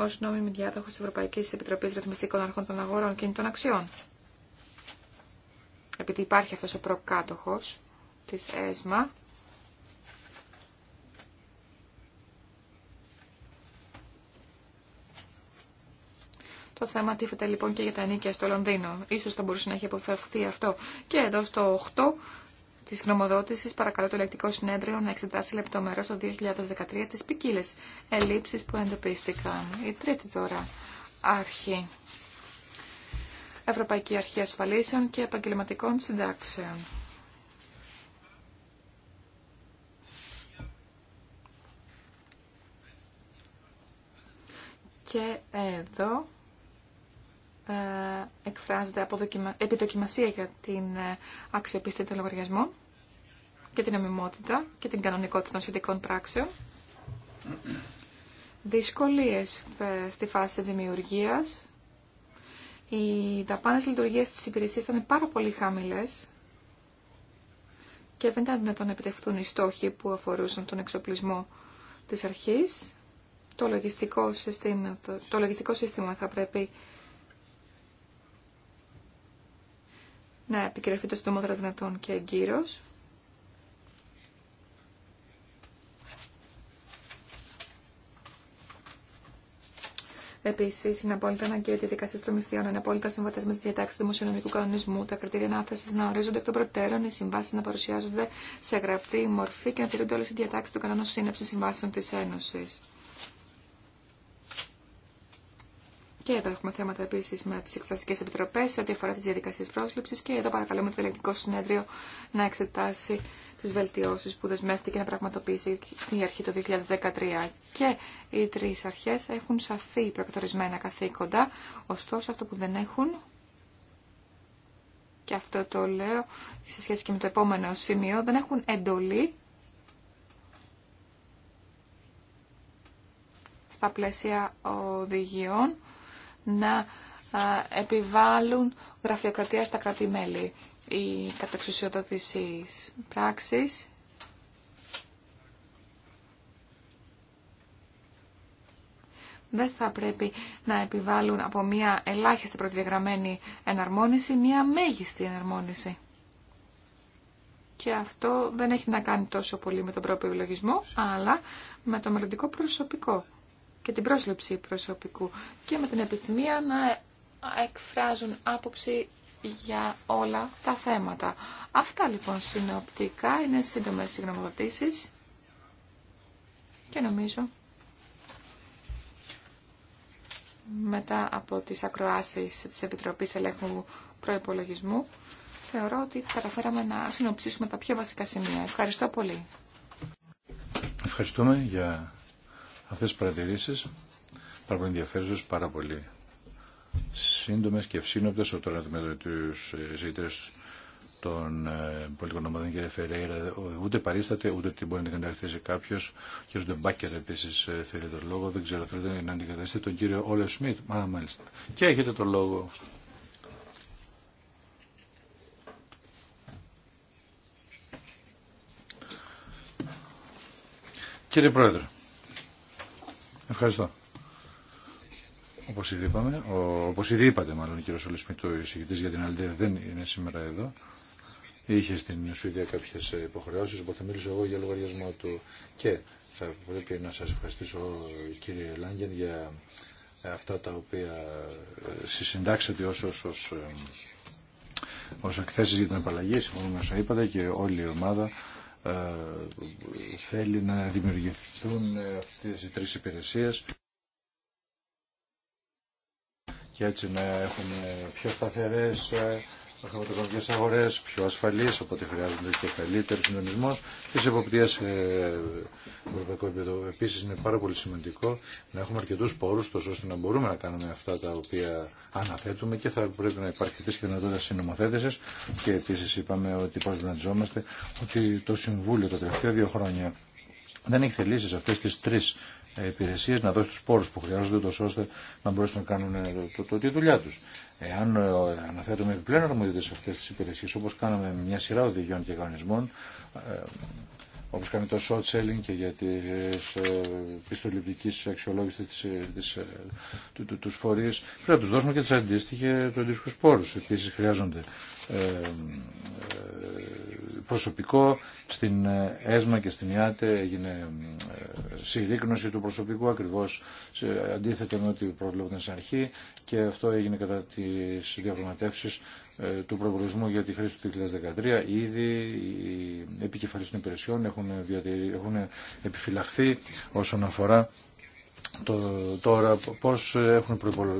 S3: ω νόμιμη διάδοχο τη Ευρωπαϊκή Επιτροπή Ρυθμιστικών Αρχών των Αγορών και των Αξιών. Επειδή υπάρχει αυτό ο προκάτοχο τη ΕΣΜΑ, Το θέμα τίθεται λοιπόν και για τα νίκια στο Λονδίνο. Ίσως θα μπορούσε να έχει αποφευχθεί αυτό και εδώ στο 8 της γνωμοδότησης παρακαλώ το ελεκτικό συνέδριο να εξετάσει λεπτομερώς το 2013 τις ποικίλε ελλείψεις που εντοπίστηκαν. Η τρίτη τώρα αρχή. Ευρωπαϊκή Αρχή Ασφαλίσεων και Επαγγελματικών Συντάξεων. Και εδώ ε, εκφράζεται από δοκιμα... επιδοκιμασία για την ε, αξιοπιστή των και την ομιμότητα και την κανονικότητα των σχετικών πράξεων. Δυσκολίες ε, στη φάση δημιουργίας. Οι δαπάνες λειτουργίες της υπηρεσίας ήταν πάρα πολύ χαμηλές και δεν ήταν δυνατόν να επιτευχθούν οι στόχοι που αφορούσαν τον εξοπλισμό της αρχής. Το λογιστικό σύστημα, το λογιστικό σύστημα θα πρέπει να επικυρεθεί το συντομότερο δυνατόν και εγκύρος. Επίση, είναι απόλυτα αναγκαία οι των προμηθειών, είναι απόλυτα συμβατέ με τη διατάξει του δημοσιονομικού κανονισμού, τα κριτήρια ανάθεση να ορίζονται εκ των προτέρων, οι συμβάσει να παρουσιάζονται σε γραπτή μορφή και να τηρούνται όλε οι διατάξει του κανόνα σύναψη συμβάσεων τη Ένωση. Και εδώ έχουμε θέματα επίση με τι εκταστικέ επιτροπέ σε ό,τι αφορά τι διαδικασίε πρόσληψη. Και εδώ παρακαλούμε το Ελληνικό συνέδριο να εξετάσει τι βελτιώσει που δεσμεύτηκε να πραγματοποιήσει η αρχή το 2013. Και οι τρει αρχέ έχουν σαφή προκαθορισμένα καθήκοντα. Ωστόσο, αυτό που δεν έχουν. Και αυτό το λέω σε σχέση και με το επόμενο σημείο. Δεν έχουν εντολή στα πλαίσια οδηγιών να επιβάλλουν γραφειοκρατία στα κράτη-μέλη. Η καταξουσιοδότηση πράξης δεν θα πρέπει να επιβάλλουν από μια ελάχιστη προδιαγραμμένη εναρμόνιση μια μέγιστη εναρμόνιση. Και αυτό δεν έχει να κάνει τόσο πολύ με τον προπολογισμό, αλλά με το μελλοντικό προσωπικό και την πρόσληψη προσωπικού και με την επιθυμία να εκφράζουν άποψη για όλα τα θέματα. Αυτά λοιπόν συνοπτικά είναι σύντομες συγγνωμοδοτήσεις και νομίζω μετά από τις ακροάσεις της Επιτροπής Ελέγχου Προϋπολογισμού θεωρώ ότι καταφέραμε να συνοψίσουμε τα πιο βασικά σημεία. Ευχαριστώ πολύ.
S1: Ευχαριστούμε αυτές τις παρατηρήσεις πάρα πολύ πάρα πολύ σύντομες και ευσύνοπτες ο τώρα με τους ε, ζήτητες των ε, πολιτικών ομάδων κύριε Φερέιρα ούτε παρίσταται ούτε ότι μπορεί να την καταρχθήσει κάποιος και Ντεμπάκερ Μπάκερ επίσης ε, θέλει τον λόγο δεν ξέρω θέλετε να αντικαταστήσει τον κύριο Όλε Σμιτ μάλιστα. και έχετε τον λόγο Κύριε Πρόεδρε, Ευχαριστώ. Όπω ήδη είπαμε, ο, όπως είπατε, μάλλον ο κύριο Ολεσμιτ, ο εισηγητής για την Αλντέα δεν είναι σήμερα εδώ. Είχε στην Σουηδία κάποιε υποχρεώσει, οπότε μιλήσω εγώ για λογαριασμό του. Και θα πρέπει να σα ευχαριστήσω, κύριε Λάγκεν, για αυτά τα οποία συσυντάξατε όσο ως, ε, ως εκθέσεις για την απαλλαγή, συμφωνούμε όσο είπατε και όλη η ομάδα ε, θέλει να δημιουργηθούν ε, αυτές οι τρεις υπηρεσίες και έτσι να έχουμε πιο σταθερές ε, χρηματοοικονομικές αγορέ πιο ασφαλεί, οπότε χρειάζονται και καλύτερο συντονισμό της εποπτείας σε ευρωπαϊκό επίπεδο. Επίσης είναι πάρα πολύ σημαντικό να έχουμε αρκετού πόρου, ώστε να μπορούμε να κάνουμε αυτά τα οποία αναθέτουμε και θα πρέπει να υπάρχει και δυνατότητα συνομοθέτηση. και επίση είπαμε ότι προσβληματιζόμαστε ότι το Συμβούλιο τα τελευταία δύο χρόνια δεν έχει θελήσει σε αυτέ τι τρει ε, υπηρεσίε να δώσει του πόρου που χρειάζονται ώστε να μπορέσουν να κάνουν ε, το, το, δουλειά του. Εάν ε, αναθέτουμε επιπλέον αρμοδιότητε σε αυτέ τι υπηρεσίε, όπω κάναμε με μια σειρά οδηγιών και κανονισμών, ε, όπω κάνει το short selling και για τι ε, πιστοληπτικέ αξιολόγηση του, φορεί, πρέπει να του δώσουμε και τι αντίστοιχε, του αντίστοιχου πόρου. Επίση, χρειάζονται προσωπικό στην ε, ΕΣΜΑ και στην ΙΑΤΕ έγινε ε, συρρήκνωση του προσωπικού ακριβώς αντίθετα με ό,τι προβλέπονταν στην αρχή και αυτό έγινε κατά τις διαπραγματεύσεις ε, του προπολογισμού για τη χρήση του 2013. Ήδη οι επικεφαλής των υπηρεσιών έχουν, έχουν επιφυλαχθεί όσον αφορά το, τώρα πώς έχουν,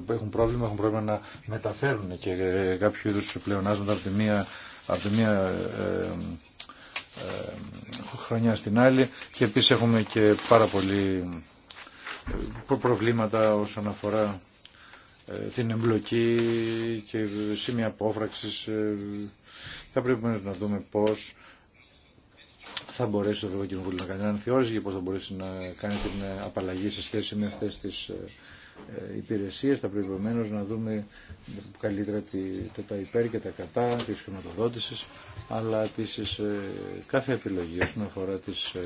S1: έχουν πρόβλημα, έχουν πρόβλημα να μεταφέρουν και κάποιο είδους πλεονάσματα από τη μία από τη μία ε, ε, χρονιά στην άλλη και επίσης έχουμε και πάρα πολύ ε, προβλήματα όσον αφορά ε, την εμπλοκή και σημεία απόφραξης. Θα πρέπει να δούμε πώς θα μπορέσει το Ευρωπαϊκό να κάνει έναν θεώρηση και πώς θα μπορέσει να κάνει την απαλλαγή σε σχέση με αυτές τις ε, υπηρεσίες, θα πρέπει να δούμε καλύτερα τα υπέρ και τα κατά της χρηματοδότησης, αλλά επίσης ε, κάθε επιλογή όσον αφορά τις ε,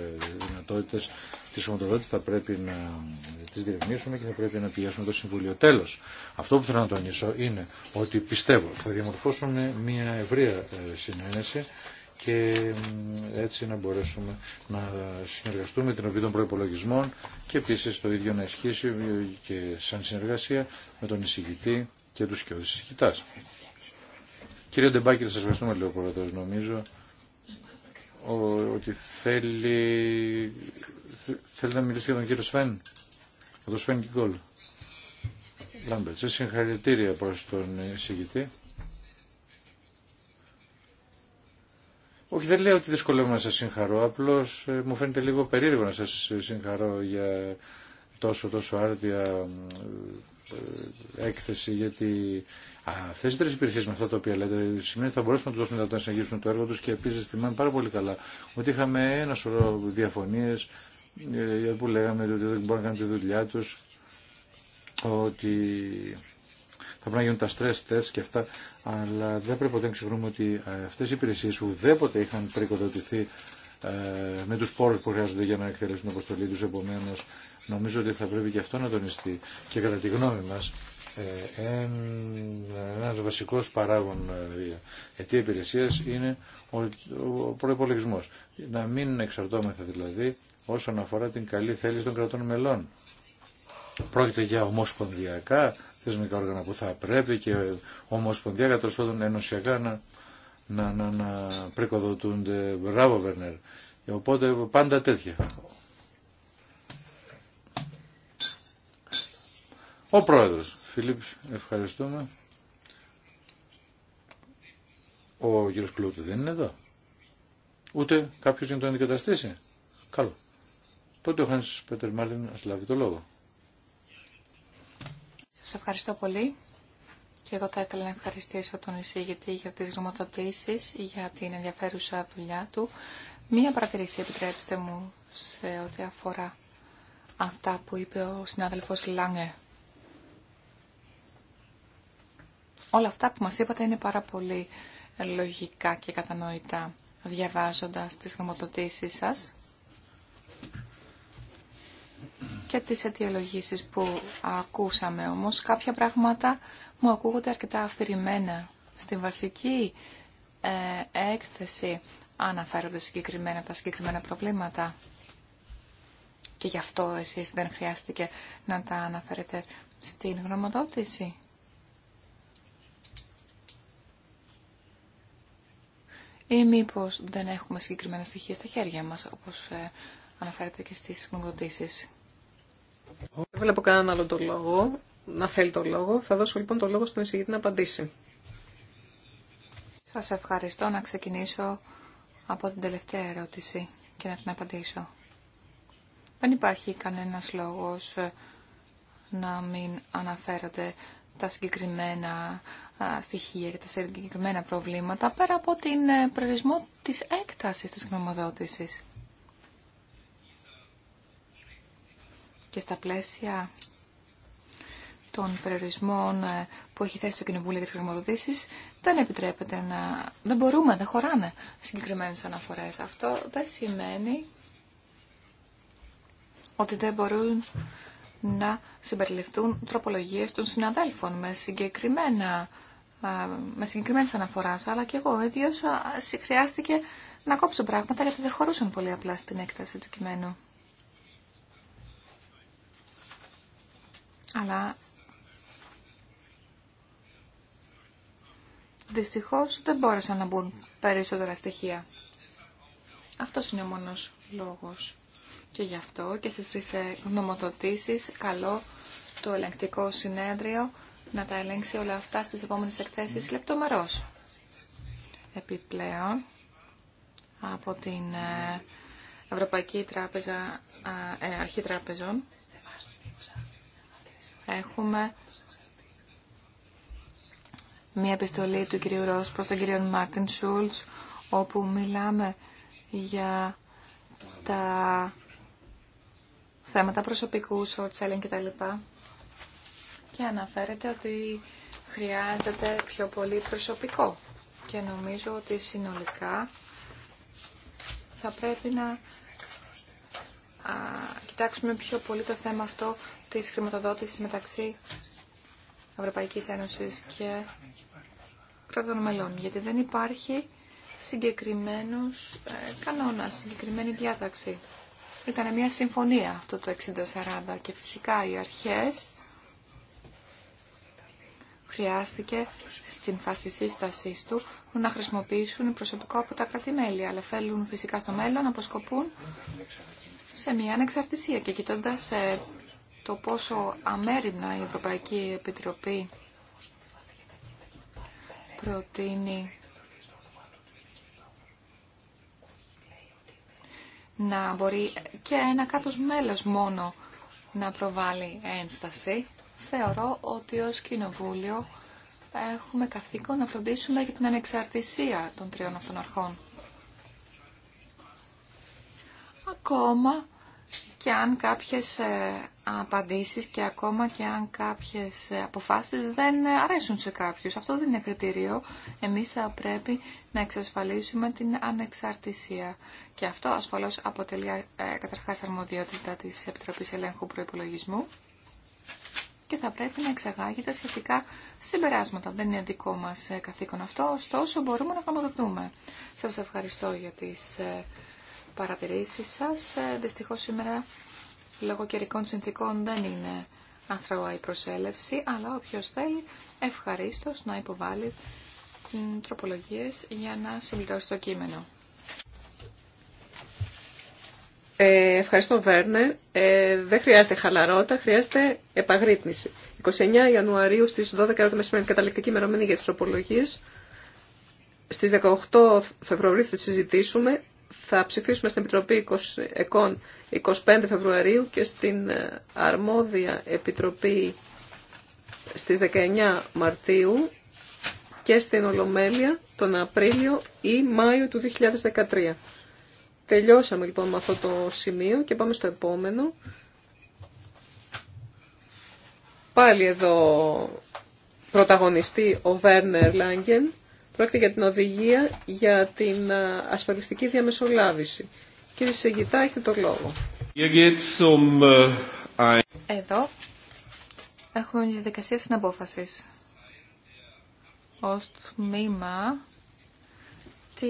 S1: δυνατότητες της χρηματοδότησης θα πρέπει να τις διευνήσουμε και θα πρέπει να πιέσουμε το Συμβούλιο. Τέλος, αυτό που θέλω να τονίσω είναι ότι πιστεύω θα διαμορφώσουμε μια ευρεία συνένεση και έτσι να μπορέσουμε να συνεργαστούμε την οποία των προπολογισμών και επίσης το ίδιο να ισχύσει και σαν συνεργασία με τον εισηγητή και τους και εισηγητάς. Κύριε Ντεμπάκη, σας ευχαριστούμε λίγο πρώτα. νομίζω ότι θέλει, θέλει να μιλήσει για τον κύριο Σφέν, τον Σφέν Κιγκόλ. Λάμπερτ, σε συγχαρητήρια προς τον εισηγητή. Όχι, δεν λέω ότι δυσκολεύομαι να σας συγχαρώ, απλώς ε, μου φαίνεται λίγο περίεργο να σας συγχαρώ για τόσο τόσο άρτια ε, ε, έκθεση, γιατί αυτέ οι τρει υπηρεσίε με αυτά τα οποία λέτε σημαίνει ότι θα μπορέσουμε να του δώσουμε δυνατότητα να συνεχίσουν το έργο του και επίση θυμάμαι πάρα πολύ καλά ότι είχαμε ένα σωρό διαφωνίε που λέγαμε ότι δεν μπορούν να κάνουν τη δουλειά του, ότι θα πρέπει να γίνουν τα stress test και αυτά αλλά δεν πρέπει ποτέ να ξεχνούμε ότι ε, αυτές οι υπηρεσίες ουδέποτε είχαν πρικοδοτηθεί ε, με τους πόρους που χρειάζονται για να εκτελέσουν την αποστολή τους. Επομένως, νομίζω ότι θα πρέπει και αυτό να τονιστεί. Και κατά τη γνώμη μας, ε, ένας βασικός παράγων ε, αιτία υπηρεσία είναι ο, ο Να μην εξαρτώμεθα δηλαδή όσον αφορά την καλή θέληση των κρατών μελών. Πρόκειται για ομοσπονδιακά θεσμικά όργανα που θα πρέπει και ομοσπονδιακά τέλο πάντων ενωσιακά να, να, να, να πρικοδοτούνται. Μπράβο, Βερνέρ. Οπότε πάντα τέτοια. Ο πρόεδρος. Φιλίπ, ευχαριστούμε. Ο κύριος Κλούτη δεν είναι εδώ. Ούτε κάποιος για να τον αντικαταστήσει. Καλό. Τότε ο Χάνης Πέτερ Μάλιν ας λάβει το λόγο.
S3: Σας ευχαριστώ πολύ και εγώ θα ήθελα να ευχαριστήσω τον εισηγητή για τις γνωμοδοτήσεις, για την ενδιαφέρουσα δουλειά του. Μία παρατηρήση επιτρέψτε μου σε ό,τι αφορά αυτά που είπε ο συνάδελφος Λάγκε. Όλα αυτά που μας είπατε είναι πάρα πολύ λογικά και κατανοητά διαβάζοντας τις γνωμοδοτήσεις σας. και τις αιτιολογήσεις που ακούσαμε. Όμως κάποια πράγματα μου ακούγονται αρκετά αφηρημένα. Στην βασική ε, έκθεση αναφέρονται συγκεκριμένα τα συγκεκριμένα προβλήματα. Και γι' αυτό εσείς δεν χρειάστηκε να τα αναφέρετε στην γνωμοδότηση. Ή μήπως δεν έχουμε συγκεκριμένα στοιχεία στα χέρια μας, όπως ε, αναφέρεται και στις
S2: γνωμοδοτήσεις. Δεν βλέπω κανέναν άλλο το λόγο, να θέλει το λόγο. Θα δώσω λοιπόν το λόγο στον εισηγητή να απαντήσει.
S3: Σας ευχαριστώ να ξεκινήσω από την τελευταία ερώτηση και να την απαντήσω. Δεν υπάρχει κανένας λόγος ε, να μην αναφέρονται τα συγκεκριμένα ε, στοιχεία και τα συγκεκριμένα προβλήματα πέρα από την ε, προορισμό της έκτασης της γνωμοδότησης. και στα πλαίσια των περιορισμών ε, που έχει θέσει το Κοινοβούλιο για τις χρηματοδοτήσεις δεν επιτρέπεται να... δεν μπορούμε, δεν χωράνε συγκεκριμένες αναφορές. Αυτό δεν σημαίνει ότι δεν μπορούν να συμπεριληφθούν τροπολογίες των συναδέλφων με συγκεκριμένα ε, με συγκεκριμένες αναφοράς, αλλά και εγώ ίδιο ε, χρειάστηκε να κόψω πράγματα γιατί δεν χωρούσαν πολύ απλά στην έκταση του κειμένου. Αλλά δυστυχώς δεν μπόρεσαν να μπουν περισσότερα στοιχεία. Αυτός είναι ο μόνος λόγος. Και γι' αυτό και στις τρεις ε, γνωμοδοτήσεις καλό το ελεγκτικό συνέδριο να τα ελέγξει όλα αυτά στις επόμενες εκθέσεις λεπτομερώς. Επιπλέον, από την ε, Ευρωπαϊκή Τράπεζα, ε, Αρχή Τράπεζων, Έχουμε μια επιστολή του κυρίου Ρος προς τον κύριο Μάρτιν Σούλτς, όπου μιλάμε για τα θέματα προσωπικού, short selling κτλ. Και αναφέρεται ότι χρειάζεται πιο πολύ προσωπικό. Και νομίζω ότι συνολικά θα πρέπει να κοιτάξουμε πιο πολύ το θέμα αυτό της χρηματοδότησης μεταξύ Ευρωπαϊκής Ένωσης και κρατών μελών, γιατί δεν υπάρχει συγκεκριμένος ε, κανόνας, συγκεκριμένη διάταξη. Ήταν μια συμφωνία αυτό το 60-40 και φυσικά οι αρχές χρειάστηκε στην φάση σύσταση του να χρησιμοποιήσουν προσωπικό από τα κρατημέλη, αλλά θέλουν φυσικά στο μέλλον να αποσκοπούν σε μια ανεξαρτησία και κοιτώντας ε, το πόσο αμέριμνα η Ευρωπαϊκή Επιτροπή προτείνει να μπορεί και ένα κάτω μέλος μόνο να προβάλλει ένσταση, θεωρώ ότι ως Κοινοβούλιο έχουμε καθήκον να φροντίσουμε για την ανεξαρτησία των τριών αυτών αρχών. ακόμα και αν κάποιες ε, απαντήσεις και ακόμα και αν κάποιες ε, αποφάσεις δεν αρέσουν σε κάποιους. Αυτό δεν είναι κριτήριο. Εμείς θα πρέπει να εξασφαλίσουμε την ανεξαρτησία. Και αυτό ασφαλώς αποτελεί ε, καταρχάς αρμοδιότητα της Επιτροπής Ελέγχου Προϋπολογισμού και θα πρέπει να εξαγάγει τα σχετικά συμπεράσματα. Δεν είναι δικό μας καθήκον αυτό, ωστόσο μπορούμε να χρηματοδοτούμε. Σας ευχαριστώ για τις παρατηρήσεις σας. Ε, δυστυχώς σήμερα λόγω καιρικών συνθήκων δεν είναι άνθρωα η προσέλευση, αλλά όποιος θέλει ευχαρίστως να υποβάλει τροπολογίες για να συμπληρώσει το
S2: κείμενο. Ε, ευχαριστώ Βέρνερ. Ε, δεν χρειάζεται χαλαρότητα, χρειάζεται επαγρύπνηση. 29 Ιανουαρίου στις 12 το μεσημέρι καταληκτική ημερομηνία για τις τροπολογίες. Στις 18 Φεβρουαρίου θα συζητήσουμε θα ψηφίσουμε στην Επιτροπή 20, ΕΚΟΝ 25 Φεβρουαρίου και στην ε, Αρμόδια Επιτροπή στις 19 Μαρτίου και στην Ολομέλεια τον Απρίλιο ή Μάιο του 2013. Τελειώσαμε λοιπόν με αυτό το σημείο και πάμε στο επόμενο. Πάλι εδώ πρωταγωνιστή ο Βέρνερ Λάγκεν Πρόκειται για την οδηγία για την ασφαλιστική διαμεσολάβηση. Κύριε Σεγητά, έχετε το λόγο.
S1: Um,
S2: äh, Εδώ έχουμε μια διαδικασία συναπόφαση
S3: ω τμήμα τη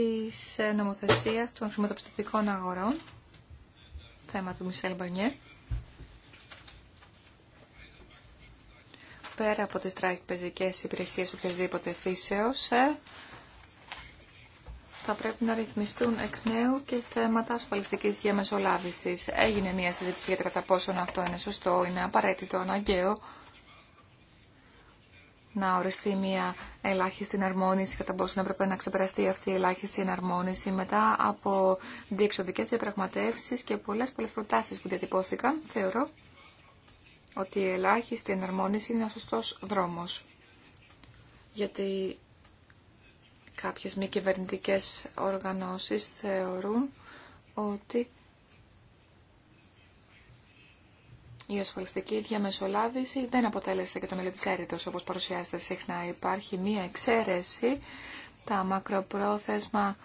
S3: ε, νομοθεσία των χρηματοπιστωτικών αγορών θέμα του Μισελ Μπαρνιέ πέρα από τις τραπεζικές υπηρεσίες οποιασδήποτε φύσεως, ε, θα πρέπει να ρυθμιστούν εκ νέου και θέματα ασφαλιστικής διαμεσολάβησης. Έγινε μια συζήτηση για το κατά πόσο αυτό είναι σωστό, είναι απαραίτητο, αναγκαίο να οριστεί μια ελάχιστη εναρμόνιση, κατά πόσο να πρέπει να ξεπεραστεί αυτή η ελάχιστη εναρμόνιση μετά από διεξοδικές διαπραγματεύσεις και πολλές πολλές προτάσεις που διατυπώθηκαν, θεωρώ ότι η ελάχιστη εναρμόνιση είναι ο σωστός δρόμος. Γιατί κάποιες μη κυβερνητικέ οργανώσεις θεωρούν ότι η ασφαλιστική διαμεσολάβηση δεν αποτέλεσε και το μελετησέριτος όπως παρουσιάζεται συχνά. Υπάρχει μία εξαίρεση, τα μακροπρόθεσμα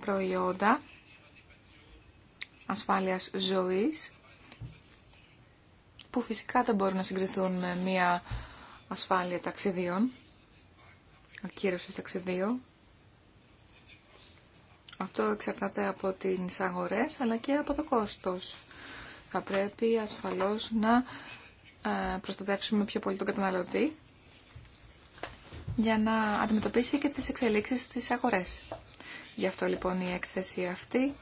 S3: προϊόντα ασφάλειας ζωής που φυσικά δεν μπορούν να συγκριθούν με μια ασφάλεια ταξιδίων, ακύρωση ταξιδίου. Αυτό εξαρτάται από την αγορές αλλά και από το κόστος. Θα πρέπει ασφαλώς να ε, προστατεύσουμε πιο πολύ τον καταναλωτή για να αντιμετωπίσει και τις εξελίξεις στις αγορές. Γι' αυτό λοιπόν η έκθεση αυτή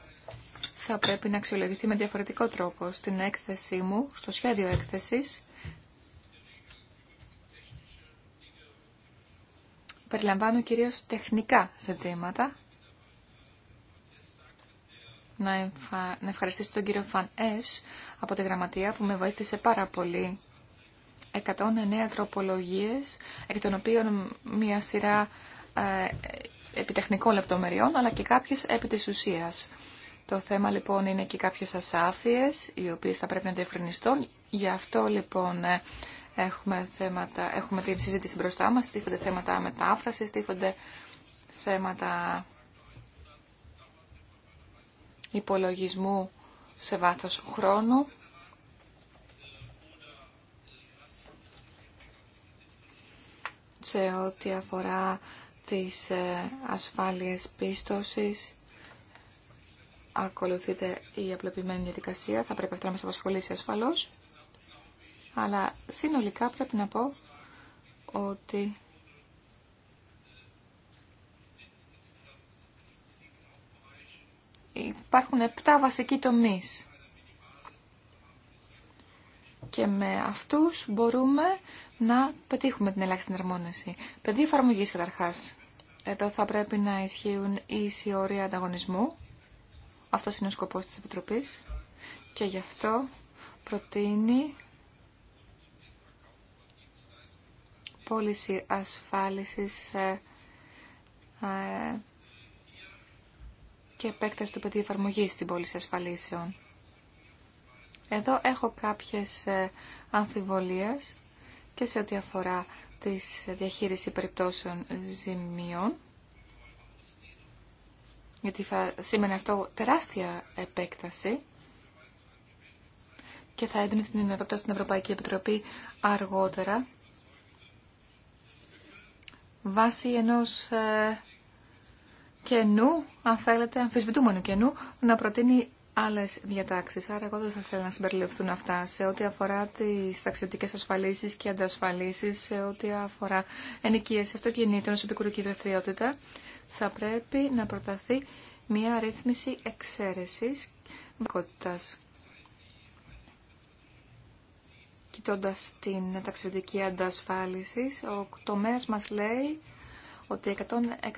S3: θα πρέπει να αξιολογηθεί με διαφορετικό τρόπο. Στην έκθεσή μου, στο σχέδιο έκθεσης, περιλαμβάνω κυρίως τεχνικά ζητήματα. Να, να ευχαριστήσω τον κύριο Φαν Έσ από τη Γραμματεία που με βοήθησε πάρα πολύ. 109 τροπολογίες, εκ των οποίων μια σειρά ε, επιτεχνικών λεπτομεριών, αλλά και κάποιες επί της ουσίας. Το θέμα λοιπόν είναι και κάποιες ασάφειες, οι οποίες θα πρέπει να διευκρινιστούν. Γι' αυτό λοιπόν ε, έχουμε, θέματα, έχουμε τη συζήτηση μπροστά μας, στήφονται θέματα μετάφρασης, στήφονται θέματα υπολογισμού σε βάθος χρόνου. σε ό,τι αφορά τις ε, ασφάλειες πίστοσης ακολουθείται η απλοποιημένη διαδικασία. Θα πρέπει αυτό να μας απασχολήσει ασφαλώς. Αλλά συνολικά πρέπει να πω ότι υπάρχουν επτά βασικοί τομείς. Και με αυτούς μπορούμε να πετύχουμε την ελάχιστη εναρμόνιση. Παιδί εφαρμογή καταρχάς. Εδώ θα πρέπει να ισχύουν ίση όρια ανταγωνισμού αυτό είναι ο σκοπός της Επιτροπής και γι' αυτό προτείνει πώληση ασφάλισης ε, ε, και επέκταση του πεδίου εφαρμογή στην πώληση ασφαλίσεων. Εδώ έχω κάποιες ε, αμφιβολίες και σε ό,τι αφορά τη διαχείριση περιπτώσεων ζημιών γιατί θα σήμαινε αυτό τεράστια επέκταση και θα έδινε την δυνατότητα στην Ευρωπαϊκή Επιτροπή αργότερα βάσει ενός ε, κενού, αν θέλετε, αμφισβητούμενου κενού, να προτείνει άλλες διατάξεις. Άρα, εγώ δεν θα θέλω να συμπεριληφθούν αυτά σε ό,τι αφορά τις ταξιδιωτικέ ασφαλίσει και αντασφαλίσεις, σε ό,τι αφορά ενοικίε αυτοκινήτων σε επικουρική δραστηριότητα θα πρέπει να προταθεί μια ρύθμιση εξαίρεσης μακότητας. Κοιτώντα την ταξιδιωτική αντασφάλιση, ο τομέα μα λέει ότι 100, 140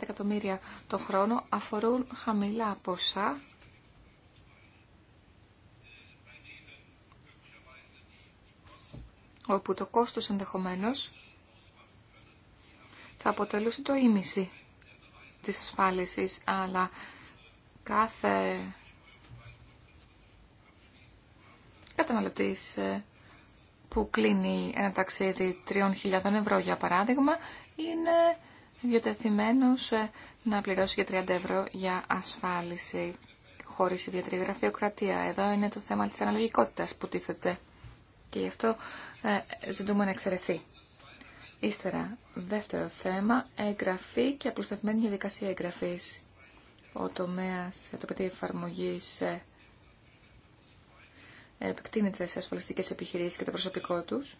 S3: εκατομμύρια το χρόνο αφορούν χαμηλά ποσά όπου το κόστος ενδεχομένως θα αποτελούσε το ίμιση της ασφάλισης, αλλά κάθε καταναλωτής ε, που κλείνει ένα ταξίδι 3.000 ευρώ για παράδειγμα είναι διατεθειμένος ε, να πληρώσει για 30 ευρώ για ασφάλιση χωρίς ιδιαίτερη γραφειοκρατία. Εδώ είναι το θέμα της αναλογικότητας που τίθεται και γι' αυτό ε, ζητούμε να εξαιρεθεί. Ύστερα, δεύτερο θέμα, εγγραφή και απλουστευμένη διαδικασία εγγραφής. Ο τομέας, το παιδί εφαρμογή ε, επεκτείνεται σε ασφαλιστικές επιχειρήσεις και το προσωπικό τους.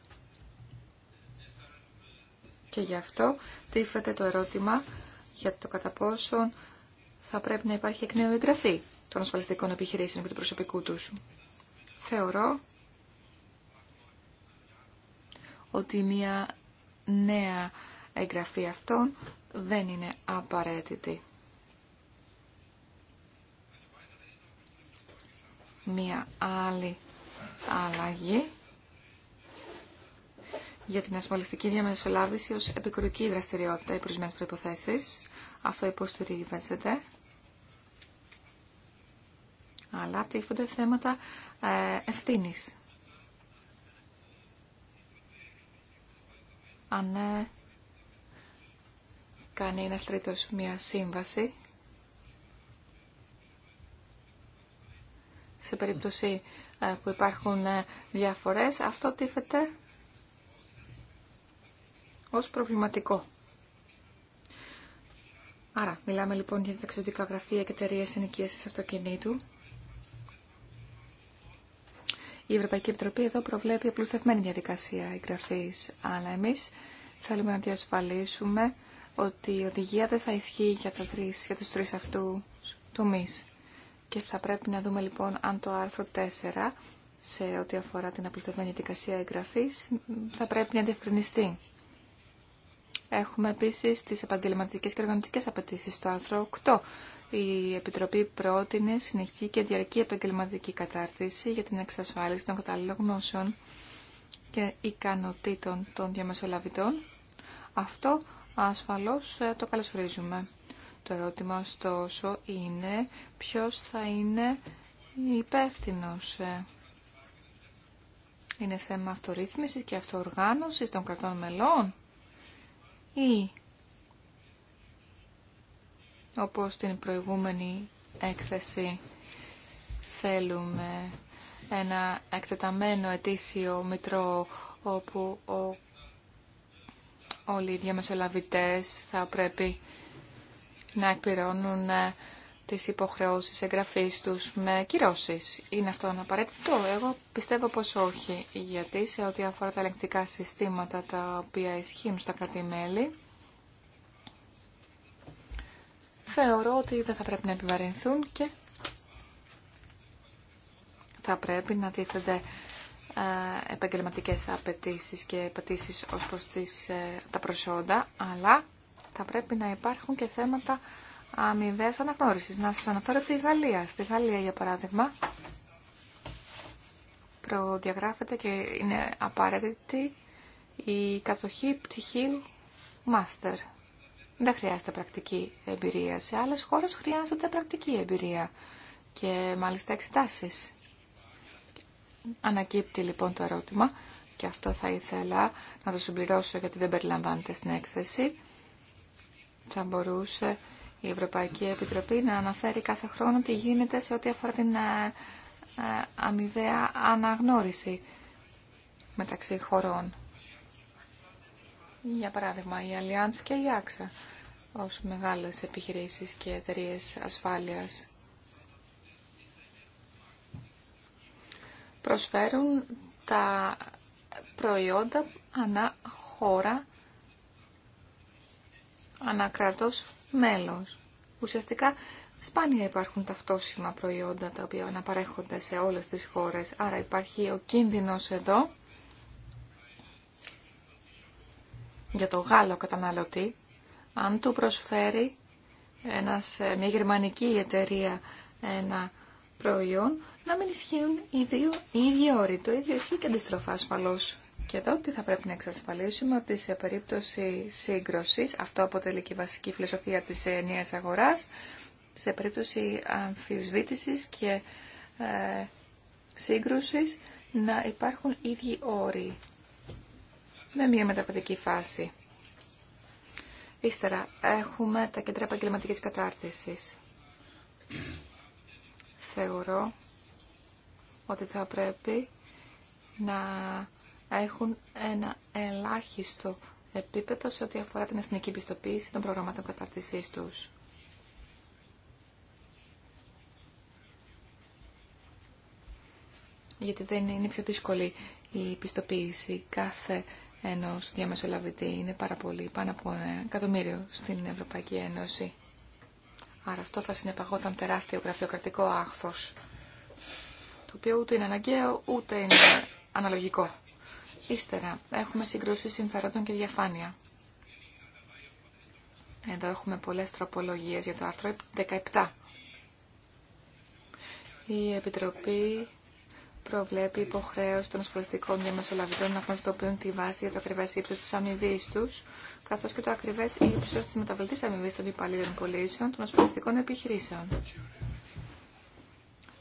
S3: Και γι' αυτό τίθεται το ερώτημα για το κατά πόσον θα πρέπει να υπάρχει εκ νέου εγγραφή των ασφαλιστικών επιχειρήσεων και του προσωπικού τους. Θεωρώ ότι μια νέα εγγραφή αυτών δεν είναι απαραίτητη. Μία άλλη αλλαγή για την ασφαλιστική διαμεσολάβηση ως επικουρική δραστηριότητα οι προηγουμένες προϋποθέσεις. Αυτό υποστηρίζεται. Αλλά τύφονται θέματα ε, ευθύνης αν κάνει ένας τρίτος μία σύμβαση σε περίπτωση ε, που υπάρχουν ε, διαφορές, αυτό τίθεται ως προβληματικό. Άρα, μιλάμε λοιπόν για ταξιδιωτικά γραφεία και εταιρείε ενοικίαση αυτοκινήτου. Η Ευρωπαϊκή Επιτροπή εδώ προβλέπει απλουστευμένη διαδικασία εγγραφής, αλλά εμείς θέλουμε να διασφαλίσουμε ότι η οδηγία δεν θα ισχύει για, τα για τους τρεις αυτού τομείς. Και θα πρέπει να δούμε λοιπόν αν το άρθρο 4 σε ό,τι αφορά την απλουστευμένη διαδικασία εγγραφής θα πρέπει να διευκρινιστεί. Έχουμε επίση τι επαγγελματικέ και οργανωτικές απαιτήσει στο άρθρο 8. Η Επιτροπή πρότεινε συνεχή και διαρκή επαγγελματική κατάρτιση για την εξασφάλιση των κατάλληλων γνώσεων και ικανοτήτων των διαμεσολαβητών. Αυτό ασφαλώς ε, το καλωσορίζουμε. Το ερώτημα ωστόσο είναι ποιος θα είναι υπεύθυνο. Ε. Είναι θέμα αυτορύθμισης και αυτοοργάνωσης των κρατών μελών ή όπως στην προηγούμενη έκθεση θέλουμε ένα εκτεταμένο ετήσιο μητρό όπου ο, όλοι οι διαμεσολαβητές θα πρέπει να εκπληρώνουν τις υποχρεώσεις εγγραφής τους με κυρώσεις. Είναι αυτό αναπαραίτητο. Εγώ πιστεύω πως όχι, γιατί σε ό,τι αφορά τα ελεγκτικά συστήματα τα οποία ισχύουν στα κρατημέλη, θεωρώ ότι δεν θα πρέπει να επιβαρυνθούν και θα πρέπει να τίθενται ε, επαγγελματικές απαιτήσεις και απαιτήσεις ως προς τις, ε, τα προσόντα, αλλά θα πρέπει να υπάρχουν και θέματα αμοιβέ αναγνώριση. Να σα αναφέρω τη Γαλλία. Στη Γαλλία, για παράδειγμα, προδιαγράφεται και είναι απαραίτητη η κατοχή πτυχίου μάστερ. Δεν χρειάζεται πρακτική εμπειρία. Σε άλλες χώρες χρειάζεται πρακτική εμπειρία και μάλιστα εξετάσεις. Ανακύπτει λοιπόν το ερώτημα και αυτό θα ήθελα να το συμπληρώσω γιατί δεν περιλαμβάνεται στην έκθεση. Θα μπορούσε η Ευρωπαϊκή Επιτροπή να αναφέρει κάθε χρόνο τι γίνεται σε ό,τι αφορά την ε, ε, αμοιβαία αναγνώριση μεταξύ χωρών. Για παράδειγμα, η Allianz και η Άξα ως μεγάλες επιχειρήσεις και εταιρείε ασφάλειας. Προσφέρουν τα προϊόντα ανά χώρα, ανά μέλος. Ουσιαστικά σπάνια υπάρχουν ταυτόσιμα προϊόντα τα οποία αναπαρέχονται σε όλες τις χώρες, άρα υπάρχει ο κίνδυνος εδώ για το Γάλλο καταναλωτή, αν του προσφέρει ένας, ε, μια γερμανική εταιρεία ένα προϊόν, να μην ισχύουν οι, δύο, οι ίδιοι όροι. Το ίδιο ισχύει και αντιστροφά ασφαλώς. Και εδώ τι θα πρέπει να εξασφαλίσουμε ότι σε περίπτωση σύγκρουσης, αυτό αποτελεί και η βασική φιλοσοφία της ενιαίας αγοράς, σε περίπτωση αμφισβήτησης και ε, σύγκρουσης να υπάρχουν ίδιοι όροι με μια μεταπαιδική φάση. Ύστερα έχουμε τα κέντρα επαγγελματική κατάρτισης. Θεωρώ ότι θα πρέπει να έχουν ένα ελάχιστο επίπεδο σε ό,τι αφορά την εθνική πιστοποίηση των προγραμμάτων κατάρτισής τους. Γιατί δεν είναι πιο δύσκολη η πιστοποίηση κάθε ενός διαμεσολαβητή. Είναι πάρα πολύ, πάνω από ένα εκατομμύριο στην Ευρωπαϊκή Ένωση. Άρα αυτό θα συνεπαγόταν τεράστιο γραφειοκρατικό άχθος, το οποίο ούτε είναι αναγκαίο, ούτε είναι αναλογικό. Ύστερα, έχουμε συγκρούσεις συμφερόντων και διαφάνεια. Εδώ έχουμε πολλές τροπολογίες για το άρθρο 17. Η Επιτροπή προβλέπει υποχρέωση των ασφαλιστικών διαμεσολαβητών να χρησιμοποιούν τη βάση για το ακριβέ ύψο τη αμοιβή του, καθώ και το ακριβέ ύψο τη μεταβλητή αμοιβή των υπαλλήλων πολίσεων των ασφαλιστικών επιχειρήσεων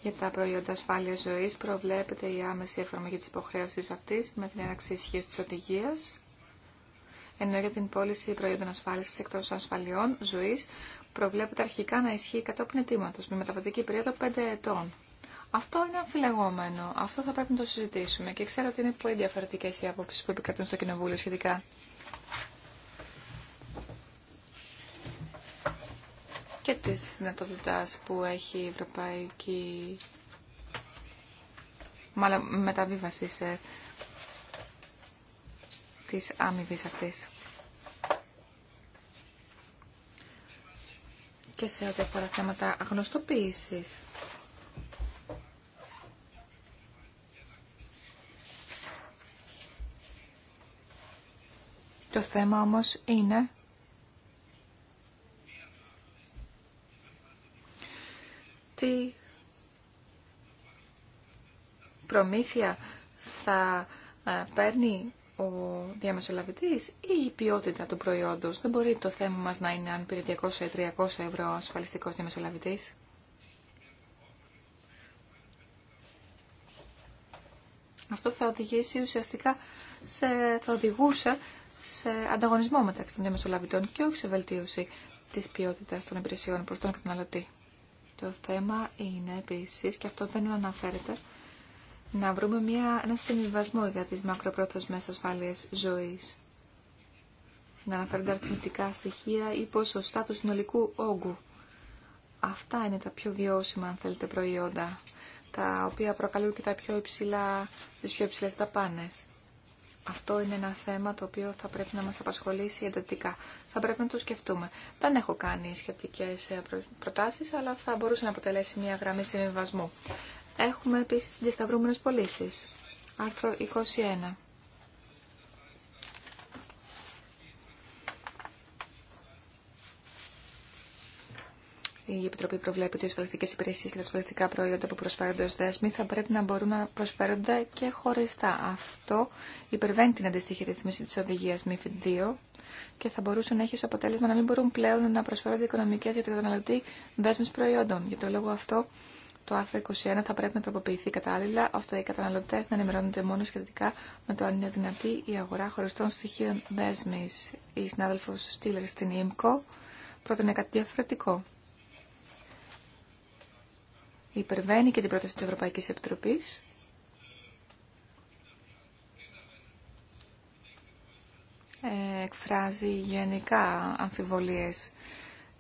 S3: για τα προϊόντα ασφάλεια ζωή προβλέπεται η άμεση εφαρμογή τη υποχρέωση αυτή με την έναρξη ισχύω τη οδηγία, ενώ για την πώληση προϊόντων ασφάλισης εκτό ασφαλιών ζωή προβλέπεται αρχικά να ισχύει κατόπιν ετήματο με μεταβατική περίοδο 5 ετών. Αυτό είναι αμφιλεγόμενο. Αυτό θα πρέπει να το συζητήσουμε και ξέρω ότι είναι πολύ διαφορετικέ οι απόψει που επικρατούν στο Κοινοβούλιο σχετικά και της δυνατότητα που έχει η Ευρωπαϊκή μάλλον μεταβίβαση σε... της αμοιβής αυτής. Και σε ό,τι αφορά θέματα γνωστοποίησης. Το θέμα όμως είναι Τι προμήθεια θα ε, παίρνει ο διαμεσολαβητής ή η ποιότητα του προϊόντος. Δεν μπορεί το θέμα μας να είναι αν πήρε 200 300 ευρώ ασφαλιστικός διαμεσολαβητής. Αυτό θα οδηγήσει ουσιαστικά, σε, θα οδηγούσε σε ανταγωνισμό μεταξύ των διαμεσολαβητών και όχι σε βελτίωση της ποιότητας των υπηρεσιών προς τον καταναλωτή. Το θέμα είναι επίση και αυτό δεν αναφέρεται, να βρούμε μια, ένα συμβιβασμό για τι μακροπρόθεσμες ασφάλειες ζωής. Να αναφέρονται αριθμητικά στοιχεία ή ποσοστά του συνολικού όγκου. Αυτά είναι τα πιο βιώσιμα, αν θέλετε, προϊόντα, τα οποία προκαλούν και τα πιο υψηλά, τις πιο υψηλές δαπάνες. Αυτό είναι ένα θέμα το οποίο θα πρέπει να μας απασχολήσει εντατικά. Θα πρέπει να το σκεφτούμε. Δεν έχω κάνει σχετικές ε, προτάσεις, αλλά θα μπορούσε να αποτελέσει μια γραμμή συμβιβασμού. Έχουμε επίσης διασταυρούμενες πωλήσει. Άρθρο 21. η Επιτροπή προβλέπει ότι οι ασφαλιστικέ υπηρεσίε και τα ασφαλιστικά προϊόντα που προσφέρονται ω δέσμοι θα πρέπει να μπορούν να προσφέρονται και χωριστά. Αυτό υπερβαίνει την αντίστοιχη ρυθμίση τη οδηγία MIFID 2 και θα μπορούσε να έχει ω αποτέλεσμα να μην μπορούν πλέον να προσφέρονται οικονομικέ για τον καταναλωτή δέσμε προϊόντων. Για το λόγο αυτό, το άρθρο 21 θα πρέπει να τροποποιηθεί κατάλληλα ώστε οι καταναλωτέ να ενημερώνονται μόνο σχετικά με το αν είναι δυνατή η αγορά χωριστών στοιχείων δέσμη. Η συνάδελφο Στήλερ στην ΙΜΚΟ πρότεινε κάτι διαφορετικό υπερβαίνει και την πρόταση της Ευρωπαϊκής Επιτροπής. Ε, εκφράζει γενικά αμφιβολίες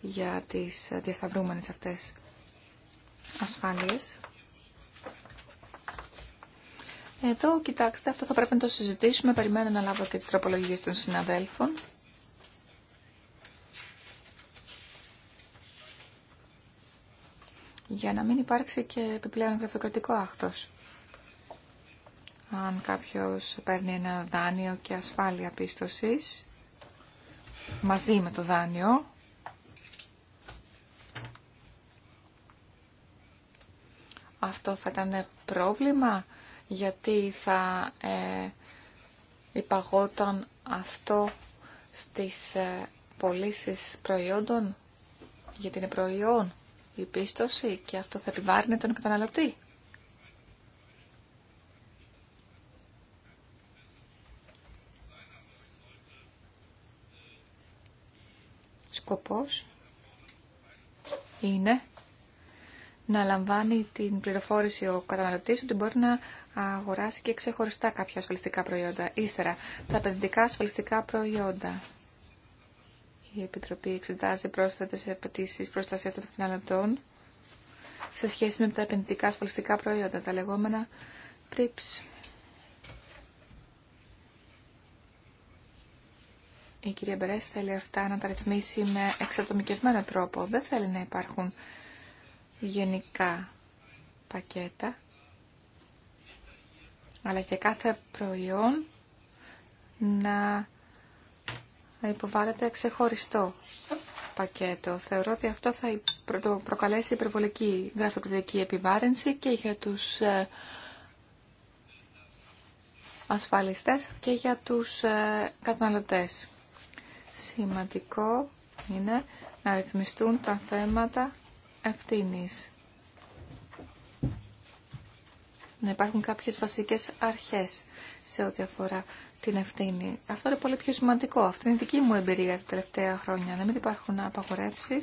S3: για τις διασταυρούμενες αυτές ασφάλειες. Εδώ, κοιτάξτε, αυτό θα πρέπει να το συζητήσουμε. Περιμένω να λάβω και τις τροπολογίες των συναδέλφων. για να μην υπάρξει και επιπλέον γραφειοκρατικό άχθος. Αν κάποιος παίρνει ένα δάνειο και ασφάλεια πίστοσης, μαζί με το δάνειο, αυτό θα ήταν πρόβλημα, γιατί θα ε, υπαγόταν αυτό στις ε, πωλήσει προϊόντων, γιατί είναι προϊόν η πίστοση και αυτό θα επιβάρυνε τον καταναλωτή. Σκοπός είναι να λαμβάνει την πληροφόρηση ο καταναλωτής ότι μπορεί να αγοράσει και ξεχωριστά κάποια ασφαλιστικά προϊόντα. Ύστερα, τα επενδυτικά ασφαλιστικά προϊόντα. Η Επιτροπή εξετάζει πρόσθετε απαιτήσει προστασία των καταναλωτών σε σχέση με τα επενδυτικά ασφαλιστικά προϊόντα, τα λεγόμενα PRIPS. Η κυρία Μπερές θέλει αυτά να τα ρυθμίσει με εξατομικευμένο τρόπο. Δεν θέλει να υπάρχουν γενικά πακέτα, αλλά και κάθε προϊόν να να υποβάλλεται ξεχωριστό πακέτο. Θεωρώ ότι αυτό θα προ... προκαλέσει υπερβολική γραφειοκρατική επιβάρυνση και για τους ε, ασφαλιστές και για τους ε, καταναλωτές. Σημαντικό είναι να ρυθμιστούν τα θέματα ευθύνης. Να υπάρχουν κάποιες βασικές αρχές σε ό,τι αφορά την ευθύνη. Αυτό είναι πολύ πιο σημαντικό. Αυτή είναι η δική μου εμπειρία τα τελευταία χρόνια. Να μην υπάρχουν απαγορεύσει.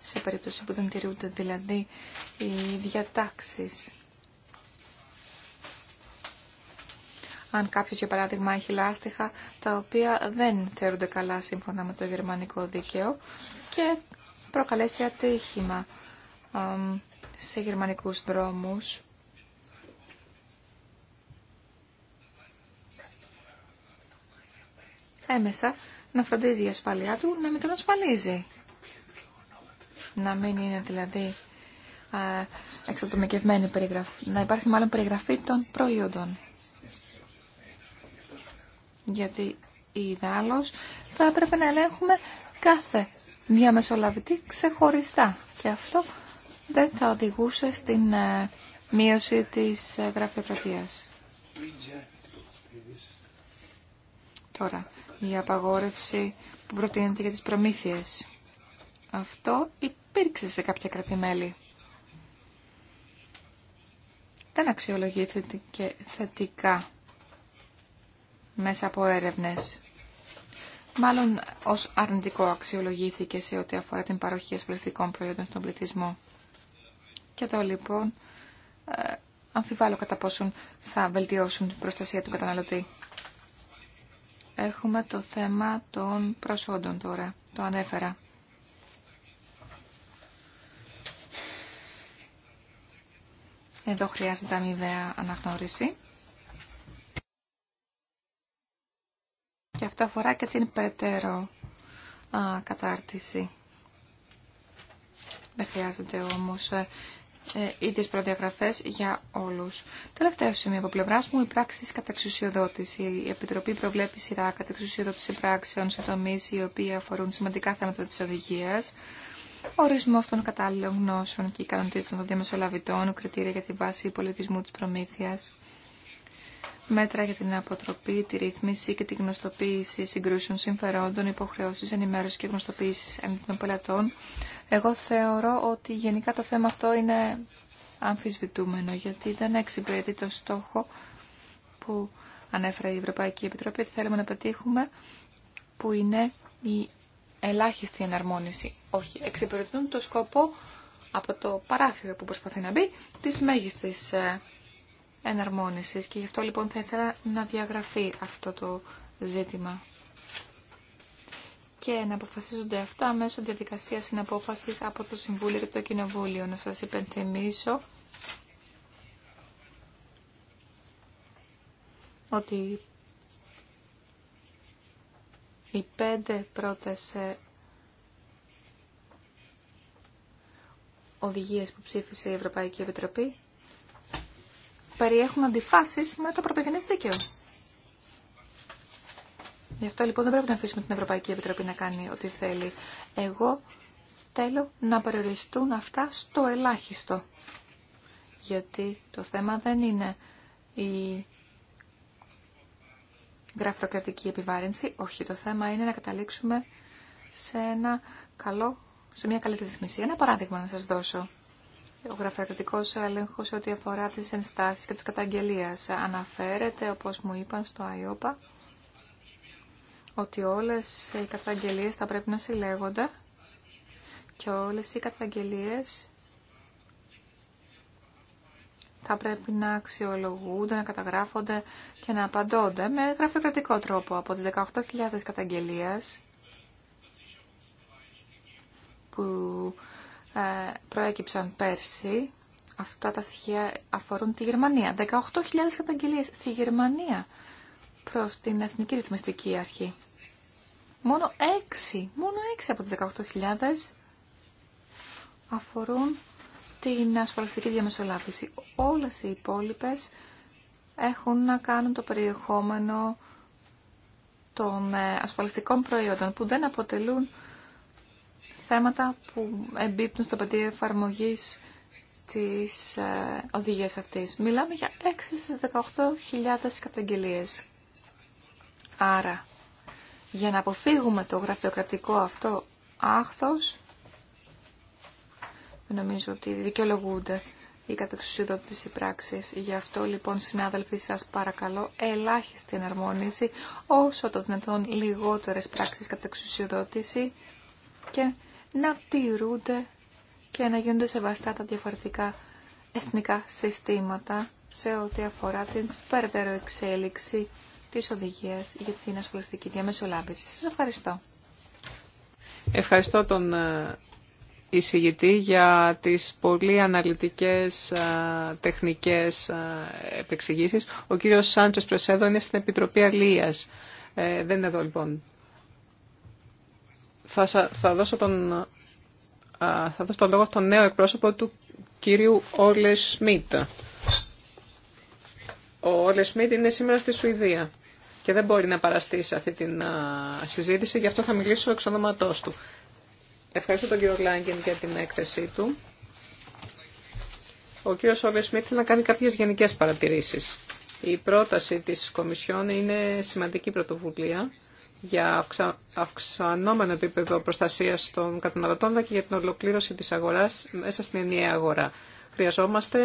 S3: Σε περίπτωση που δεν τηρούνται δηλαδή οι διατάξεις. Αν κάποιος για παράδειγμα έχει λάστιχα τα οποία δεν θεωρούνται καλά σύμφωνα με το γερμανικό δίκαιο και προκαλέσει ατύχημα σε γερμανικούς δρόμους έμεσα να φροντίζει η ασφάλειά του, να μην τον ασφαλίζει. Να μην είναι δηλαδή εξατομικευμένη περιγραφή, να υπάρχει μάλλον περιγραφή των προϊόντων. Γιατί ιδάλλως θα έπρεπε να ελέγχουμε κάθε μια μεσολαβητή ξεχωριστά. Και αυτό δεν θα οδηγούσε στην ε, μείωση της ε, γραφειοκρατίας. Τώρα, η απαγόρευση που προτείνεται για τις προμήθειες. Αυτό υπήρξε σε κάποια κρατημέλη. Δεν αξιολογήθηκε θετικά μέσα από έρευνες. Μάλλον ως αρνητικό αξιολογήθηκε σε ό,τι αφορά την παροχή ασφαλιστικών προϊόντων στον πληθυσμό. Και το λοιπόν ε, αμφιβάλλω κατά πόσον θα βελτιώσουν την προστασία του καταναλωτή. Έχουμε το θέμα των προσόντων τώρα. Το ανέφερα. Εδώ χρειάζεται αμοιβαία αναγνώριση. Και αυτό αφορά και την περαιτέρω κατάρτιση. Δεν χρειάζεται όμως ε, η ε, ίδιες προδιαγραφές για όλους. Τελευταίο σημείο από πλευρά μου, οι πράξεις κατά εξουσιοδότηση. Η Επιτροπή προβλέπει σειρά κατά εξουσιοδότηση πράξεων σε τομείς οι οποίοι αφορούν σημαντικά θέματα της οδηγία, ορισμό των κατάλληλων γνώσεων και ικανοτήτων των διαμεσολαβητών, κριτήρια για τη βάση πολιτισμού τη προμήθεια, μέτρα για την αποτροπή, τη ρύθμιση και τη γνωστοποίηση συγκρούσεων συμφερόντων, υποχρεώσει, ενημέρωση και εν των πελατών, εγώ θεωρώ ότι γενικά το θέμα αυτό είναι αμφισβητούμενο, γιατί δεν εξυπηρετεί το στόχο που ανέφερε η Ευρωπαϊκή Επιτροπή ότι θέλουμε να πετύχουμε, που είναι η ελάχιστη εναρμόνιση. Όχι, εξυπηρετούν το σκοπό από το παράθυρο που προσπαθεί να μπει, της μέγιστης ε, εναρμόνισης. Και γι' αυτό λοιπόν θα ήθελα να διαγραφεί αυτό το ζήτημα και να αποφασίζονται αυτά μέσω διαδικασίας συναπόφασης από το Συμβούλιο και το Κοινοβούλιο. Να σας υπενθυμίσω ότι οι πέντε πρώτες ε, οδηγίες που ψήφισε η Ευρωπαϊκή Επιτροπή περιέχουν αντιφάσεις με το πρωτογενές δίκαιο. Γι' αυτό λοιπόν δεν πρέπει να αφήσουμε την Ευρωπαϊκή Επιτροπή να κάνει ό,τι θέλει. Εγώ θέλω να περιοριστούν αυτά στο ελάχιστο. Γιατί το θέμα δεν είναι η γραφειοκρατική επιβάρυνση. Όχι, το θέμα είναι να καταλήξουμε σε, ένα καλό, σε μια καλή ρυθμίση. Ένα παράδειγμα να σας δώσω. Ο γραφειοκρατικός έλεγχος ό,τι αφορά τις ενστάσεις και τις καταγγελίες αναφέρεται, όπως μου είπαν, στο ΑΙΟΠΑ ότι όλες οι καταγγελίες θα πρέπει να συλλέγονται και όλες οι καταγγελίες θα πρέπει να αξιολογούνται, να καταγράφονται και να απαντώνται με γραφειοκρατικό τρόπο από τις 18.000 καταγγελίες που ε, προέκυψαν πέρσι. Αυτά τα στοιχεία αφορούν τη Γερμανία. 18.000 καταγγελίες στη Γερμανία προς την Εθνική Ρυθμιστική Αρχή. Μόνο 6, μόνο 6 από τις 18.000 αφορούν την ασφαλιστική διαμεσολάβηση. Όλες οι υπόλοιπες έχουν να κάνουν το περιεχόμενο των ε, ασφαλιστικών προϊόντων που δεν αποτελούν θέματα που εμπίπτουν στο πεδίο εφαρμογή της ε, οδηγίας αυτής. Μιλάμε για 6 στις 18.000 καταγγελίες. Άρα, για να αποφύγουμε το γραφειοκρατικό αυτό άχθος, νομίζω ότι δικαιολογούνται οι κατεξουσιοδότηση πράξεις. Γι' αυτό λοιπόν συνάδελφοι σας παρακαλώ ελάχιστη εναρμόνιση όσο το δυνατόν λιγότερες πράξεις κατεξουσιοδότηση και να τηρούνται και να γίνονται σεβαστά τα διαφορετικά εθνικά συστήματα σε ό,τι αφορά την περαιτέρω εξέλιξη για την ασφαλιστική διαμεσολάβηση. Σα ευχαριστώ.
S2: Ευχαριστώ τον ε, εισηγητή για τις πολύ αναλυτικές ε, τεχνικές ε, επεξηγήσεις. Ο κύριος Σάντσος Πρεσέδο είναι στην Επιτροπή Αλίας. Ε, δεν είναι εδώ λοιπόν. Θα, θα, δώσω τον, θα δώσω τον λόγο στον νέο εκπρόσωπο του κύριου Όλε Σμιτ. Ο Όλε Σμιτ είναι σήμερα στη Σουηδία και δεν μπορεί να παραστεί σε αυτή τη συζήτηση, γι' αυτό θα μιλήσω εξ ονόματός του. Ευχαριστώ τον κύριο Λάγκεν για την έκθεσή του. Ο κύριος Όβιος Σμιτ θέλει να κάνει κάποιες γενικές παρατηρήσεις. Η πρόταση της Κομισιόν είναι σημαντική πρωτοβουλία για αυξανόμενο επίπεδο προστασίας των καταναλωτών και για την ολοκλήρωση της αγοράς μέσα στην ενιαία αγορά. Χρειαζόμαστε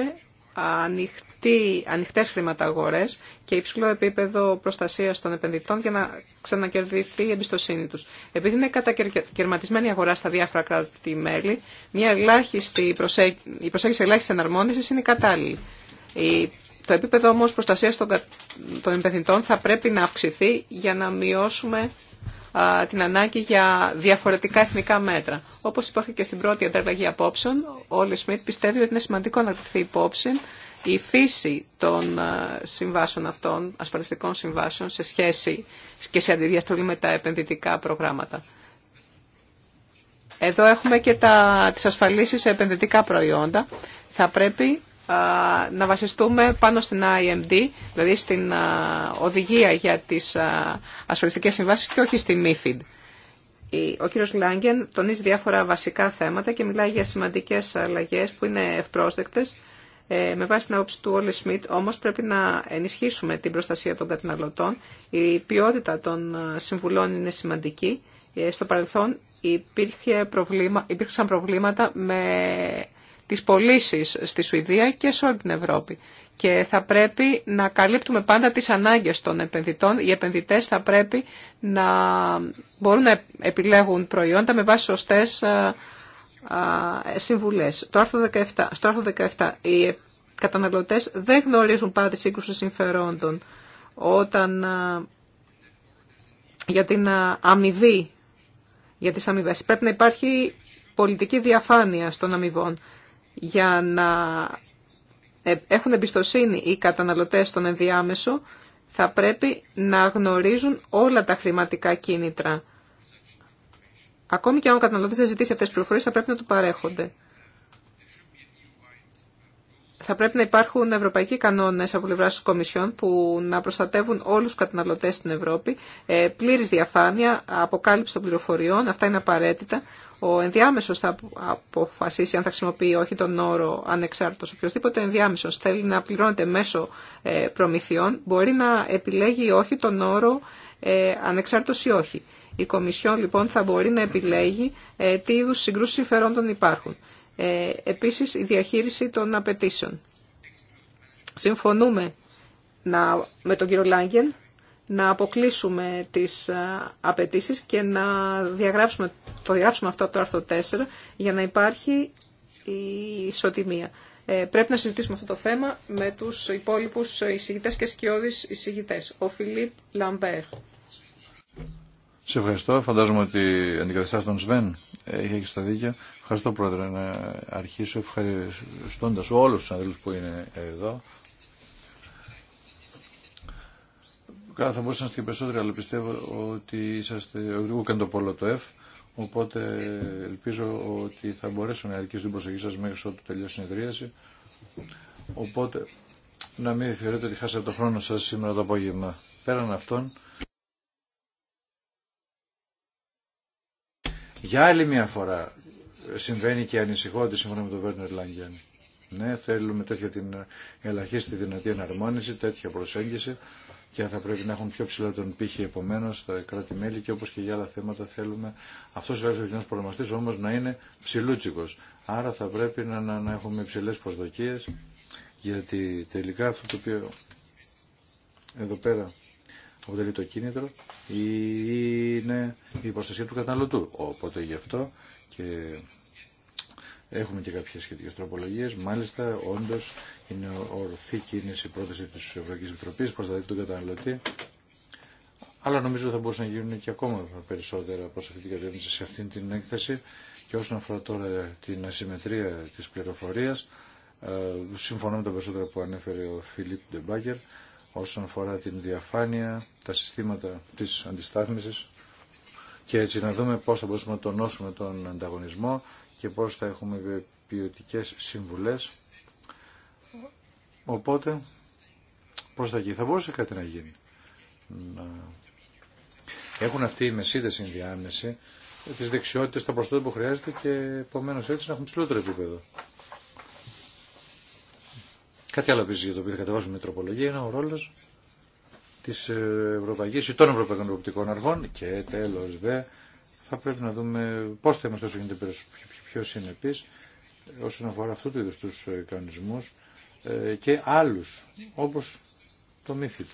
S2: ανοιχτή, ανοιχτές χρηματαγορές και υψηλό επίπεδο προστασίας των επενδυτών για να ξανακερδιθεί η εμπιστοσύνη τους. Επειδή είναι κατακαιρματισμένη η αγορά στα διάφορα κράτη-μέλη, μια ελάχιστη προσέ... η προσέγγιση ελάχιστη εναρμόνισης είναι κατάλληλη. Το επίπεδο όμως προστασίας των, των επενδυτών θα πρέπει να αυξηθεί για να μειώσουμε την ανάγκη για διαφορετικά εθνικά μέτρα. Όπως υπόθηκε στην πρώτη ανταλλαγή απόψεων, ο ΣΜΙΤ πιστεύει ότι είναι σημαντικό να κρυφθεί υπόψη η φύση των συμβάσεων αυτών, ασφαλιστικών συμβάσεων, σε σχέση και σε αντιδιαστολή με τα επενδυτικά προγράμματα. Εδώ έχουμε και τα, τις ασφαλίσεις σε επενδυτικά προϊόντα. Θα πρέπει να βασιστούμε πάνω στην IMD, δηλαδή στην οδηγία για τις ασφαλιστικές συμβάσεις και όχι στη MIFID. Ο κύριος Λάγκεν τονίζει διάφορα βασικά θέματα και μιλάει για σημαντικές αλλαγές που είναι ευπρόσδεκτες. Ε, με βάση την άποψη του Όλε Σμιτ, όμως πρέπει να ενισχύσουμε την προστασία των καταναλωτών. Η ποιότητα των συμβουλών είναι σημαντική. Ε, στο παρελθόν υπήρχε προβλήμα, υπήρξαν προβλήματα με τις πωλήσει στη Σουηδία και σε όλη την Ευρώπη. Και θα πρέπει να καλύπτουμε πάντα τις ανάγκες των επενδυτών. Οι επενδυτές θα πρέπει να μπορούν να επιλέγουν προϊόντα με βάση σωστές συμβουλές. Το άρθρο 17, στο άρθρο 17 οι καταναλωτές δεν γνωρίζουν πάντα τη σύγκρουση συμφερόντων όταν για την αμοιβή, για τις αμοιβές. Πρέπει να υπάρχει πολιτική διαφάνεια των αμοιβών για να ε, έχουν εμπιστοσύνη οι καταναλωτές στον ενδιάμεσο, θα πρέπει να γνωρίζουν όλα τα χρηματικά κίνητρα. Ακόμη και αν ο καταναλωτής δεν ζητήσει αυτές τις πληροφορίες, θα πρέπει να του παρέχονται θα πρέπει να υπάρχουν ευρωπαϊκοί κανόνε από πλευρά τη Κομισιόν που να προστατεύουν όλου του καταναλωτέ στην Ευρώπη. Ε, Πλήρη διαφάνεια, αποκάλυψη των πληροφοριών, αυτά είναι απαραίτητα. Ο ενδιάμεσο θα αποφασίσει αν θα χρησιμοποιεί όχι τον όρο ανεξάρτητο. Οποιοδήποτε ενδιάμεσο θέλει να πληρώνεται μέσω ε, προμηθειών μπορεί να επιλέγει όχι τον όρο ε, ανεξάρτητο ή όχι. Η Κομισιόν λοιπόν θα μπορεί να επιλέγει ε, τι είδου συγκρούσει συμφερόντων υπάρχουν. Ε, επίσης η διαχείριση των απαιτήσεων. Συμφωνούμε να, με τον κύριο Λάγκεν να αποκλείσουμε τις απαιτήσει και να διαγράψουμε, το διαγράψουμε αυτό από το άρθρο 4 για να υπάρχει η ισοτιμία. Ε, πρέπει να συζητήσουμε αυτό το θέμα με τους υπόλοιπους εισηγητές και σκιώδεις εισηγητές. Ο Φιλίπ Λαμπέρ.
S1: Σε ευχαριστώ. Φαντάζομαι ότι αντικαθιστά τον Σβέν έχει το Ευχαριστώ πρόεδρε να αρχίσω ευχαριστώντας όλους τους αδελούς που είναι εδώ. θα μπορούσα να και περισσότερο, αλλά πιστεύω ότι είσαστε, εγώ κάνω το πόλο το ΕΦ, οπότε ελπίζω ότι θα μπορέσω να αρχίσω την προσοχή σας μέχρι ότου τελειώσει η συνεδρίαση. Οπότε, να μην θεωρείτε ότι χάσατε το χρόνο σας σήμερα το απόγευμα. Πέραν αυτών, Για άλλη μια φορά συμβαίνει και ανησυχώ ότι σύμφωνα με τον Βέρνερ Λάγκεν. Ναι, θέλουμε τέτοια την ελαχίστη δυνατή εναρμόνιση, τέτοια προσέγγιση και θα πρέπει να έχουν πιο ψηλά τον πύχη επομένω τα κράτη-μέλη και όπω και για άλλα θέματα θέλουμε αυτό ο ελεύθερο κοινό προγραμματή όμω να είναι ψηλούτσικο. Άρα θα πρέπει να, να, να έχουμε υψηλέ προσδοκίε γιατί τελικά αυτό το οποίο εδώ πέρα αποτελεί το κίνητρο είναι η προστασία του καταναλωτού. Οπότε γι' αυτό και έχουμε και κάποιες σχετικές τροπολογίες. Μάλιστα, όντως, είναι ορθή κίνηση η πρόταση της Ευρωπαϊκής Επιτροπής προς τα δίκτυα του καταναλωτή. Αλλά νομίζω θα μπορούσαν να γίνουν και ακόμα περισσότερα προς αυτή την κατεύθυνση σε αυτή την έκθεση. Και όσον αφορά τώρα την ασυμμετρία της πληροφορίας, ε, συμφωνώ με τα περισσότερα που ανέφερε ο Φιλίπ Ντεμπάκερ όσον αφορά την διαφάνεια, τα συστήματα της αντιστάθμισης και έτσι να δούμε πώς θα μπορούμε να τονώσουμε τον ανταγωνισμό και πώς θα έχουμε ποιοτικέ συμβουλές. Οπότε, πώς θα γίνει. Θα μπορούσε κάτι να γίνει. Έχουν αυτοί οι μεσίδες συνδιάμεση τις δεξιότητες, τα προσθέτω που χρειάζεται και επομένως έτσι να έχουν ψηλότερο επίπεδο. Κάτι άλλο επίση για το οποίο θα κατεβάσουμε τροπολογία είναι ο ρόλο τη Ευρωπαϊκή ή των Ευρωπαϊκών Ευρωπαϊκών Αρχών και τέλο δε θα πρέπει να δούμε πώ θα είμαστε όσο γίνεται πιο συνεπεί όσον αφορά αυτού του είδου του κανονισμού ε, και άλλου όπω το MIFID.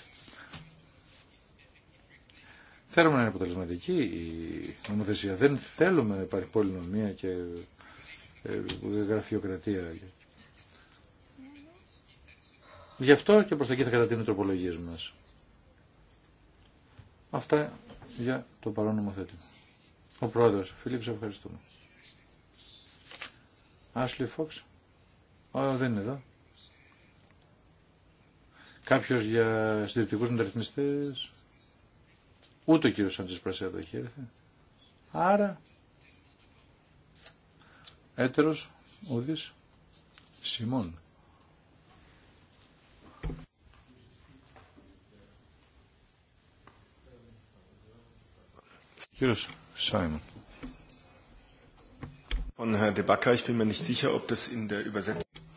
S1: Θέλουμε να είναι αποτελεσματική η νομοθεσία. Δεν θέλουμε να υπάρχει πολυνομία και ε, γραφειοκρατία Γι' αυτό και προς τα εκεί θα κρατείνουν οι τροπολογίες μας. Αυτά για το παρόν νομοθέτημα. Ο πρόεδρος, Φίλιπ, σε ευχαριστούμε. Άσλι Φόξ. Όχι, δεν είναι εδώ. Κάποιος για συντηρητικούς μεταρρυθμιστές. Ούτε ο κύριος Πρασέα Πρασέδο έχει έρθει. Άρα, έτερος, ουδής, Σιμών. Κύριος Σάιμον. Äh,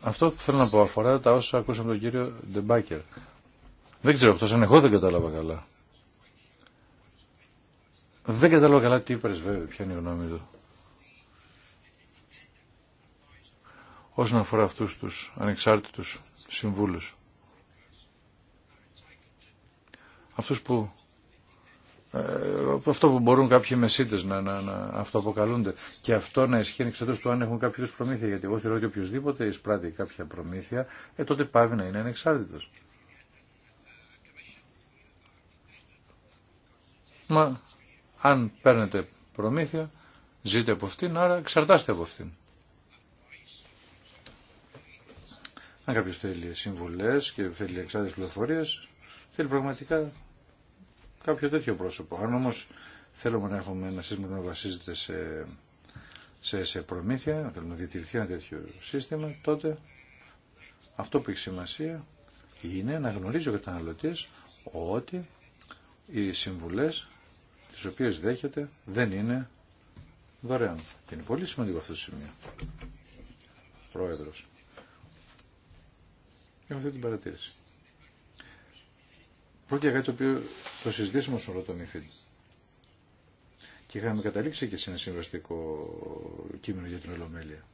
S1: αυτό που θέλω να πω αφορά τα όσα ακούσαμε τον κύριο Ντεμπάκερ. Δεν ξέρω, αυτό, αν εγώ δεν κατάλαβα καλά. Δεν κατάλαβα καλά τι βέβαια, ποια είναι η γνώμη του. Όσον αφορά αυτούς τους ανεξάρτητους συμβούλους. Αυτούς που ε, αυτό που μπορούν κάποιοι μεσίτε να, να, να αυτοαποκαλούνται. Και αυτό να ισχύει ανεξαρτήτω του αν έχουν κάποιο προμήθεια. Γιατί εγώ θεωρώ ότι οποιοδήποτε εισπράττει κάποια προμήθεια, ε, τότε πάβει να είναι ανεξάρτητο. Μα αν παίρνετε προμήθεια, ζείτε από αυτήν, άρα εξαρτάστε από αυτήν. Αν κάποιο θέλει συμβουλέ και θέλει εξάρτητε πληροφορίε, θέλει πραγματικά κάποιο τέτοιο πρόσωπο. Αν όμως θέλουμε να έχουμε ένα σύστημα που να βασίζεται σε, σε, σε προμήθεια, θέλουμε να διατηρηθεί ένα τέτοιο σύστημα, τότε αυτό που έχει σημασία είναι να γνωρίζει ο καταναλωτής ότι οι συμβουλές τις οποίες δέχεται δεν είναι δωρεάν. Και είναι πολύ σημαντικό αυτό το σημείο. Πρόεδρος. Έχω αυτή την παρατήρηση. Πρώτη κάτι το οποίο το συζητήσαμε στον Ρωτονίφιλ. Και είχαμε καταλήξει και σε ένα συμβαστικό κείμενο για την Ολομέλεια.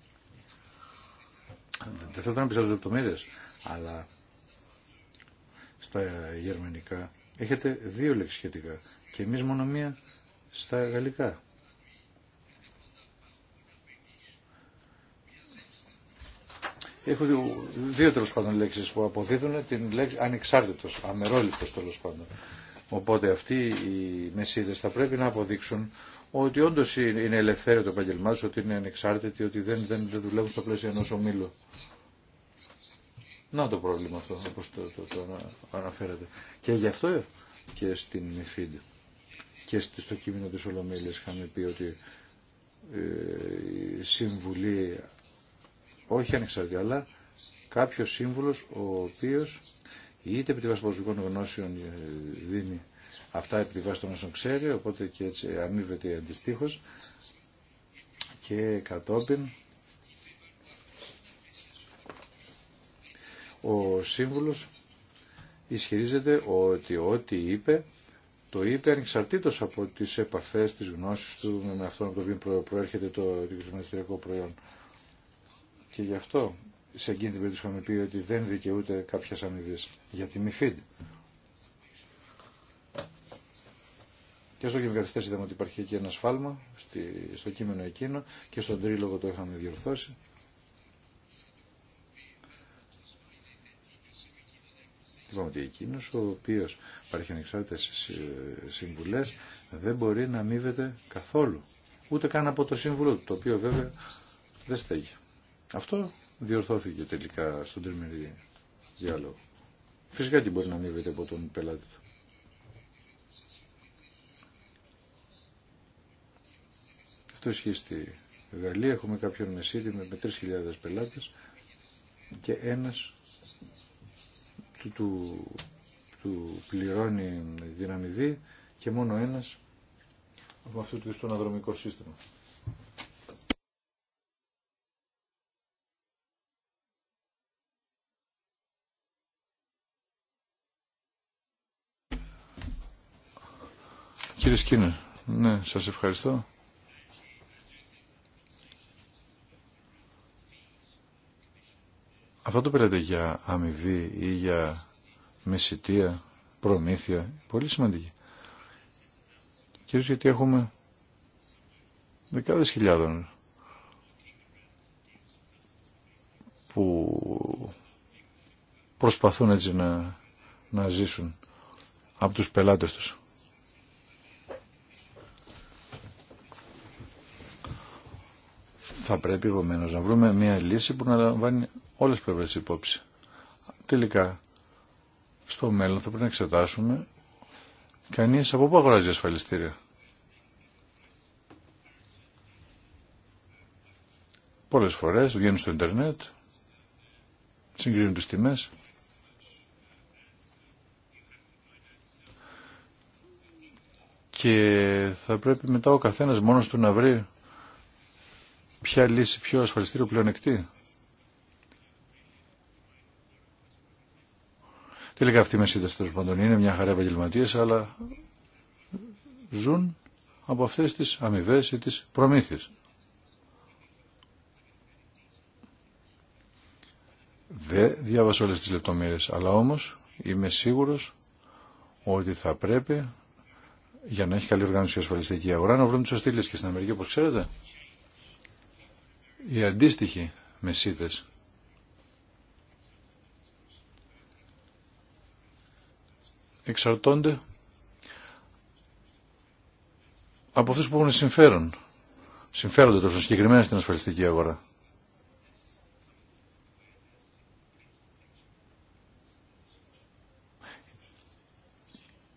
S1: Δεν θέλω να πει λεπτομέρειε, αλλά στα γερμανικά έχετε δύο λέξει σχετικά και εμεί μόνο μία στα γαλλικά. Έχω δύο τέλο πάντων λέξει που αποδίδουν την λέξη ανεξάρτητο, αμερόληπτο τέλο πάντων. Οπότε αυτοί οι μεσίδε θα πρέπει να αποδείξουν ότι όντω είναι ελευθέρωτο το επαγγελμά του, ότι είναι ανεξάρτητοι, ότι δεν, δεν, δουλεύουν στο πλαίσια ενό ομίλου. Να το πρόβλημα αυτό, όπω το, το, αναφέρατε. Και γι' αυτό και στην Μιφίντ και στο κείμενο της Ολομέλειας είχαμε πει ότι ε, η Συμβουλή όχι ανεξάρτητη, αλλά κάποιο σύμβουλο ο οποίο είτε επί τη βάση προσωπικών γνώσεων ε, δίνει αυτά επί τη βάση των όσων ξέρει, οπότε και έτσι αμείβεται αντιστοίχω και κατόπιν ο σύμβουλος ισχυρίζεται ότι ό,τι είπε το είπε ανεξαρτήτως από τις επαφές, τις γνώσεις του με αυτόν από τον οποίο προέρχεται το χρηματιστηριακό προϊόν. Και γι' αυτό σε εκείνη την περίπτωση είχαμε πει ότι δεν δικαιούται κάποια αμοιβή για τη MIFID. Και στο και είδαμε ότι υπάρχει εκεί ένα σφάλμα στη, στο κείμενο εκείνο και στον τρίλογο το είχαμε διορθώσει. Είπαμε ότι εκείνο ο οποίο υπάρχει ανεξάρτητε συμβουλέ δεν μπορεί να αμοιβεται καθόλου. Ούτε καν από το σύμβουλο του, το οποίο βέβαια δεν στέγει. Αυτό διορθώθηκε τελικά στον τριμερή διάλογο. Φυσικά και μπορεί να ανέβεται από τον πελάτη του. Αυτό ισχύει στη Γαλλία. Έχουμε κάποιον μεσίτη με 3.000 πελάτες και ένας του, του, πληρώνει δυναμιδή και μόνο ένας από αυτού του αναδρομικό σύστημα. Κύριε Σκίνερ, ναι, σας ευχαριστώ. Αυτό το περάτε για αμοιβή ή για μεσητεία, προμήθεια, πολύ σημαντική. Κυρίως γιατί έχουμε δεκάδες χιλιάδων που προσπαθούν έτσι να, να ζήσουν από τους πελάτες τους. Θα πρέπει επομένω να βρούμε μια λύση που να λαμβάνει όλες τις πλευρέ υπόψη. Τελικά, στο μέλλον θα πρέπει να εξετάσουμε κανείς από πού αγοράζει ασφαλιστήρια. Πολλές φορές βγαίνουν στο ίντερνετ, συγκρίνουν τις τιμές. Και θα πρέπει μετά ο καθένας μόνος του να βρει ποια λύση πιο ασφαλιστήριο πλεονεκτή. Τελικά αυτοί οι μεσίτες των πάντων είναι μια χαρά επαγγελματίε, αλλά ζουν από αυτές τις αμοιβέ ή τις προμήθειες. Δεν διάβασα όλες τις λεπτομέρειες, αλλά όμως είμαι σίγουρος ότι θα πρέπει για να έχει καλή οργάνωση η ασφαλιστική αγορά να βρουν τους σωστή και στην Αμερική όπως ξέρετε οι αντίστοιχοι μεσίτες εξαρτώνται από αυτούς που έχουν συμφέρον. Συμφέρονται τόσο συγκεκριμένα στην ασφαλιστική αγορά.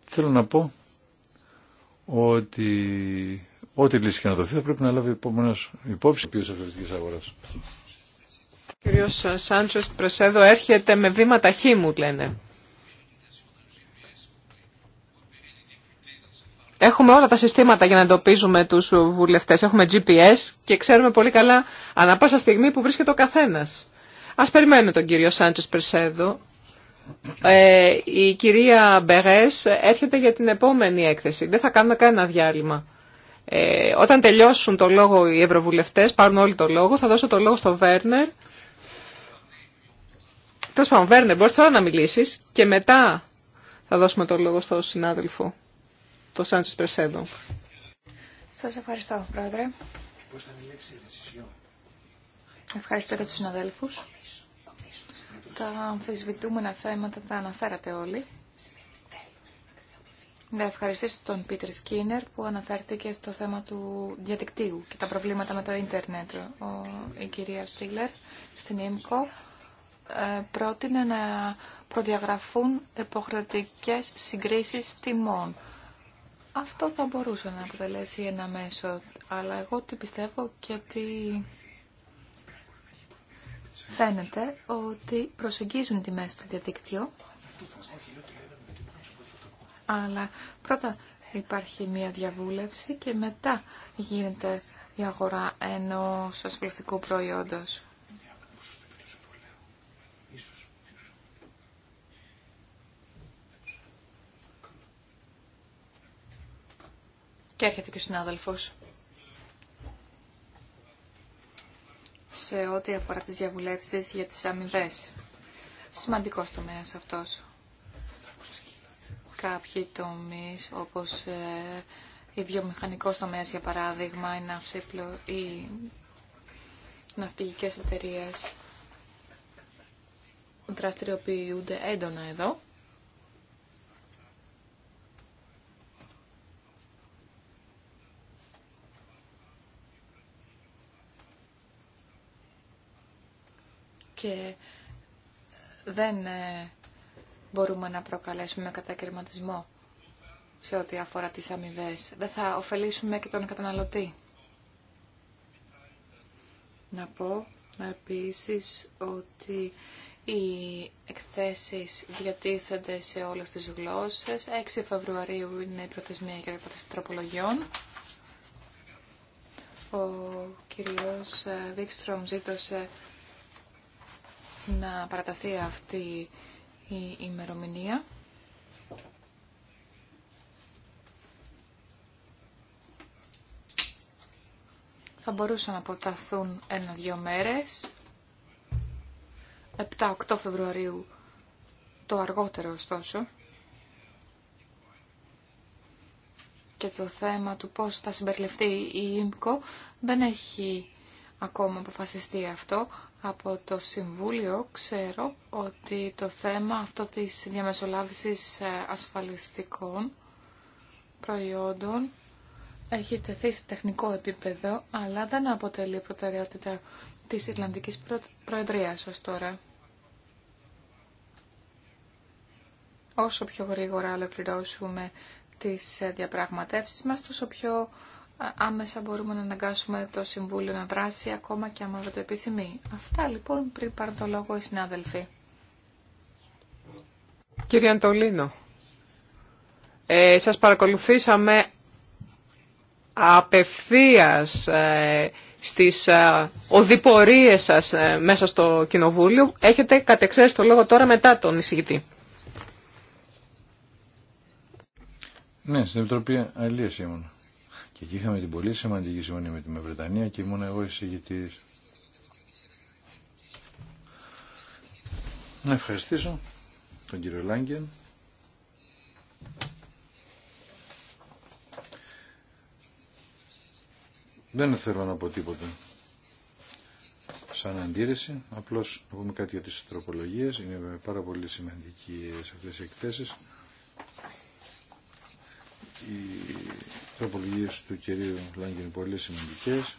S1: Θέλω να πω ότι ό,τι λύση και να δοθεί θα πρέπει να λάβει επόμενο υπόψη ο αυτοριστικής αγορά.
S2: Ο κύριος Σάντσος Πρεσέδο έρχεται με βήματα χήμου, λένε. Έχουμε όλα τα συστήματα για να εντοπίζουμε τους βουλευτές. Έχουμε GPS και ξέρουμε πολύ καλά ανά πάσα στιγμή που βρίσκεται ο καθένας. Ας περιμένουμε τον κύριο Σάντσο Περσέδο. Ε, η κυρία Μπερές έρχεται για την επόμενη έκθεση. Δεν θα κάνουμε κανένα διάλειμμα. Ε, όταν τελειώσουν το λόγο οι ευρωβουλευτές, πάρουν όλοι το λόγο, θα δώσω το λόγο στον Βέρνερ. Τέλο πάντων, Βέρνερ, μπορεί τώρα να μιλήσεις και μετά θα δώσουμε το λόγο στον συνάδελφο, τον Σάντζες Περσέντο.
S3: Σας ευχαριστώ, Πρόεδρε. Ευχαριστώ και τους συναδέλφους. Τα αμφισβητούμενα θέματα τα αναφέρατε όλοι να ευχαριστήσω τον Πίτερ Σκίνερ που αναφέρθηκε στο θέμα του διαδικτύου και τα προβλήματα με το ίντερνετ. Ο, η κυρία Στίγλερ στην ΕΜΚΟ ε, πρότεινε να προδιαγραφούν υποχρεωτικές συγκρίσεις τιμών. Αυτό θα μπορούσε να αποτελέσει ένα μέσο, αλλά εγώ τι πιστεύω και ότι φαίνεται ότι προσεγγίζουν τιμές στο διαδίκτυο αλλά πρώτα υπάρχει μια διαβούλευση και μετά γίνεται η αγορά ενός ασφαλιστικού προϊόντος. Και έρχεται και ο συνάδελφος. Σε ό,τι αφορά τις διαβουλεύσεις για τις αμοιβέ. Σημαντικός τομέας αυτός κάποιοι τομείς όπως ε, η βιομηχανικός τομέα για παράδειγμα, η ναυσίπλο ή ναυπηγικές εταιρείε δραστηριοποιούνται έντονα εδώ. Και δεν ε, μπορούμε να προκαλέσουμε κατακαιρματισμό σε ό,τι αφορά τις αμοιβέ. Δεν θα ωφελήσουμε και τον καταναλωτή. Να πω επίσης ότι οι εκθέσεις διατίθενται σε όλες τις γλώσσες. 6 Φεβρουαρίου είναι η προθεσμία για κατάσταση τροπολογιών. Ο κύριος ε, Βίξτρομ ζήτωσε να παραταθεί αυτή η ημερομηνία. Θα μπορούσαν να αποταθούν ένα-δυο μέρες. 7-8 Φεβρουαρίου το αργότερο ωστόσο. Και το θέμα του πώς θα συμπεριληφθεί η ΙΜΚΟ δεν έχει ακόμα αποφασιστεί αυτό, από το Συμβούλιο ξέρω ότι το θέμα αυτό της διαμεσολάβησης ε, ασφαλιστικών προϊόντων έχει τεθεί σε τεχνικό επίπεδο, αλλά δεν αποτελεί προτεραιότητα της Ιρλανδικής Προεδρίας ως τώρα. Όσο πιο γρήγορα ολοκληρώσουμε τις ε, διαπραγματεύσεις μας, τόσο πιο άμεσα μπορούμε να αναγκάσουμε το Συμβούλιο να δράσει ακόμα και άμα δεν το επιθυμεί. Αυτά λοιπόν πριν πάρουν το λόγο οι συνάδελφοι.
S2: Κύριε Αντολίνο, ε, σας παρακολουθήσαμε απευθείας ε, στις ε, οδηπορίες σας ε, μέσα στο Κοινοβούλιο. Έχετε κατεξαίρεση το λόγο τώρα μετά τον εισηγητή.
S1: Ναι, στην Επιτροπή Αλίας ήμουν. Και εκεί είχαμε την πολύ σημαντική συμφωνία με τη Βρετανία και ήμουν εγώ εισηγητής. Να ευχαριστήσω τον κύριο Λάγκεν. Δεν θέλω να πω τίποτα σαν αντίρρηση, απλώς να πούμε κάτι για τις τροπολογίες, είναι πάρα πολύ σημαντική σε αυτές τις εκθέσεις. Οι τροπολογίες του κυρίου Λάγκη είναι πολύ σημαντικές.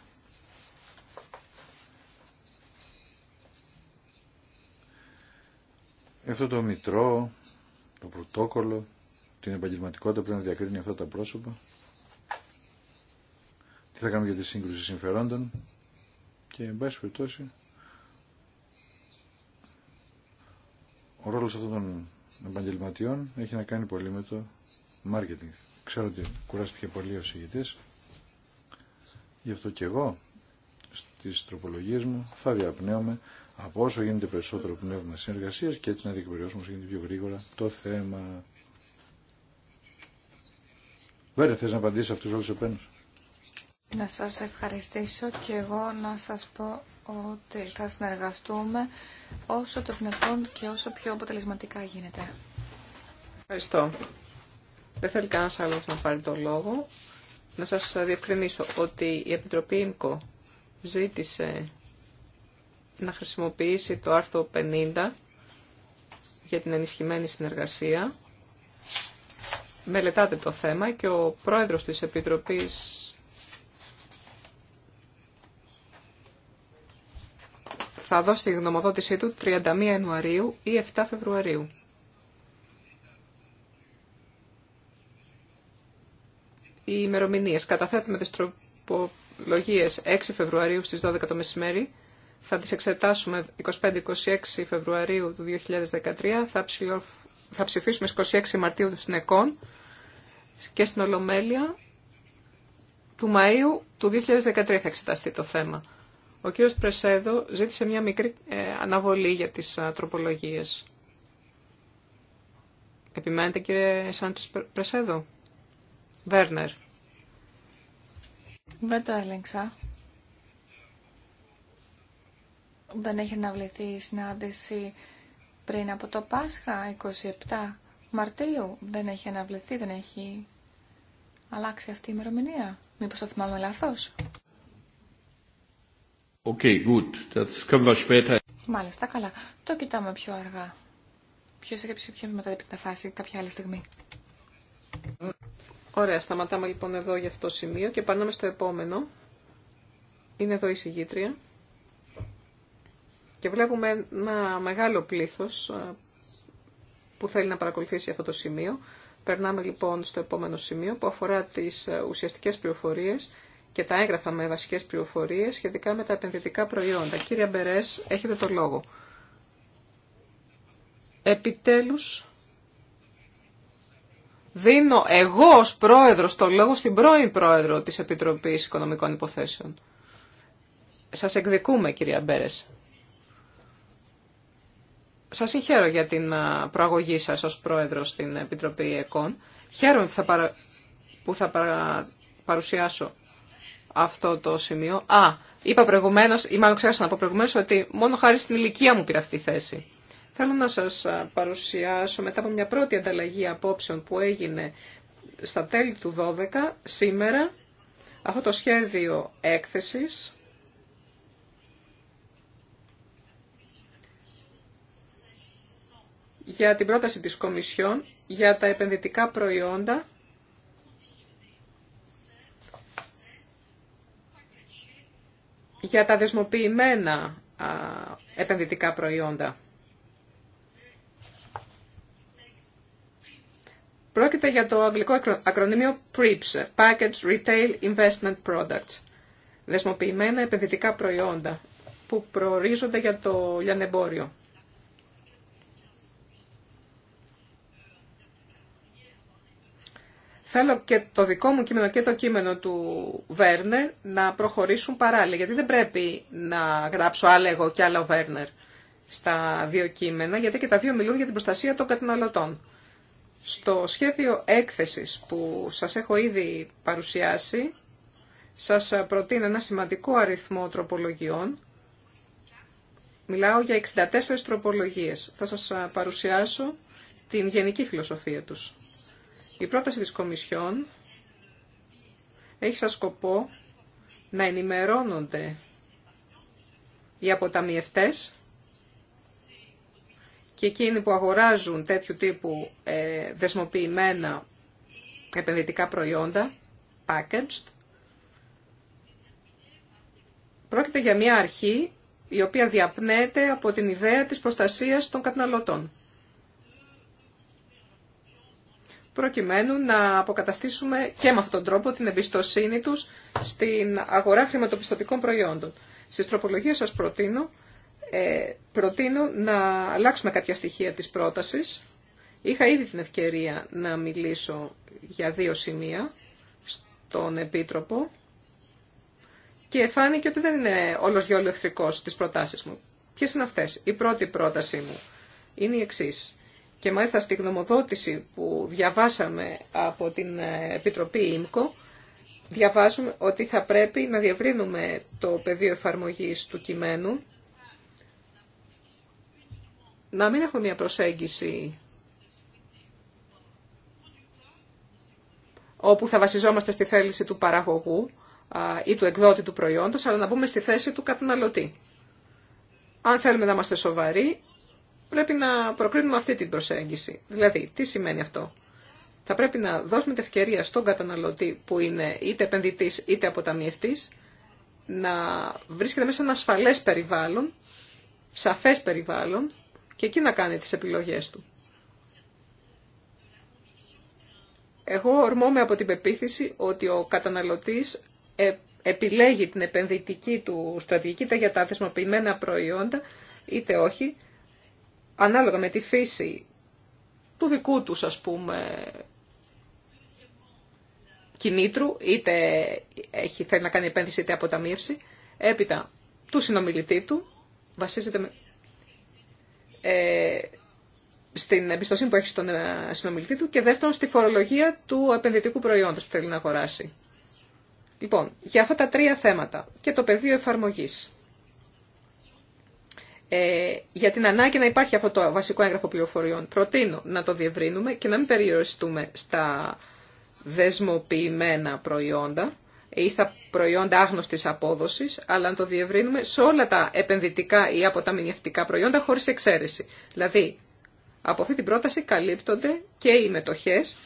S1: Αυτό το μητρό, το πρωτόκολλο, την επαγγελματικότητα πρέπει να διακρίνει αυτά τα πρόσωπα. Τι θα κάνουμε για τη σύγκρουση συμφερόντων. Και εν πάση περιπτώσει, ο ρόλος αυτών των επαγγελματιών έχει να κάνει πολύ με το μάρκετινγκ. Ξέρω ότι κουράστηκε πολύ ο συγητής. Γι' αυτό και εγώ στις τροπολογίες μου θα διαπνέομαι από όσο γίνεται περισσότερο πνεύμα συνεργασίας και έτσι να διεκπαιριώσουμε όσο γίνεται πιο γρήγορα το θέμα. Βέβαια, θες να απαντήσεις αυτούς όλους επένους.
S3: Να σας ευχαριστήσω και εγώ να σας πω ότι θα συνεργαστούμε όσο το πνευμόν και όσο πιο αποτελεσματικά γίνεται.
S2: Ευχαριστώ. Δεν θέλει κανένας άλλος να πάρει το λόγο. Να σας διευκρινίσω ότι η Επιτροπή ΙΜΚΟ ζήτησε να χρησιμοποιήσει το άρθρο 50 για την ενισχυμένη συνεργασία. Μελετάτε το θέμα και ο πρόεδρος της Επιτροπής θα δώσει τη γνωμοδότησή του 31 Ιανουαρίου ή 7 Φεβρουαρίου. οι ημερομηνίε. Καταθέτουμε τι τροπολογίε 6 Φεβρουαρίου στι 12 το μεσημέρι. Θα τι εξετάσουμε 25-26 Φεβρουαρίου του 2013. Θα, θα ψηφίσουμε στις 26 Μαρτίου του ΕΚΟΝ και στην Ολομέλεια του Μαΐου του 2013 θα εξεταστεί το θέμα. Ο κύριος Πρεσέδο ζήτησε μια μικρή ε, αναβολή για τις ε, τροπολογίες. Επιμένετε κύριε Σάντος Πρεσέδο. Βέρνερ.
S3: Δεν το έλεγξα. Δεν έχει αναβληθεί η συνάντηση πριν από το Πάσχα, 27 Μαρτίου. Δεν έχει αναβληθεί, δεν έχει αλλάξει αυτή η ημερομηνία. Μήπως το θυμάμαι λάθος.
S1: Okay, good. später.
S3: Μάλιστα, καλά. Το κοιτάμε πιο αργά. Ποιο έχει ποιο μετά την φάση κάποια άλλη στιγμή.
S2: Ωραία, σταματάμε λοιπόν εδώ για αυτό το σημείο και περνάμε στο επόμενο. Είναι εδώ η συγγήτρια. Και βλέπουμε ένα μεγάλο πλήθος ε, που θέλει να παρακολουθήσει αυτό το σημείο. Περνάμε λοιπόν στο επόμενο σημείο που αφορά τις ε, ουσιαστικές πληροφορίες και τα έγγραφα με βασικές πληροφορίες σχετικά με τα επενδυτικά προϊόντα. Κύριε Μπερές, έχετε το λόγο. Επιτέλους, δίνω εγώ ως πρόεδρος το λόγο στην πρώην πρόεδρο της Επιτροπής Οικονομικών Υποθέσεων. Σας εκδικούμε κυρία Μπέρες. Σας συγχαίρω για την προαγωγή σας ως πρόεδρος στην Επιτροπή ΕΚΟΝ. Χαίρομαι που θα, θα παρα... παρουσιάσω αυτό το σημείο. Α, είπα προηγουμένω, ή μάλλον ξέχασα να πω προηγουμένως ότι μόνο χάρη στην ηλικία μου πήρα αυτή η θέση. Θέλω να σας παρουσιάσω μετά από μια πρώτη ανταλλαγή απόψεων που έγινε στα τέλη του 12 σήμερα αυτό το σχέδιο έκθεσης για την πρόταση της Κομισιόν για τα επενδυτικά προϊόντα για τα δεσμοποιημένα επενδυτικά προϊόντα. Πρόκειται για το αγγλικό ακρονίμιο PRIPS, Package Retail Investment Products, δεσμοποιημένα επενδυτικά προϊόντα που προορίζονται για το λιανεμπόριο. Θέλω και το δικό μου κείμενο και το κείμενο του Βέρνερ να προχωρήσουν παράλληλα, γιατί δεν πρέπει να γράψω άλλο εγώ και άλλο Βέρνερ στα δύο κείμενα, γιατί και τα δύο μιλούν για την προστασία των καταναλωτών. Στο σχέδιο έκθεσης που σας έχω ήδη παρουσιάσει, σας προτείνω ένα σημαντικό αριθμό τροπολογιών. Μιλάω για 64 τροπολογίες. Θα σας παρουσιάσω την γενική φιλοσοφία τους. Η πρόταση της Κομισιόν έχει σαν σκοπό να ενημερώνονται οι αποταμιευτές και εκείνοι που αγοράζουν τέτοιου τύπου ε, δεσμοποιημένα επενδυτικά προϊόντα, packaged, πρόκειται για μια αρχή η οποία διαπνέεται από την ιδέα της προστασίας των καταναλωτών. προκειμένου να αποκαταστήσουμε και με αυτόν τον τρόπο την εμπιστοσύνη τους στην αγορά χρηματοπιστωτικών προϊόντων. Στις τροπολογίες σας προτείνω ε, προτείνω να αλλάξουμε κάποια στοιχεία της πρότασης. Είχα ήδη την ευκαιρία να μιλήσω για δύο σημεία στον Επίτροπο και φάνηκε ότι δεν είναι όλος όλο εχθρικός πρότασής προτάσεις μου. Ποιε είναι αυτές. Η πρώτη πρότασή μου είναι η εξής. Και μάλιστα στη γνωμοδότηση που διαβάσαμε από την ε, Επιτροπή ΙΜΚΟ, διαβάζουμε ότι θα πρέπει να διευρύνουμε το πεδίο εφαρμογής του κειμένου να μην έχουμε μια προσέγγιση όπου θα βασιζόμαστε στη θέληση του παραγωγού ή του εκδότη του προϊόντος, αλλά να μπούμε στη θέση του καταναλωτή. Αν θέλουμε να είμαστε σοβαροί, πρέπει να προκρίνουμε αυτή την προσέγγιση. Δηλαδή, τι σημαίνει αυτό. Θα πρέπει να δώσουμε την ευκαιρία στον καταναλωτή που είναι είτε επενδυτής είτε αποταμιευτής να βρίσκεται μέσα σε ένα ασφαλές περιβάλλον, σαφές περιβάλλον, και εκεί να κάνει τις επιλογές του. Εγώ ορμόμαι από την πεποίθηση ότι ο καταναλωτής ε, επιλέγει την επενδυτική του στρατηγική τα για τα θεσμοποιημένα προϊόντα είτε όχι, ανάλογα με τη φύση του δικού τους ας πούμε κινήτρου, είτε έχει, θέλει να κάνει επένδυση είτε αποταμίευση, έπειτα του συνομιλητή του, βασίζεται ε, στην εμπιστοσύνη που έχει στον ε, συνομιλητή του και δεύτερον στη φορολογία του επενδυτικού προϊόντος που θέλει να αγοράσει. Λοιπόν, για αυτά τα τρία θέματα και το πεδίο εφαρμογής. Ε, για την ανάγκη να υπάρχει αυτό το βασικό έγγραφο πληροφοριών, προτείνω να το διευρύνουμε και να μην περιοριστούμε στα δεσμοποιημένα προϊόντα ή στα προϊόντα άγνωστη απόδοσης, αλλά να το διευρύνουμε σε όλα τα επενδυτικά ή αποταμιευτικά προϊόντα χωρίς εξαίρεση. Δηλαδή, από αυτή την πρόταση καλύπτονται και οι μετοχές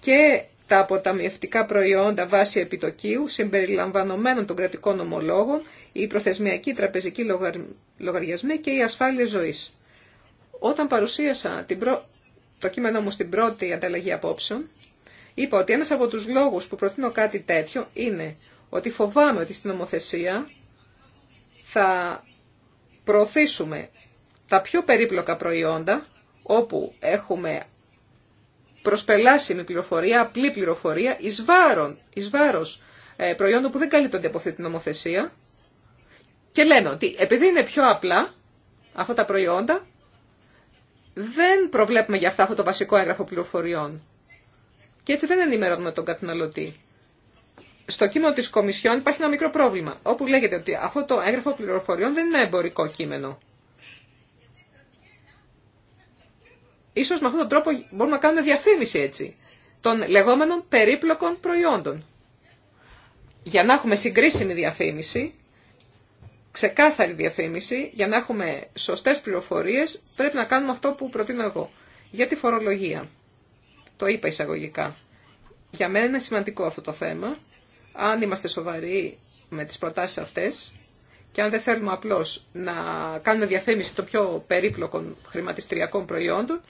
S2: και τα αποταμιευτικά προϊόντα βάση επιτοκίου συμπεριλαμβανομένων των κρατικών ομολόγων, οι προθεσμιακοί τραπεζικοί λογαριασμοί και η ασφάλεια ζωή. Όταν παρουσίασα το κείμενο μου στην πρώτη ανταλλαγή απόψεων, Είπα ότι ένας από τους λόγους που προτείνω κάτι τέτοιο είναι ότι φοβάμαι ότι στην νομοθεσία θα προωθήσουμε τα πιο περίπλοκα προϊόντα όπου έχουμε προσπελάσιμη πληροφορία, απλή πληροφορία εις, βάρον, εις βάρος ε, προϊόντων που δεν καλύπτονται από αυτή την νομοθεσία και λένε ότι επειδή είναι πιο απλά αυτά τα προϊόντα δεν προβλέπουμε για αυτά αυτό το βασικό έγγραφο πληροφοριών. Και έτσι δεν ενημερώνουμε τον καταναλωτή. Στο κείμενο τη Κομισιόν υπάρχει ένα μικρό πρόβλημα, όπου λέγεται ότι αυτό το έγγραφο πληροφοριών δεν είναι εμπορικό κείμενο. Ίσως με αυτόν τον τρόπο μπορούμε να κάνουμε διαφήμιση έτσι των λεγόμενων περίπλοκων προϊόντων. Για να έχουμε συγκρίσιμη διαφήμιση, ξεκάθαρη διαφήμιση, για να έχουμε σωστές πληροφορίες, πρέπει να κάνουμε αυτό που προτείνω εγώ. Για τη φορολογία. Το είπα εισαγωγικά. Για μένα είναι σημαντικό αυτό το θέμα. Αν είμαστε σοβαροί με τις προτάσεις αυτές και αν δεν θέλουμε απλώς να κάνουμε διαφήμιση των πιο περίπλοκων χρηματιστηριακών προϊόντων,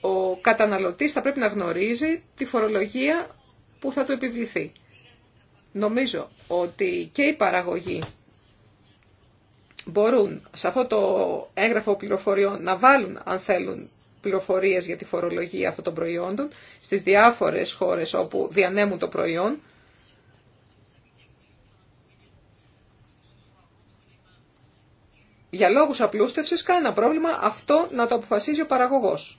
S2: ο καταναλωτής θα πρέπει να γνωρίζει τη φορολογία που θα του επιβληθεί. Νομίζω ότι και οι παραγωγοί μπορούν σε αυτό το έγγραφο πληροφοριών να βάλουν, αν θέλουν, για τη φορολογία αυτών των προϊόντων στις διάφορες χώρες όπου διανέμουν το προϊόν. Για λόγους απλούστευσης, κανένα πρόβλημα αυτό να το αποφασίζει ο παραγωγός.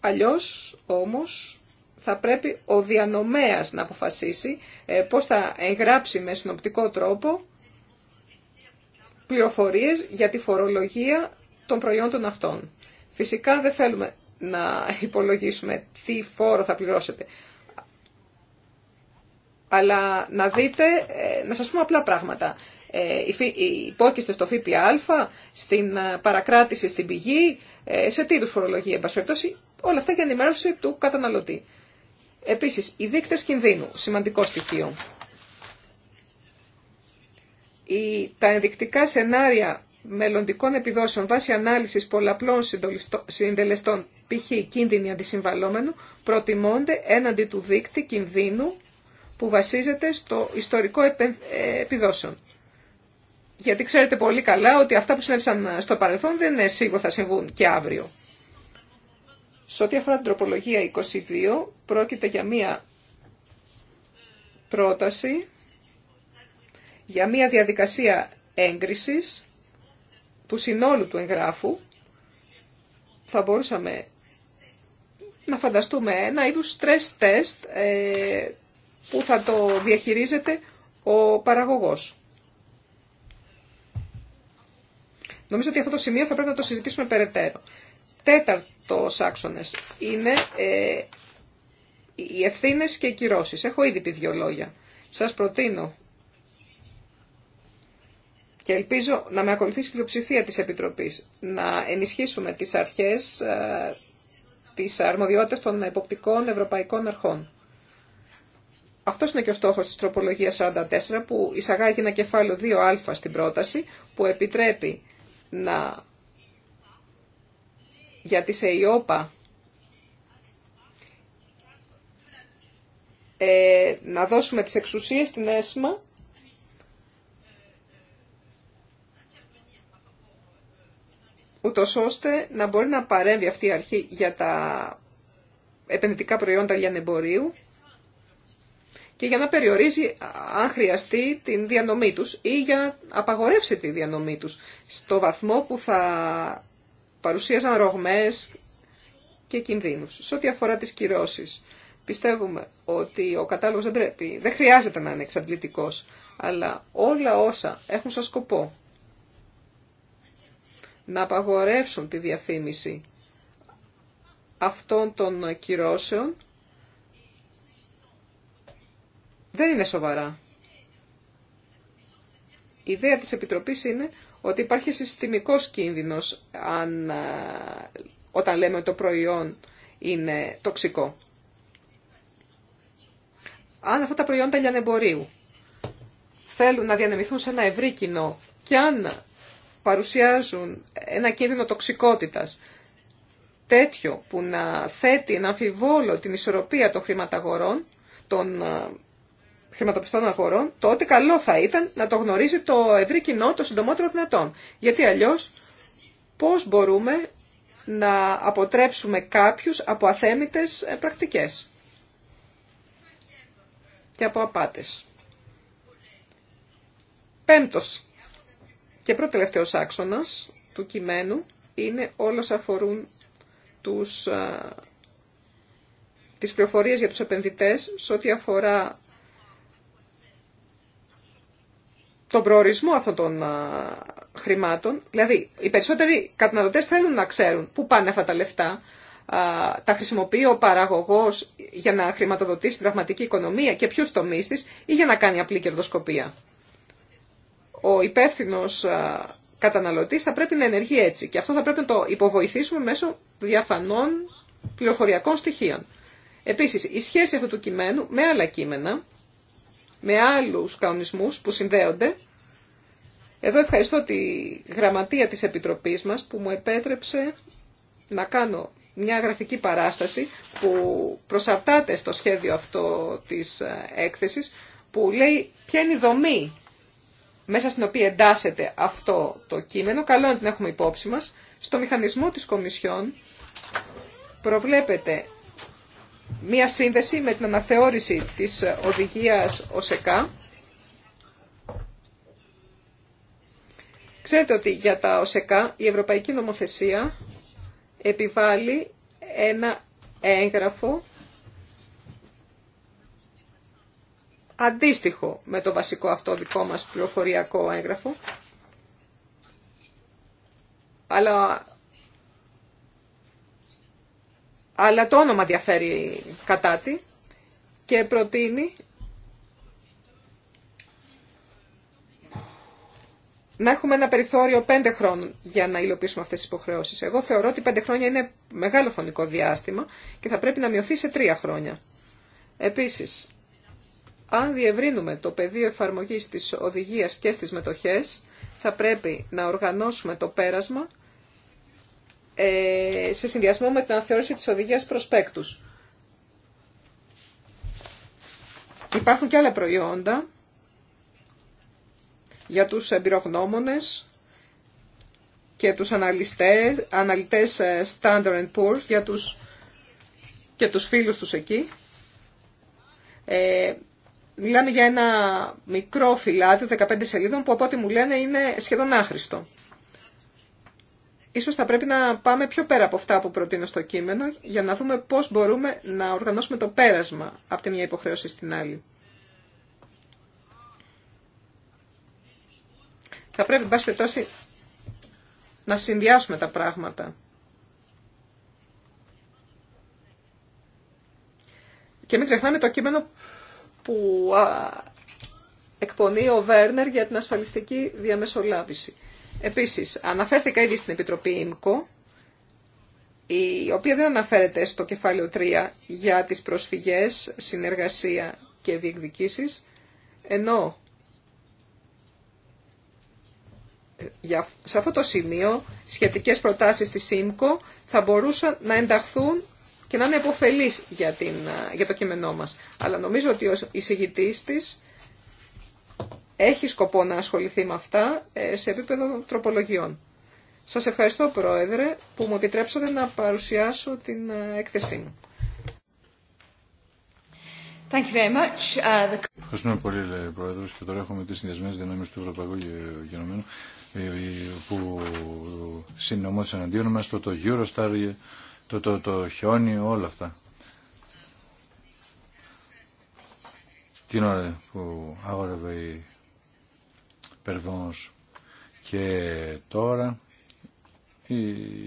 S2: Αλλιώς, όμως, θα πρέπει ο διανομέας να αποφασίσει ε, πώς θα εγγράψει με συνοπτικό τρόπο πληροφορίες για τη φορολογία των προϊόντων αυτών. Φυσικά δεν θέλουμε να υπολογίσουμε τι φόρο θα πληρώσετε. Αλλά να δείτε, ε, να σας πούμε απλά πράγματα. Η ε, υπόκειστε στο ΦΠΑ, στην ε, παρακράτηση στην πηγή, σε τι είδου φορολογία, εν όλα αυτά για ενημέρωση του καταναλωτή. Επίσης, οι δείκτες κινδύνου, σημαντικό στοιχείο. τα ενδεικτικά σενάρια μελλοντικών επιδόσεων βάσει ανάλυσης πολλαπλών συντελεστών π.χ. κίνδυνη αντισυμβαλόμενου προτιμώνται έναντι του δείκτη κινδύνου που βασίζεται στο ιστορικό επιδόσεων. Γιατί ξέρετε πολύ καλά ότι αυτά που συνέβησαν στο παρελθόν δεν είναι σίγουρα θα συμβούν και αύριο. Σε ό,τι αφορά την τροπολογία 22, πρόκειται για μία πρόταση, για μία διαδικασία έγκρισης του συνόλου του εγγράφου θα μπορούσαμε να φανταστούμε ένα είδους stress test ε, που θα το διαχειρίζεται ο παραγωγός. Νομίζω ότι αυτό το σημείο θα πρέπει να το συζητήσουμε περαιτέρω. Τέταρτος άξονες είναι ε, οι ευθύνε και οι κυρώσεις. Έχω ήδη πει δύο λόγια. Σας προτείνω και ελπίζω να με ακολουθήσει η πλειοψηφία της Επιτροπής, να ενισχύσουμε τις αρχές ε, της των εποπτικών ευρωπαϊκών αρχών. Αυτό είναι και ο στόχος της τροπολογίας 44 που εισαγάγει ένα κεφάλαιο 2α στην πρόταση που επιτρέπει να για τις ΕΙΟΠΑ ε, να δώσουμε τις εξουσίες στην ΕΣΜΑ ούτως ώστε να μπορεί να παρέμβει αυτή η αρχή για τα επενδυτικά προϊόντα λιανεμπορίου και για να περιορίζει, αν χρειαστεί, την διανομή τους ή για να απαγορεύσει τη διανομή τους στο βαθμό που θα παρουσίαζαν ρογμές και κινδύνους. Σε ό,τι αφορά τις κυρώσεις, πιστεύουμε ότι ο κατάλογος δεν, πρέπει, δεν χρειάζεται να είναι εξαντλητικός, αλλά όλα όσα έχουν σαν σκοπό να απαγορεύσουν τη διαφήμιση αυτών των κυρώσεων δεν είναι σοβαρά. Η ιδέα της Επιτροπής είναι ότι υπάρχει συστημικός κίνδυνος όταν λέμε ότι το προϊόν είναι τοξικό. Αν αυτά τα προϊόντα λιανεμπορίου θέλουν να διανεμηθούν σε ένα ευρύ κοινό και αν παρουσιάζουν ένα κίνδυνο τοξικότητας τέτοιο που να θέτει να αμφιβόλο την ισορροπία των χρηματαγορών, των ε, χρηματοπιστών αγορών, τότε καλό θα ήταν να το γνωρίζει το ευρύ κοινό το συντομότερο δυνατόν. Γιατί αλλιώς πώς μπορούμε να αποτρέψουμε κάποιους από αθέμητες ε, πρακτικές και από απάτες. Πέμπτος και πρώτο τελευταίο άξονα του κειμένου είναι όλος αφορούν τους, α, τις πληροφορίες για τους επενδυτές σε ό,τι αφορά τον προορισμό αυτών των χρημάτων. Δηλαδή, οι περισσότεροι καταναλωτές θέλουν να ξέρουν πού πάνε αυτά τα λεφτά, α, τα χρησιμοποιεί ο παραγωγός για να χρηματοδοτήσει την πραγματική οικονομία και ποιους τομείς της ή για να κάνει απλή κερδοσκοπία ο υπεύθυνο καταναλωτή θα πρέπει να ενεργεί έτσι. Και αυτό θα πρέπει να το υποβοηθήσουμε μέσω διαφανών πληροφοριακών στοιχείων. Επίση, η σχέση αυτού του κειμένου με άλλα κείμενα, με άλλου κανονισμού που συνδέονται. Εδώ ευχαριστώ τη γραμματεία της Επιτροπής μας που μου επέτρεψε να κάνω μια γραφική παράσταση που προσαρτάται στο σχέδιο αυτό της ε, έκθεσης που λέει ποια είναι η δομή μέσα στην οποία εντάσσεται αυτό το κείμενο, καλό να την έχουμε υπόψη μας, στο μηχανισμό της Κομισιόν προβλέπεται μία σύνδεση με την αναθεώρηση της οδηγίας ΟΣΕΚΑ. Ξέρετε ότι για τα ΟΣΕΚΑ η Ευρωπαϊκή Νομοθεσία επιβάλλει ένα έγγραφο αντίστοιχο με το βασικό αυτό δικό μας πληροφοριακό έγγραφο. Αλλά, αλλά το όνομα διαφέρει κατά τη και προτείνει να έχουμε ένα περιθώριο πέντε χρόνων για να υλοποιήσουμε αυτές τις υποχρεώσεις. Εγώ θεωρώ ότι πέντε χρόνια είναι μεγάλο φωνικό διάστημα και θα πρέπει να μειωθεί σε τρία χρόνια. Επίσης, αν διευρύνουμε το πεδίο εφαρμογής της οδηγίας και στις μετοχές, θα πρέπει να οργανώσουμε το πέρασμα ε, σε συνδυασμό με την αναθεώρηση της οδηγίας προσπέκτους. Υπάρχουν και άλλα προϊόντα για τους εμπειρογνώμονες και τους αναλυτές, αναλυτές ε, Standard Poor's για τους, και τους φίλους τους εκεί. Ε, Μιλάμε για ένα μικρό φυλάδιο 15 σελίδων που από ό,τι μου λένε είναι σχεδόν άχρηστο. Ίσως θα πρέπει να πάμε πιο πέρα από αυτά που προτείνω στο κείμενο για να δούμε πώς μπορούμε να οργανώσουμε το πέρασμα από τη μια υποχρέωση στην άλλη. Θα πρέπει, πάση περιπτώσει, να συνδυάσουμε τα πράγματα. Και μην ξεχνάμε το κείμενο που εκπονεί ο Βέρνερ για την ασφαλιστική διαμεσολάβηση. Επίσης, αναφέρθηκα ήδη στην Επιτροπή ΙΜΚΟ, η οποία δεν αναφέρεται στο κεφάλαιο 3 για τις προσφυγές, συνεργασία και διεκδικήσεις, ενώ σε αυτό το σημείο σχετικές προτάσεις της ΣΥΜΚΟ θα μπορούσαν να ενταχθούν και να είναι επωφελή για, ε, για το κείμενό μα. Αλλά νομίζω ότι ο εισηγητής τη έχει σκοπό να ασχοληθεί με αυτά ε, σε επίπεδο τροπολογιών. Σα ευχαριστώ Πρόεδρε που μου επιτρέψατε να παρουσιάσω την ε, έκθεσή μου. Uh,
S1: Ευχαριστούμε πολύ, λέει ο Πρόεδρο. Και τώρα έχουμε τι συνδυασμένε δυνάμει του Ευρωπαϊκού Γενομένου που συνομώθησαν αντίον μα το, το Eurostar το, το, το χιόνι, όλα αυτά. Την ώρα που άγορευε η περβόνος και τώρα η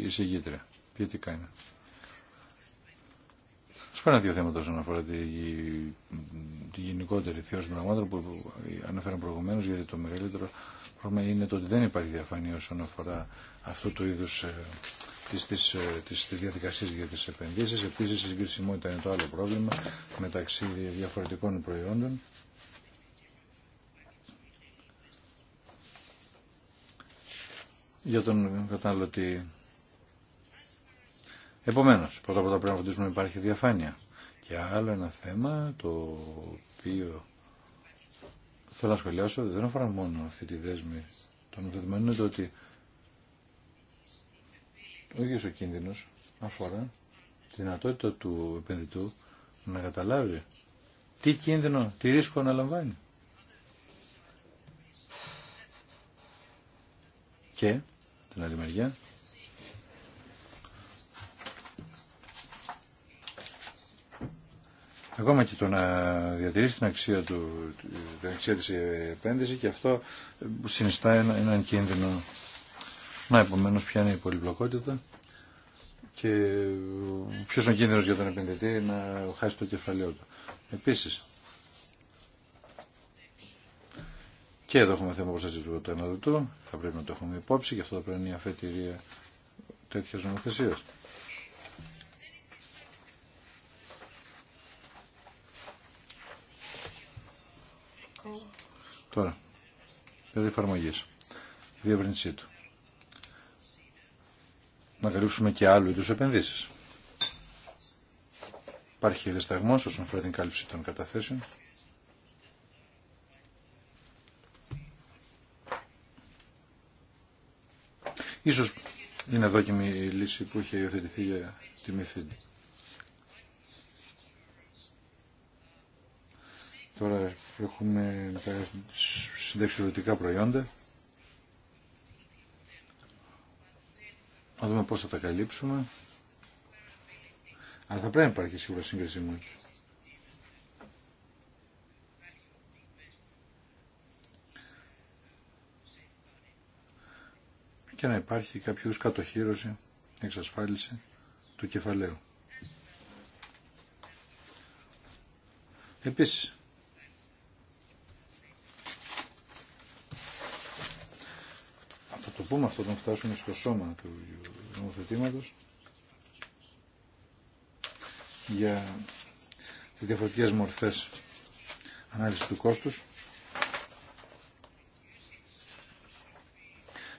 S1: εισηγήτρια. Ποιητικά είναι. πάνω δύο θέματα όσον αφορά τη, τη γενικότερη θεώρηση των πραγμάτων που αναφέραμε προηγουμένω, γιατί το μεγαλύτερο πρόβλημα είναι το ότι δεν υπάρχει διαφάνεια όσον αφορά αυτού του είδου ε, της, της, ε, για τις επενδύσεις. Επίσης η συγκρισιμότητα είναι το άλλο πρόβλημα μεταξύ διαφορετικών προϊόντων. Για τον καταναλωτή. Επομένως, πρώτα απ' όλα πρέπει να φροντίσουμε υπάρχει διαφάνεια. Και άλλο ένα θέμα το οποίο θέλω να σχολιάσω δεν αφορά μόνο αυτή τη δέσμη των δεδομένων είναι το ότι ο ίδιος ο κίνδυνος αφορά τη δυνατότητα του επενδυτού να καταλάβει τι κίνδυνο, τι ρίσκο λαμβάνει. Και, την άλλη μεριά, Ακόμα και το να διατηρήσει την αξία, του, την αξία της επένδυση και αυτό συνιστά ένα, έναν κίνδυνο να, επομένω, ποια είναι η πολυπλοκότητα και ποιο είναι ο κίνδυνο για τον επενδυτή να χάσει το κεφαλαίο του. Επίση, και εδώ έχουμε θέμα προστασία του καταναλωτού, θα πρέπει να το έχουμε υπόψη και αυτό θα πρέπει να είναι η αφετηρία τέτοια νομοθεσία. Τώρα, παιδί εφαρμογή, διεύρυνσή του να καλύψουμε και άλλου είδου επενδύσει. Υπάρχει δεσταγμό όσον αφορά την κάλυψη των καταθέσεων. Ίσως είναι δόκιμη η λύση που είχε υιοθετηθεί για τη μύθιν. Τώρα έχουμε τα προϊόντα. Να δούμε πώς θα τα καλύψουμε. Αλλά θα πρέπει να υπάρχει σίγουρα σύγκριση μου. Και να υπάρχει κάποιο κατοχύρωση, εξασφάλιση του κεφαλαίου. Επίσης, το πούμε αυτό όταν φτάσουμε στο σώμα του νομοθετήματος για τις διαφορετικές μορφές ανάλυση του κόστους.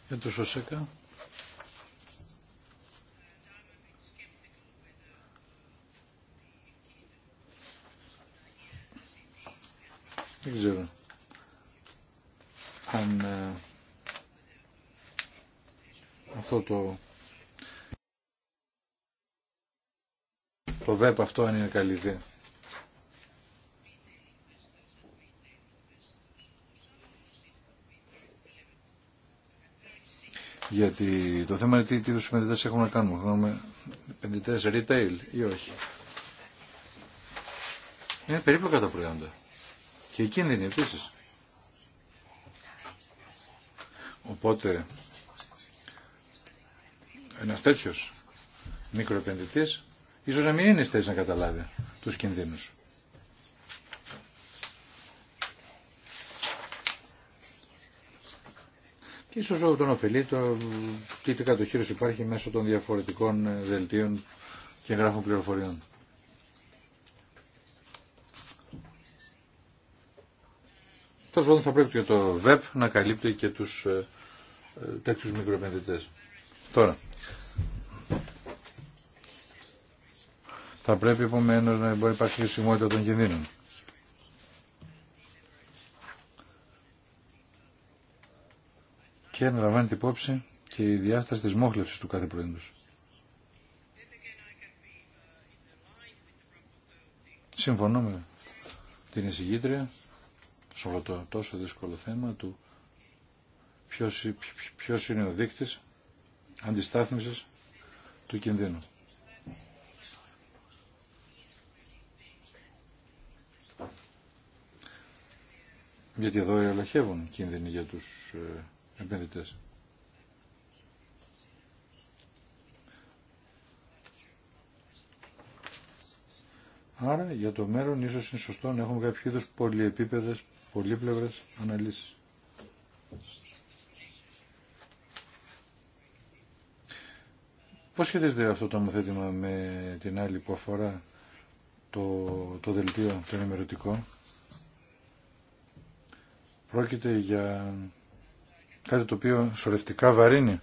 S1: Για το ΣΟΣΕΚΑ. Δεν ξέρω αν ε, αυτό το, το ΒΕΠ αυτό αν είναι καλή ιδέα. Γιατί το θέμα είναι τι τι είδους επενδυτές έχουμε να κάνουμε. Έχουμε επενδυτές retail ή όχι. Είναι περίπλοκα τα προϊόντα. Και οι κίνδυνοι επίσης. Οπότε ένα τέτοιο μικροεπενδυτή, ίσω να μην είναι στέση να καταλάβει του κινδύνους. Και ίσως τον ωφελεί το τι κατοχήρωση υπάρχει μέσω των διαφορετικών ε, δελτίων και γράφων πληροφοριών. Τέλο θα πρέπει και το ΒΕΠ να καλύπτει και τους τέτοιου ε, ε, τέτοιους Τώρα, Θα πρέπει επομένω να μπορεί να υπάρχει χρησιμότητα των κινδύνων. Και να λαμβάνει την υπόψη και η διάσταση της μόχλευσης του κάθε προϊόντος. Συμφωνώ με την εισηγήτρια σε όλο το τόσο δύσκολο θέμα του ποιος, ποιος είναι ο δείκτης αντιστάθμισης του κινδύνου. Γιατί εδώ ελαχεύουν κίνδυνοι για τους ε, επενδυτές. Άρα για το μέλλον ίσως είναι σωστό να έχουμε κάποιο είδους πολυεπίπεδες, πολύπλευρες αναλύσεις. Πώς σχετίζεται αυτό το νομοθέτημα με την άλλη που αφορά το, το δελτίο, το ενημερωτικό. Πρόκειται για κάτι το οποίο σωρευτικά βαρύνει.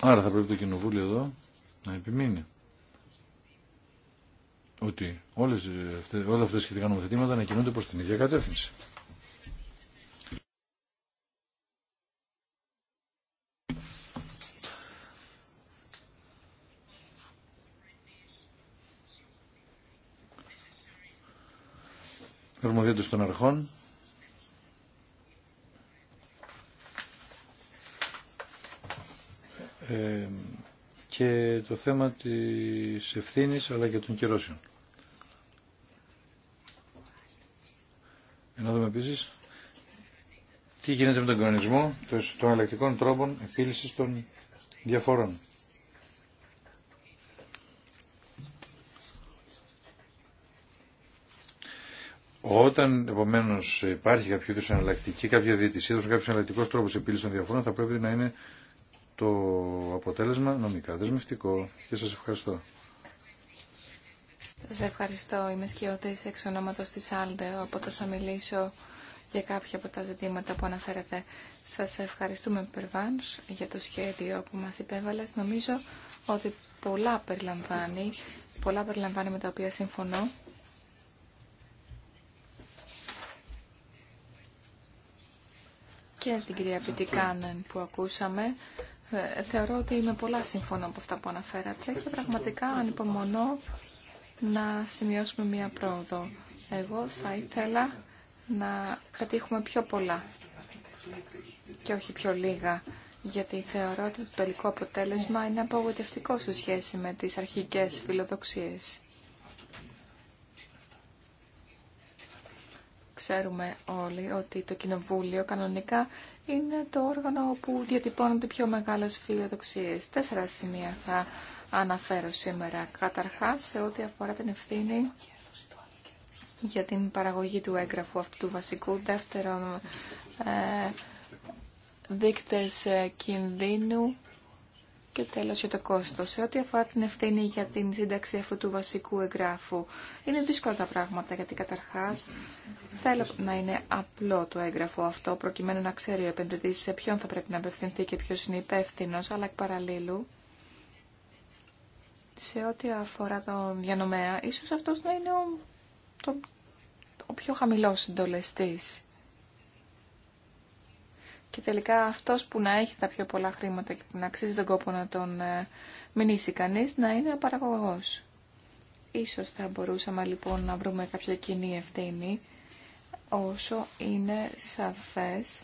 S1: Άρα θα πρέπει το Κοινοβούλιο εδώ να επιμείνει ότι όλες, ε, όλα αυτά τα σχετικά νομοθετήματα να κινούνται προς την ίδια κατεύθυνση. των αρχών ε, και το θέμα της ευθύνης αλλά και των κυρώσεων. Να δούμε επίσης τι γίνεται με τον κανονισμό των αλλακτικών τρόπων επίλυσης των διαφορών. Όταν επομένω υπάρχει κάποιο είδου εναλλακτική κάποια διαιτησία, κάποιο εναλλακτικό τρόπο επίλυση των διαφορών, θα πρέπει να είναι το αποτέλεσμα νομικά δεσμευτικό. Και σα ευχαριστώ.
S3: Σα ευχαριστώ. Είμαι σκιώτη εξ ονόματο τη Άλντε. Οπότε θα μιλήσω για κάποια από τα ζητήματα που αναφέρατε. Σα ευχαριστούμε, Περβάν, για το σχέδιο που μα υπέβαλε. Νομίζω ότι πολλά περιλαμβάνει, πολλά περιλαμβάνει με τα οποία συμφωνώ. και την κυρία Πιτικάνεν που ακούσαμε. Ε, θεωρώ ότι είμαι πολλά σύμφωνα από αυτά που αναφέρατε και πραγματικά ανυπομονώ να σημειώσουμε μία πρόοδο. Εγώ θα ήθελα να πετύχουμε πιο πολλά και όχι πιο λίγα, γιατί θεωρώ ότι το τελικό αποτέλεσμα είναι απογοητευτικό σε σχέση με τις αρχικές φιλοδοξίες. Ξέρουμε όλοι ότι το Κοινοβούλιο κανονικά είναι το όργανο όπου διατυπώνονται πιο μεγάλες φιλοδοξίες. Τέσσερα σημεία θα αναφέρω σήμερα. Καταρχάς, σε ό,τι αφορά την ευθύνη για την παραγωγή του έγγραφου αυτού του βασικού. Δεύτερον, ε, δείκτες ε, κινδύνου και τέλος για το κόστος. Σε ό,τι αφορά την ευθύνη για την σύνταξη αυτού του βασικού εγγράφου, είναι δύσκολα τα πράγματα γιατί καταρχάς θέλω να είναι απλό το έγγραφο αυτό προκειμένου να ξέρει ο επενδυτής σε ποιον θα πρέπει να απευθυνθεί και ποιος είναι υπεύθυνο, αλλά εκ παραλλήλου σε ό,τι αφορά τον διανομέα, ίσως αυτός να είναι ο, το, ο πιο χαμηλός συντολεστής. Και τελικά αυτός που να έχει τα πιο πολλά χρήματα και που να αξίζει τον κόπο να τον ε, μηνύσει κανείς, να είναι ο παραγωγός. Ίσως θα μπορούσαμε λοιπόν να βρούμε κάποια κοινή ευθύνη, όσο είναι σαφές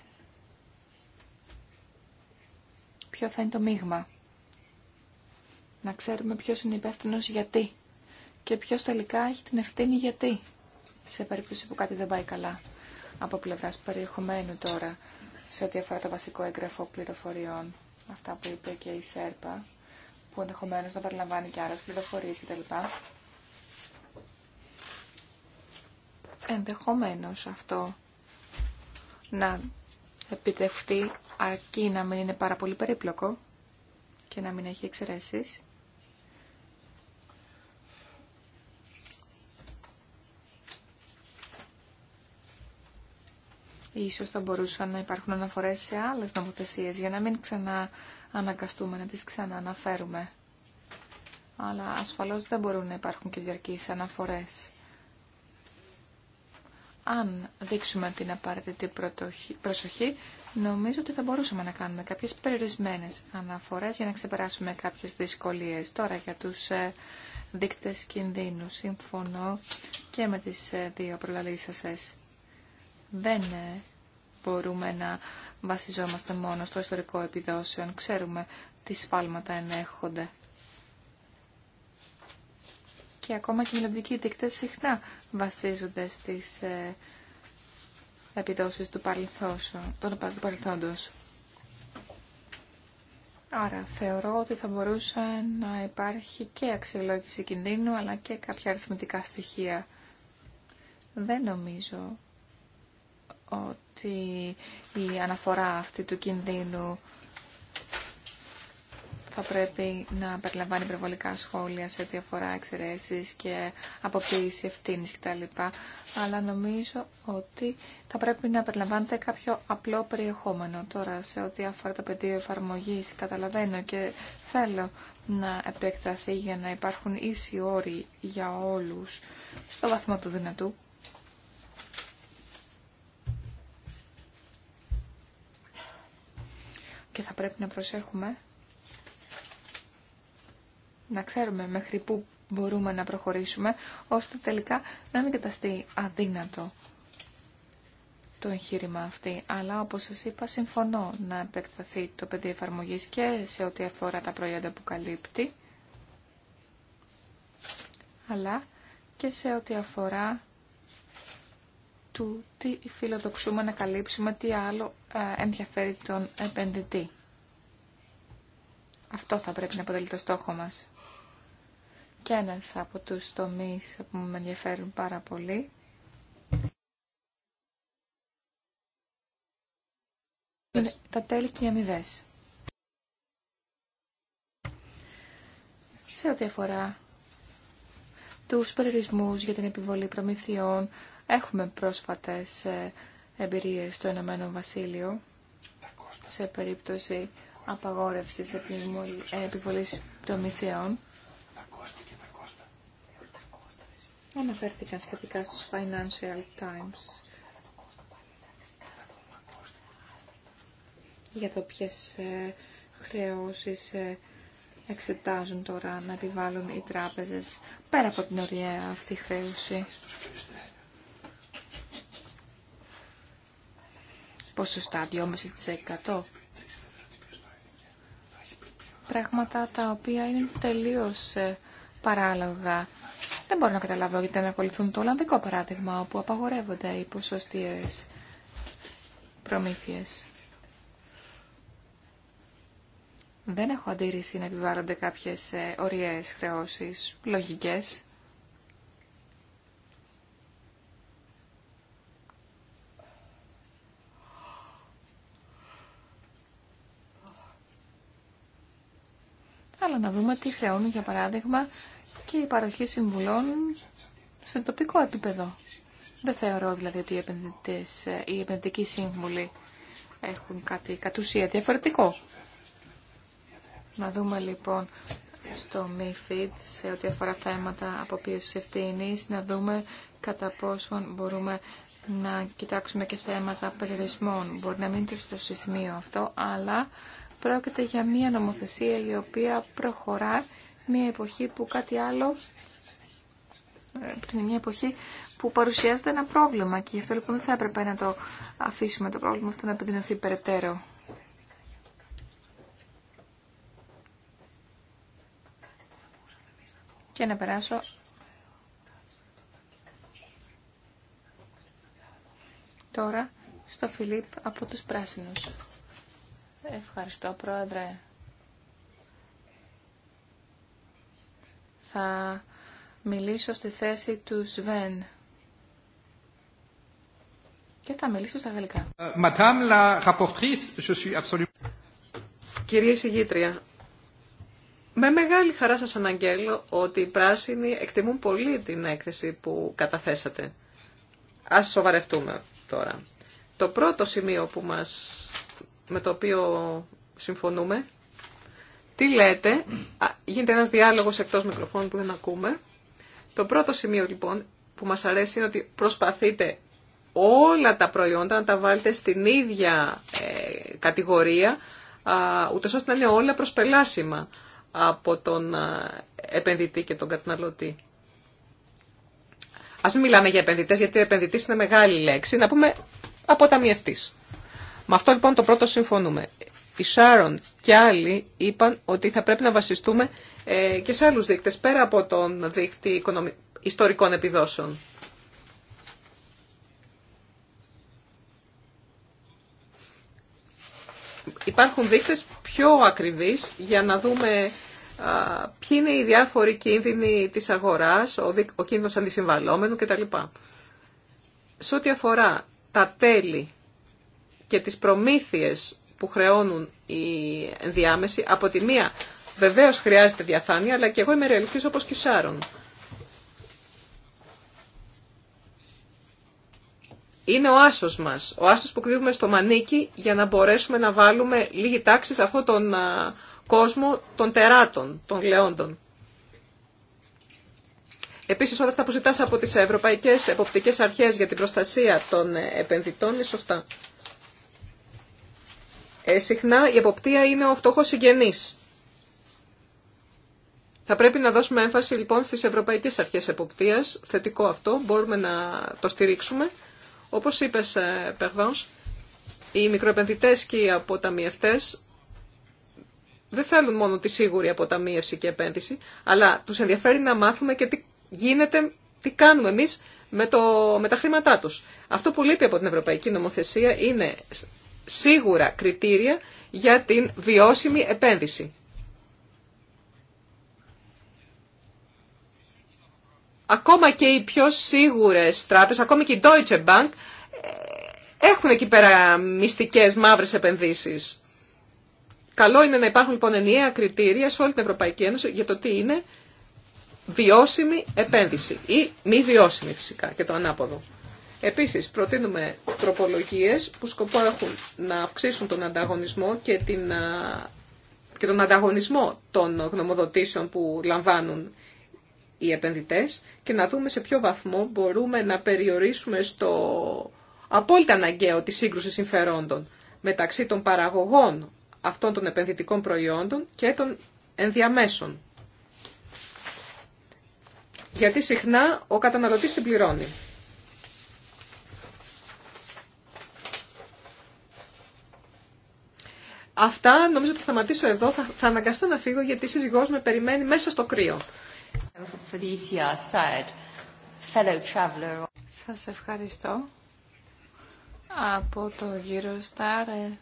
S3: ποιο θα είναι το μείγμα. Να ξέρουμε ποιος είναι υπεύθυνο γιατί και ποιος τελικά έχει την ευθύνη γιατί, σε περίπτωση που κάτι δεν πάει καλά από πλευράς περιεχομένου τώρα σε ό,τι αφορά το βασικό έγγραφο πληροφοριών, αυτά που είπε και η ΣΕΡΠΑ, που ενδεχομένω να περιλαμβάνει και άλλε πληροφορίε κτλ. Ενδεχομένω αυτό να επιτευχθεί αρκεί να μην είναι πάρα πολύ περίπλοκο και να μην έχει εξαιρέσει. Ίσως θα μπορούσαν να υπάρχουν αναφορές σε άλλες νομοθεσίες για να μην ξανά αναγκαστούμε να τις ξανααναφέρουμε. Αλλά ασφαλώς δεν μπορούν να υπάρχουν και διαρκείς αναφορές. Αν δείξουμε την απαραίτητη προσοχή, νομίζω ότι θα μπορούσαμε να κάνουμε κάποιες περιορισμένες αναφορές για να ξεπεράσουμε κάποιες δυσκολίες. Τώρα για τους ε, δείκτες κινδύνου. Συμφωνώ και με τις ε, δύο προλαλήσεις δεν ε, μπορούμε να βασιζόμαστε μόνο στο ιστορικό επιδόσεων. Ξέρουμε τι σφάλματα ενέχονται. Και ακόμα και οι μελλοντικοί δείκτες συχνά βασίζονται στις ε, επιδόσεις του παρελθόντος. Άρα θεωρώ ότι θα μπορούσε να υπάρχει και αξιολόγηση κινδύνου αλλά και κάποια αριθμητικά στοιχεία. Δεν νομίζω ότι η αναφορά αυτή του κινδύνου θα πρέπει να περιλαμβάνει υπερβολικά σχόλια σε ό,τι αφορά εξαιρέσει και αποποίηση ευθύνη κτλ. Αλλά νομίζω ότι θα πρέπει να περιλαμβάνεται κάποιο απλό περιεχόμενο. Τώρα, σε ό,τι αφορά το πεδίο εφαρμογή, καταλαβαίνω και θέλω να επεκταθεί για να υπάρχουν ίσοι όροι για όλου στο βαθμό του δυνατού. και θα πρέπει να προσέχουμε να ξέρουμε μέχρι πού μπορούμε να προχωρήσουμε, ώστε τελικά να μην καταστεί αδύνατο το εγχείρημα αυτή. Αλλά όπως σας είπα, συμφωνώ να επεκταθεί το πεδίο εφαρμογή και σε ό,τι αφορά τα προϊόντα που καλύπτει, αλλά και σε ό,τι αφορά του τι φιλοδοξούμε να καλύψουμε, τι άλλο ε, ενδιαφέρει τον επενδυτή. Αυτό θα πρέπει να αποτελεί το στόχο μας. Και ένας από τους τομείς που με ενδιαφέρουν πάρα πολύ είναι τα τέλη και οι αμοιβέ. Σε ό,τι αφορά τους περιορισμούς για την επιβολή προμηθειών, Έχουμε πρόσφατες ε, εμπειρίες στο Ενωμένο Βασίλειο σε περίπτωση απαγόρευσης ε, επιβολής προμηθειών. Αναφέρθηκαν σχετικά στους Financial Times για το ποιες ε, χρεώσεις εξετάζουν τώρα να επιβάλλουν οι τράπεζες πέρα από την ωραία αυτή χρέωση. ποσοστά, 2,5%. Πράγματα τα οποία είναι τελείως ε, παράλογα. Δεν μπορώ να καταλάβω γιατί δεν ακολουθούν το Ολλανδικό παράδειγμα, όπου απαγορεύονται οι ποσοστίες προμήθειες. Δεν έχω αντίρρηση να επιβάλλονται κάποιες ε, οριές χρεώσεις λογικές. αλλά να δούμε τι χρεώνουν για παράδειγμα, και η παροχή συμβουλών σε τοπικό επίπεδο. Δεν θεωρώ δηλαδή ότι οι, ε, οι επενδυτικοί σύμβουλοι έχουν κάτι κατ' ουσία διαφορετικό. Να δούμε λοιπόν στο MIFID σε ό,τι αφορά θέματα αποποίησης ευθύνεις, να δούμε κατά πόσον μπορούμε να κοιτάξουμε και θέματα περιορισμών. Μπορεί να μην είναι στο σημείο αυτό, αλλά Πρόκειται για μια νομοθεσία η οποία προχωρά μια εποχή που κάτι άλλο ε, είναι μια εποχή που παρουσιάζεται ένα πρόβλημα και γι' αυτό λοιπόν δεν θα έπρεπε να το αφήσουμε το πρόβλημα αυτό να επιδεινωθεί περαιτέρω. Και να περάσω τώρα στο Φιλίπ από τους Πράσινους. Ευχαριστώ, Πρόεδρε. Θα μιλήσω στη θέση του Σβέν. Και θα μιλήσω στα γαλλικά.
S2: Κυρία Συγήτρια, με μεγάλη χαρά σας αναγγέλω ότι οι πράσινοι εκτιμούν πολύ την έκθεση που καταθέσατε. Ας σοβαρευτούμε τώρα. Το πρώτο σημείο που μας με το οποίο συμφωνούμε. Τι λέτε, γίνεται ένας διάλογος εκτός μικροφώνου που δεν ακούμε. Το πρώτο σημείο λοιπόν που μας αρέσει είναι ότι προσπαθείτε όλα τα προϊόντα να τα βάλετε στην ίδια ε, κατηγορία, α, ούτως ώστε να είναι όλα προσπελάσιμα από τον επενδυτή και τον καταναλωτή. Ας μην μιλάμε για επενδυτές, γιατί επενδυτής είναι μεγάλη λέξη, να πούμε αποταμιευτής. Με αυτό λοιπόν το πρώτο συμφωνούμε. Οι Σάρον και άλλοι είπαν ότι θα πρέπει να βασιστούμε ε, και σε άλλους δείκτες, πέρα από τον δείκτη ιστορικών επιδόσεων. Υπάρχουν δείκτες πιο ακριβείς για να δούμε ποιοι είναι οι διάφοροι κίνδυνοι της αγοράς, ο κίνδυνος αντισυμβαλόμενου κτλ. Σε ό,τι αφορά τα τέλη και τις προμήθειες που χρεώνουν οι ενδιάμεσοι, από τη μία βεβαίως χρειάζεται διαφάνεια, αλλά και εγώ είμαι ρεαλιστής όπως και Σάρων. Είναι ο άσος μας, ο άσος που κρύβουμε στο μανίκι για να μπορέσουμε να βάλουμε λίγη τάξη σε αυτόν τον κόσμο των τεράτων, των λεόντων. Επίσης όλα αυτά που ζητάς από τις ευρωπαϊκές εποπτικές αρχές για την προστασία των επενδυτών είναι σωστά συχνά η εποπτεία είναι ο φτωχό συγγενή. Θα πρέπει να δώσουμε έμφαση λοιπόν στις ευρωπαϊκές αρχές εποπτείας, θετικό αυτό, μπορούμε να το στηρίξουμε. Όπως είπες, ε, Περβάνς, οι μικροεπενδυτές και οι αποταμιευτές δεν θέλουν μόνο τη σίγουρη αποταμίευση και επένδυση, αλλά τους ενδιαφέρει να μάθουμε και τι γίνεται, τι κάνουμε εμείς με, το, με τα χρήματά τους. Αυτό που λείπει από την Ευρωπαϊκή Νομοθεσία είναι σίγουρα κριτήρια για την βιώσιμη επένδυση. Ακόμα και οι πιο σίγουρες τράπεζες, ακόμα και η Deutsche Bank, ε, έχουν εκεί πέρα μυστικές μαύρες επενδύσεις. Καλό είναι να υπάρχουν λοιπόν ενιαία κριτήρια σε όλη την Ευρωπαϊκή Ένωση για το τι είναι βιώσιμη επένδυση ή μη βιώσιμη φυσικά και το ανάποδο. Επίσης, προτείνουμε τροπολογίες που σκοπό έχουν να αυξήσουν τον ανταγωνισμό και, την, τον ανταγωνισμό των γνωμοδοτήσεων που λαμβάνουν οι επενδυτές και να δούμε σε ποιο βαθμό μπορούμε να περιορίσουμε στο απόλυτα αναγκαίο τη σύγκρουση συμφερόντων μεταξύ των παραγωγών αυτών των επενδυτικών προϊόντων και των ενδιαμέσων. Γιατί συχνά ο καταναλωτής την πληρώνει. Αυτά νομίζω ότι θα σταματήσω εδώ. Θα, θα αναγκαστώ να φύγω γιατί η σύζυγός με περιμένει μέσα στο κρύο.
S3: Σας ευχαριστώ. Από το γύρο Στάρ, ε,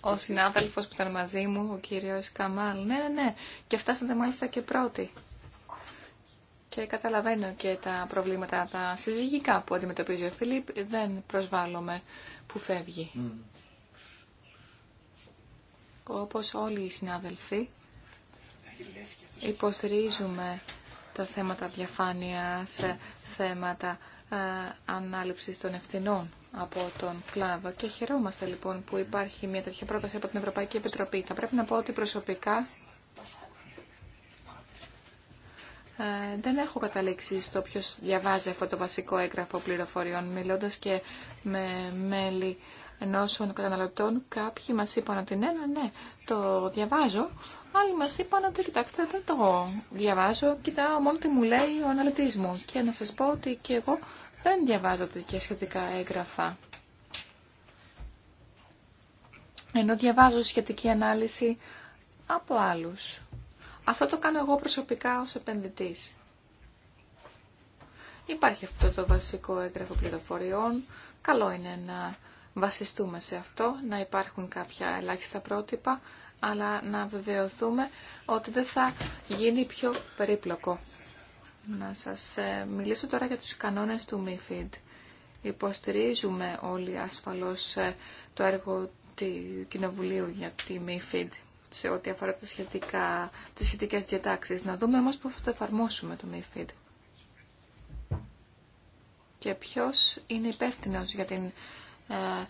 S3: ο συνάδελφος που ήταν μαζί μου, ο κύριος Καμάλ. Ναι, ναι, ναι. Και φτάσατε μάλιστα και πρώτοι. Και καταλαβαίνω και τα προβλήματα τα συζυγικά που αντιμετωπίζει ο Φιλίπ. Δεν προσβάλλομαι που φεύγει. Mm όπως όλοι οι συνάδελφοι, υποστηρίζουμε τα θέματα διαφάνειας, θέματα ε, ανάληψης των ευθυνών από τον κλάδο και χαιρόμαστε λοιπόν που υπάρχει μια τέτοια πρόταση από την Ευρωπαϊκή Επιτροπή. Θα πρέπει να πω ότι προσωπικά ε, δεν έχω καταλήξει στο ποιος διαβάζει αυτό το βασικό έγγραφο πληροφοριών, μιλώντας και με μέλη ενώσεων καταναλωτών, κάποιοι μα είπαν ότι ναι, ναι, ναι, το διαβάζω. Άλλοι μα είπαν ότι κοιτάξτε δεν το διαβάζω, κοιτάω μόνο τι μου λέει ο αναλυτή μου. Και να σας πω ότι και εγώ δεν διαβάζω και σχετικά έγγραφα. Ενώ διαβάζω σχετική ανάλυση από άλλους. Αυτό το κάνω εγώ προσωπικά ως επενδυτής. Υπάρχει αυτό το βασικό έγγραφο πληροφοριών. Καλό είναι να βασιστούμε σε αυτό, να υπάρχουν κάποια ελάχιστα πρότυπα, αλλά να βεβαιωθούμε ότι δεν θα γίνει πιο περίπλοκο. Να σας ε, μιλήσω τώρα για τους κανόνες του MIFID. Υποστηρίζουμε όλοι ασφαλώς ε, το έργο του Κοινοβουλίου για τη MIFID σε ό,τι αφορά σχετικά, τις σχετικές διατάξεις. Να δούμε όμως πώς θα εφαρμόσουμε το MIFID. Και ποιος είναι υπεύθυνο για την ε,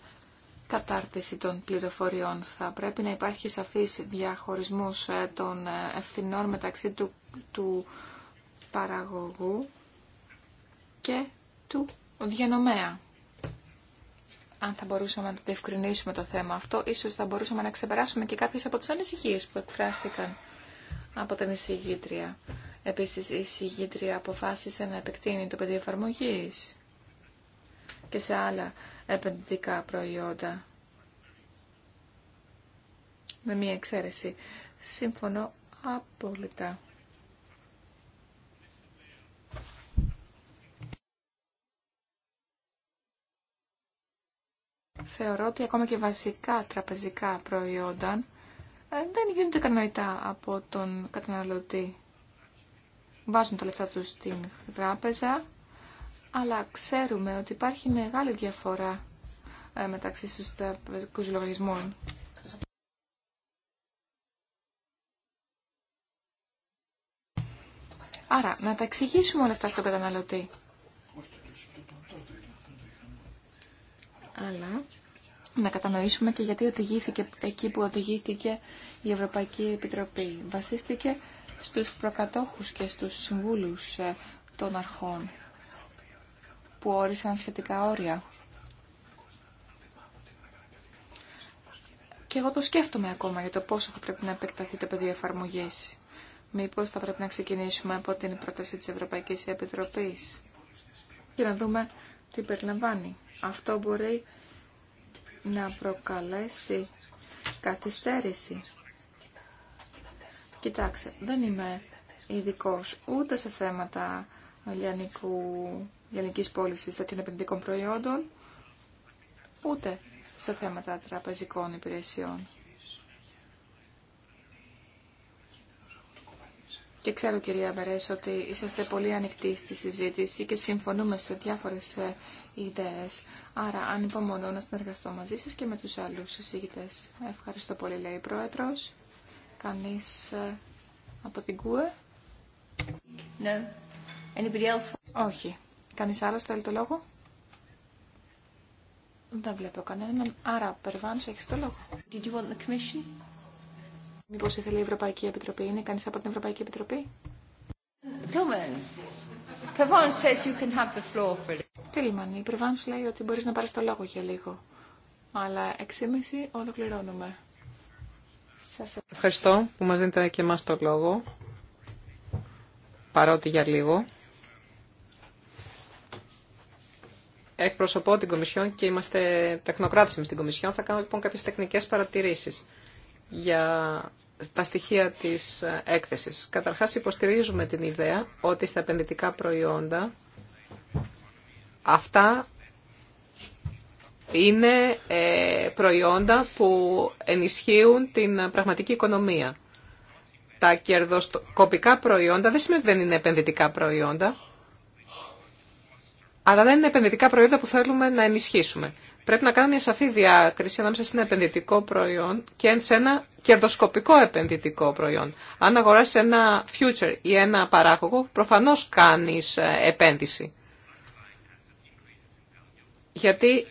S3: κατάρτιση των πληροφοριών. Θα πρέπει να υπάρχει σαφής διαχωρισμός ε, των ε, ευθυνών μεταξύ του, του παραγωγού και του διανομέα. Αν θα μπορούσαμε να το διευκρινίσουμε το θέμα αυτό, ίσως θα μπορούσαμε να ξεπεράσουμε και κάποιες από τις ανησυχίε που εκφράστηκαν από την εισηγήτρια. Επίσης, η εισηγήτρια αποφάσισε να επεκτείνει το πεδίο εφαρμογή και σε άλλα επενδυτικά προϊόντα. Με μία εξαίρεση. Σύμφωνο απόλυτα. Θεωρώ ότι ακόμα και βασικά τραπεζικά προϊόντα ε, δεν γίνονται κανονικά από τον καταναλωτή. Βάζουν τα λεφτά τους στην τράπεζα αλλά ξέρουμε ότι υπάρχει μεγάλη διαφορά ε, μεταξύ στους τραπεζικούς λογαριασμών. Άρα, να τα εξηγήσουμε όλα αυτά στον καταναλωτή. Αλλά να κατανοήσουμε και γιατί οδηγήθηκε εκεί που οδηγήθηκε η Ευρωπαϊκή Επιτροπή. Βασίστηκε στους προκατόχους και στους συμβούλους ε, των αρχών που όρισαν σχετικά όρια. Και εγώ το σκέφτομαι ακόμα για το πόσο θα πρέπει να επεκταθεί το πεδίο εφαρμογή. Μήπω θα πρέπει να ξεκινήσουμε από την πρόταση της Ευρωπαϊκής Επιτροπή. και να δούμε τι περιλαμβάνει. Αυτό μπορεί να προκαλέσει καθυστέρηση. Κοιτάξτε, δεν είμαι ειδικό ούτε σε θέματα λιανικού γενικής πώλησης τέτοιων επενδυτικών προϊόντων, ούτε σε θέματα τραπεζικών υπηρεσιών. Και ξέρω, κυρία Μπερές, ότι είσαστε πολύ ανοιχτοί στη συζήτηση και συμφωνούμε σε διάφορες ε, ιδέες. Άρα, αν υπομονώ να συνεργαστώ μαζί σας και με τους άλλους συζήτητες. Ευχαριστώ πολύ, λέει η Πρόεδρος. Κανείς ε, από την ΚΟΕ. Όχι. Κανείς άλλος θέλει το λόγο. Δεν βλέπω κανέναν. Άρα, Περβάνς, έχεις το λόγο. Did you want the commission? Μήπως ήθελε η Ευρωπαϊκή Επιτροπή. Είναι κανείς από την Ευρωπαϊκή Επιτροπή. Περβάν says you can have the floor for Τίλμαν, η Περβάν λέει ότι μπορείς να πάρεις το λόγο για λίγο. Αλλά 6.30 ολοκληρώνουμε. Σας
S2: ευχαριστώ που μας δίνετε και εμάς το λόγο. Παρότι για λίγο. εκπροσωπώ την Κομισιόν και είμαστε τεχνοκράτες στην Κομισιόν. Θα κάνω λοιπόν κάποιες τεχνικές παρατηρήσεις για τα στοιχεία της έκθεσης. Καταρχάς υποστηρίζουμε την ιδέα ότι στα επενδυτικά προϊόντα αυτά είναι ε, προϊόντα που ενισχύουν την πραγματική οικονομία. Τα κερδοσκοπικά προϊόντα δεν σημαίνει ότι δεν είναι επενδυτικά προϊόντα αλλά δεν είναι επενδυτικά προϊόντα που θέλουμε να ενισχύσουμε. Πρέπει να κάνουμε μια σαφή διάκριση ανάμεσα σε ένα επενδυτικό προϊόν και σε ένα κερδοσκοπικό επενδυτικό προϊόν. Αν αγοράσει ένα future ή ένα παράγωγο, προφανώς κάνεις ε, επένδυση. Γιατί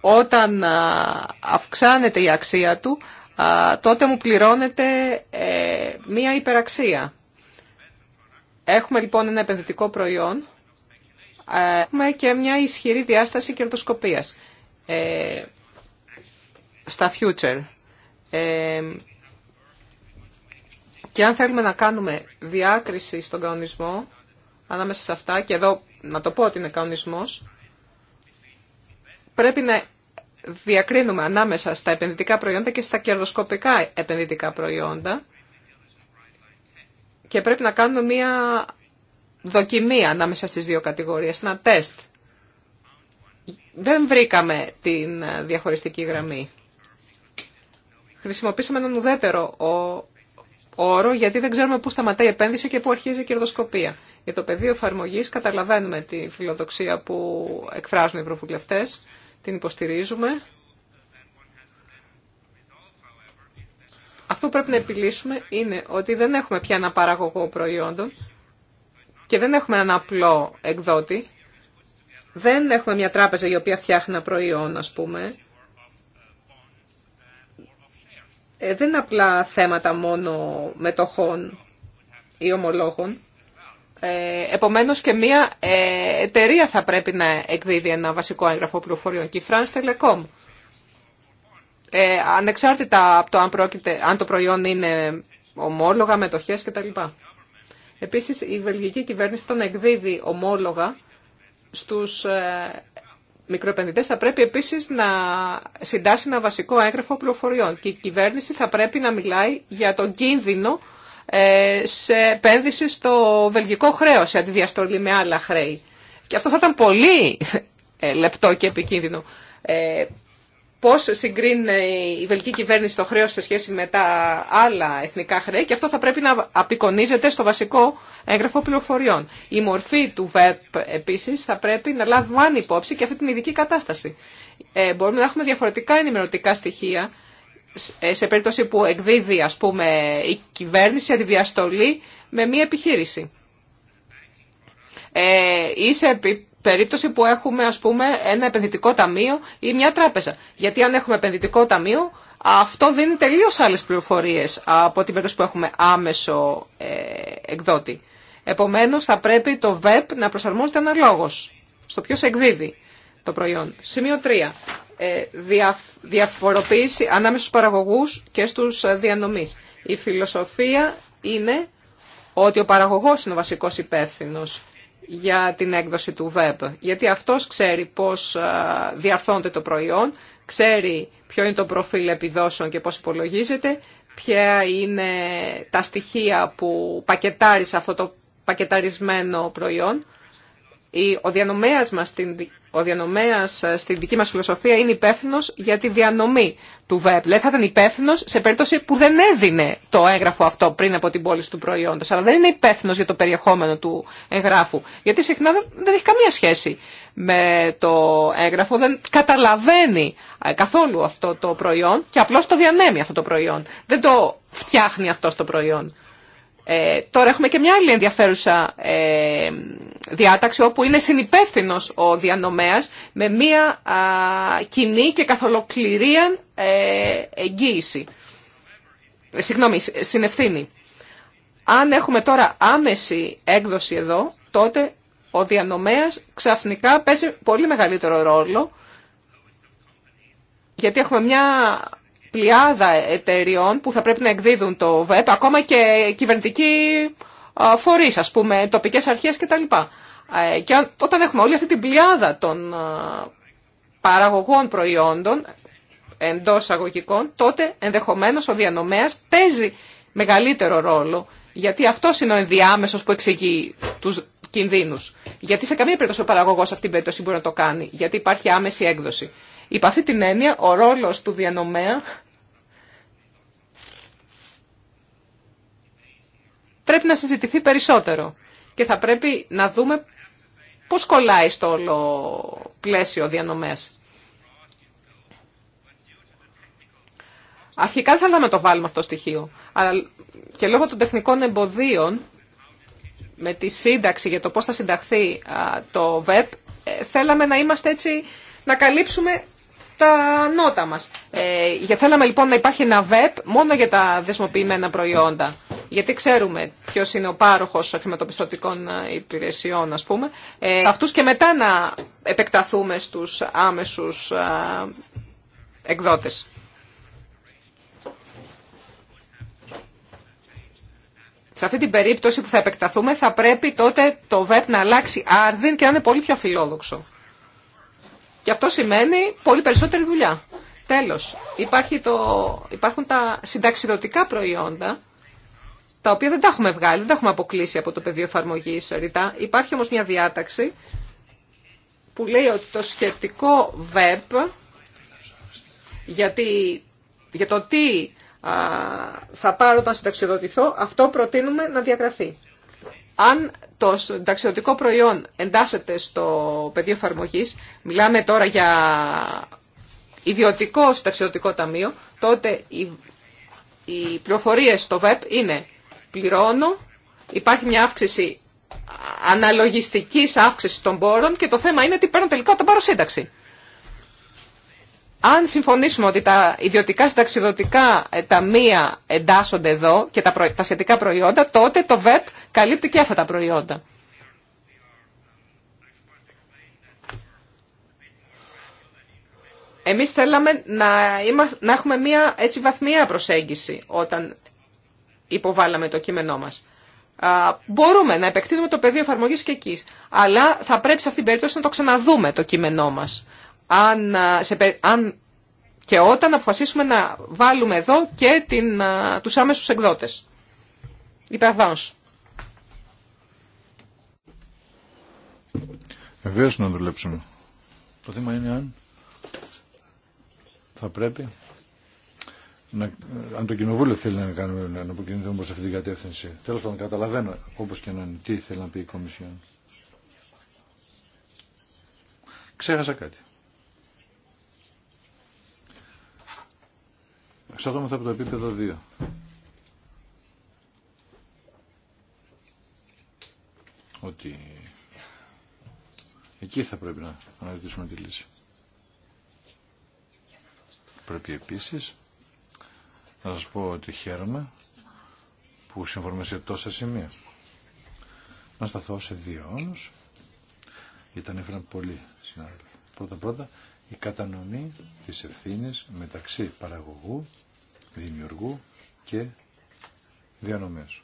S2: όταν ε, αυξάνεται η αξία του, ε, τότε μου πληρώνεται μία υπεραξία. Έχουμε λοιπόν ένα επενδυτικό προϊόν Έχουμε και μια ισχυρή διάσταση κερδοσκοπίας ε, στα future. Ε, και αν θέλουμε να κάνουμε διάκριση στον κανονισμό ανάμεσα σε αυτά, και εδώ να το πω ότι είναι κανονισμός, πρέπει να διακρίνουμε ανάμεσα στα επενδυτικά προϊόντα και στα κερδοσκοπικά επενδυτικά προϊόντα και πρέπει να κάνουμε μία δοκιμία ανάμεσα στις δύο κατηγορίες, ένα τεστ. Δεν βρήκαμε την διαχωριστική γραμμή. Χρησιμοποίησαμε έναν ουδέτερο όρο γιατί δεν ξέρουμε πού σταματάει η επένδυση και πού αρχίζει η κερδοσκοπία. Για το πεδίο εφαρμογή καταλαβαίνουμε τη φιλοδοξία που εκφράζουν οι ευρωβουλευτέ, την υποστηρίζουμε. Αυτό που πρέπει να επιλύσουμε είναι ότι δεν έχουμε πια ένα παραγωγό προϊόντων, και δεν έχουμε έναν απλό εκδότη. Δεν έχουμε μια τράπεζα η οποία φτιάχνει ένα προϊόν, ας πούμε. Ε, δεν είναι απλά θέματα μόνο μετοχών ή ομολόγων. Ε, επομένως και μια ε, εταιρεία θα πρέπει να εκδίδει ένα βασικό έγγραφο πληροφοριών και France Telecom. Ε, ανεξάρτητα από το αν, πρόκειται, αν το προϊόν είναι ομόλογα, μετοχές κτλ. Επίσης, η βελγική κυβέρνηση τον εκδίδει ομόλογα στους ε, μικροεπενδυτές. θα πρέπει επίσης να συντάσει ένα βασικό έγγραφο πληροφοριών και η κυβέρνηση θα πρέπει να μιλάει για τον κίνδυνο ε, σε επένδυση στο βελγικό χρέος, σε αντιδιαστολή με άλλα χρέη. Και αυτό θα ήταν πολύ ε, λεπτό και επικίνδυνο. Πώ συγκρίνει η βελική κυβέρνηση το χρέο σε σχέση με τα άλλα εθνικά χρέη και αυτό θα πρέπει να απεικονίζεται στο βασικό έγγραφο πληροφοριών. Η μορφή του ΒΕΠ επίσης θα πρέπει να λαμβάνει υπόψη και αυτή την ειδική κατάσταση. Ε, μπορούμε να έχουμε διαφορετικά ενημερωτικά στοιχεία ε, σε περίπτωση που εκδίδει ας πούμε, η κυβέρνηση αντιδιαστολή με μία επιχείρηση. Ε, ή σε περίπτωση που έχουμε ας πούμε ένα επενδυτικό ταμείο ή μια τράπεζα. Γιατί αν έχουμε επενδυτικό ταμείο αυτό δίνει τελείως άλλες πληροφορίες από την περίπτωση που έχουμε άμεσο ε, εκδότη. Επομένως θα πρέπει το ΒΕΠ να προσαρμόζεται αναλόγως στο ποιος εκδίδει το προϊόν. Σημείο 3. Ε, διαφοροποίηση ανάμεσα στους παραγωγούς και στους ε, διανομή. Η φιλοσοφία είναι ότι ο παραγωγός είναι ο βασικός υπεύθυνος για την έκδοση του web. Γιατί αυτός ξέρει πώς διαρθώνεται το προϊόν, ξέρει ποιο είναι το προφίλ επιδόσεων και πώς υπολογίζεται, ποια είναι τα στοιχεία που πακετάρει σε αυτό το πακεταρισμένο προϊόν. Ο διανομέας μας στην ο διανομέας ε, στη δική μας φιλοσοφία είναι υπεύθυνο για τη διανομή του ΒΕΠ. Δηλαδή θα ήταν υπεύθυνο σε περίπτωση που δεν έδινε το έγγραφο αυτό πριν από την πώληση του προϊόντος. Αλλά δεν είναι υπεύθυνο για το περιεχόμενο του εγγράφου. Γιατί συχνά δεν έχει καμία σχέση με το έγγραφο, δεν καταλαβαίνει ε, καθόλου αυτό το προϊόν και απλώ το διανέμει αυτό το προϊόν. Δεν το φτιάχνει αυτό το προϊόν. Ε, τώρα έχουμε και μια άλλη ενδιαφέρουσα ε, διάταξη όπου είναι συνυπεύθυνο ο διανομέας με μια α, κοινή και καθολοκληρίαν ε, εγγύηση. Ε, συγγνώμη, συνευθύνη. Αν έχουμε τώρα άμεση έκδοση εδώ, τότε ο διανομέας ξαφνικά παίζει πολύ μεγαλύτερο ρόλο γιατί έχουμε μια πλειάδα εταιριών που θα πρέπει να εκδίδουν το ΒΕΠ, ακόμα και κυβερνητικοί φορείς, α πούμε, τοπικέ αρχέ κτλ. Ε, και όταν έχουμε όλη αυτή την πλειάδα των παραγωγών προϊόντων εντό αγωγικών, τότε ενδεχομένω ο διανομέα παίζει μεγαλύτερο ρόλο, γιατί αυτό είναι ο ενδιάμεσο που εξηγεί του κινδύνου. Γιατί σε καμία περίπτωση ο παραγωγός αυτή την περίπτωση μπορεί να το κάνει, γιατί υπάρχει άμεση έκδοση. Υπ' αυτή την έννοια, ο ρόλος του διανομέα πρέπει να συζητηθεί περισσότερο και θα πρέπει να δούμε πώς κολλάει στο όλο πλαίσιο διανομές. Αρχικά δεν να το βάλουμε αυτό το στοιχείο, αλλά και λόγω των τεχνικών εμποδίων με τη σύνταξη για το πώς θα συνταχθεί το ΒΕΠ, ε, θέλαμε να είμαστε έτσι, να καλύψουμε τα νότα μας. Ε, θέλαμε λοιπόν να υπάρχει ένα ΒΕΠ μόνο για τα δεσμοποιημένα προϊόντα γιατί ξέρουμε ποιο είναι ο πάροχο χρηματοπιστωτικών ε, υπηρεσιών, α πούμε, ε, αυτού και μετά να επεκταθούμε στου άμεσου ε, εκδότε. Σε αυτή την περίπτωση που θα επεκταθούμε θα πρέπει τότε το ΒΕΠ να αλλάξει άρδιν και να είναι πολύ πιο φιλόδοξο. Και αυτό σημαίνει πολύ περισσότερη δουλειά. Τέλος, το, υπάρχουν τα συνταξιδοτικά προϊόντα τα οποία δεν τα έχουμε βγάλει, δεν τα έχουμε αποκλείσει από το πεδίο εφαρμογή ρητά. Υπάρχει όμως μια διάταξη που λέει ότι το σχετικό web γιατί, για το τι α, θα πάρω όταν συνταξιοδοτηθώ, αυτό προτείνουμε να διαγραφεί. Αν το συνταξιδοτικό προϊόν εντάσσεται στο πεδίο εφαρμογή, μιλάμε τώρα για ιδιωτικό συνταξιδοτικό ταμείο, τότε οι, οι πληροφορίε στο web είναι πληρώνω, υπάρχει μια αύξηση αναλογιστικής αύξησης των πόρων και το θέμα είναι τι παίρνω τελικά όταν πάρω σύνταξη. Αν συμφωνήσουμε ότι τα ιδιωτικά συνταξιδοτικά ε, ταμεία εντάσσονται εδώ και τα, τα σχετικά προϊόντα, τότε το ΒΕΠ καλύπτει και αυτά τα προϊόντα. Εμείς θέλαμε να, να έχουμε μια έτσι βαθμία προσέγγιση όταν υποβάλαμε το κείμενό μας. μπορούμε να επεκτείνουμε το πεδίο εφαρμογή και εκεί. Αλλά θα πρέπει σε αυτήν την περίπτωση να το ξαναδούμε το κείμενό μας. Αν, αν και όταν αποφασίσουμε να βάλουμε εδώ και την, τους άμεσους εκδότες.
S1: Βεβαίω να δουλέψουμε. Το θέμα είναι αν θα πρέπει να, αν το κοινοβούλιο θέλει να κάνουμε να αποκινηθούμε προς αυτή την κατεύθυνση. Τέλος πάντων καταλαβαίνω όπως και να είναι τι θέλει να πει η Κομισιόν. Ξέχασα κάτι. Εξαρτώμεθα από το επίπεδο 2. Ότι εκεί θα πρέπει να αναζητήσουμε τη λύση. Πρέπει επίσης να σας πω ότι χαίρομαι που συμφωνούμε σε τόσα σημεία. Να σταθώ σε δύο όμως, γιατί ανέφεραν πολλοί συνάδελφοι. Πρώτα-πρώτα, η κατανομή της ευθύνης μεταξύ παραγωγού, δημιουργού και διανομής.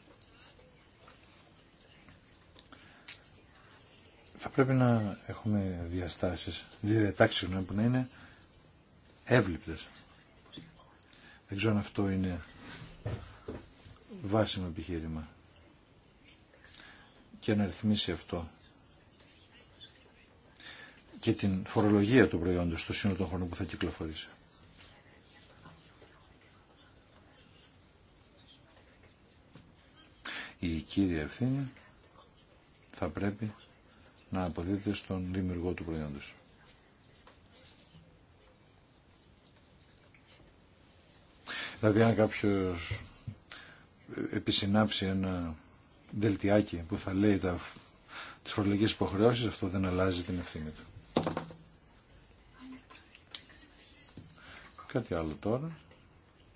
S1: Θα πρέπει να έχουμε διαστάσεις, διατάξεις που να είναι εύληπτες. Δεν ξέρω αν αυτό είναι βάσιμο επιχείρημα και να ρυθμίσει αυτό και την φορολογία του προϊόντος στο σύνολο των χρόνων που θα κυκλοφορήσει. Η κύρια ευθύνη θα πρέπει να αποδίδεται στον δημιουργό του προϊόντος. Δηλαδή αν κάποιος επισυνάψει ένα δελτιάκι που θα λέει τα, τις φορολογικές υποχρεώσεις, αυτό δεν αλλάζει την ευθύνη του. Κάτι άλλο τώρα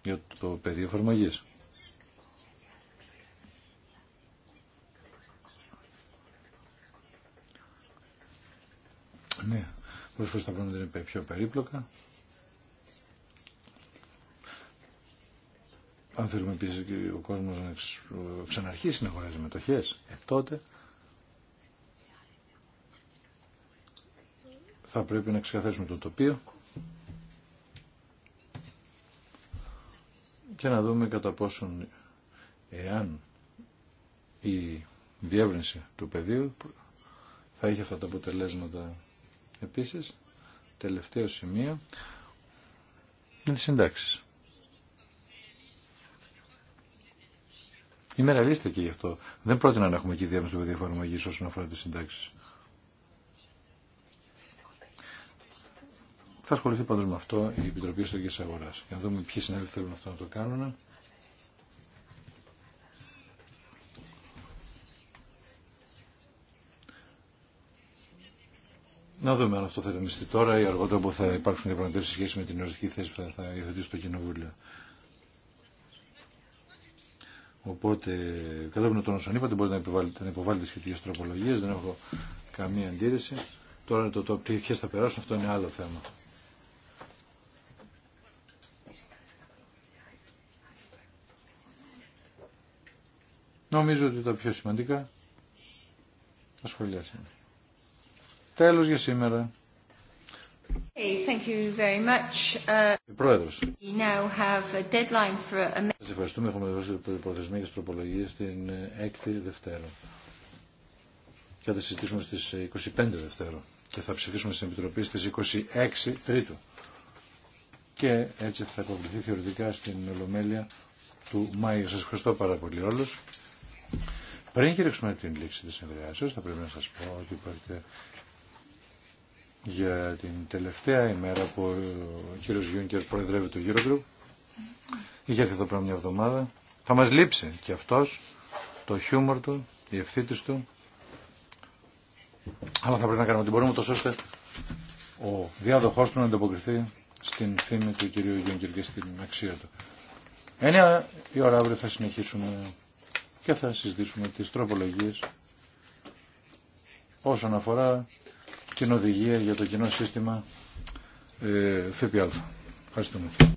S1: για το πεδίο εφαρμογή. Ναι, πολλές φορές τα πράγματα είναι πιο περίπλοκα Αν θέλουμε επίση ο κόσμο να ξαναρχίσει να αγοράζει μετοχέ, ε, τότε θα πρέπει να ξεκαθαρίσουμε το τοπίο και να δούμε κατά πόσον εάν η διεύρυνση του πεδίου θα είχε αυτά τα αποτελέσματα επίσης τελευταίο σημείο με τις συντάξεις Είμαι λίστα και γι' αυτό. Δεν πρότεινα να έχουμε εκεί διάμεση του πεδίου εφαρμογή όσον αφορά τι συντάξει. Θα ασχοληθεί πάντω με αυτό η Επιτροπή Ιστορική Αγορά. Για να δούμε ποιοι συνάδελφοι θέλουν αυτό να το κάνουν. Να δούμε αν αυτό θα ρεμιστεί τώρα ή αργότερα που θα υπάρξουν διαπραγματεύσει σχέση με την οριστική θέση που θα, θα υιοθετήσει το Κοινοβούλιο. Οπότε, κατόπιν των όσων είπατε, μπορείτε να υποβάλλετε, να υποβάλλετε σχετικές τροπολογίες, δεν έχω καμία αντίρρηση. Τώρα το, το ποιες θα περάσουν, αυτό είναι άλλο θέμα. Νομίζω ότι τα πιο σημαντικά θα σχολιάσουν. Τέλος για σήμερα.
S3: Hey, thank you very much. Uh, now have a deadline for a...
S1: Σας ευχαριστούμε. Έχουμε δώσει προθεσμία για τις την 6η ε, Δευτέρα. Και θα τα συζητήσουμε στις 25 ε, Δευτέρα. Και θα ψηφίσουμε στην Επιτροπή στις 26 Τρίτου. Και έτσι θα ακολουθεί θεωρητικά στην Ολομέλεια του Μάιου. Σας ευχαριστώ πάρα πολύ όλους. Πριν κηρύξουμε την λήξη της εμβριάσεως, θα πρέπει να σας πω ότι υπάρχει για την τελευταία ημέρα που ο κύριος Γιούνκερ προεδρεύει το Eurogroup. Είχε έρθει εδώ πριν μια εβδομάδα. Θα μας λείψει και αυτός, το χιούμορ του, η ευθύτη του. Αλλά θα πρέπει να κάνουμε ό,τι μπορούμε τόσο ώστε ο διάδοχός του να ανταποκριθεί στην φήμη του κυρίου Γιούνκερ και στην αξία του. Ενιά η ώρα αύριο θα συνεχίσουμε και θα συζητήσουμε τις τροπολογίες όσον αφορά την οδηγία για το κοινό σύστημα ε, ΦΠΑ. Ευχαριστούμε.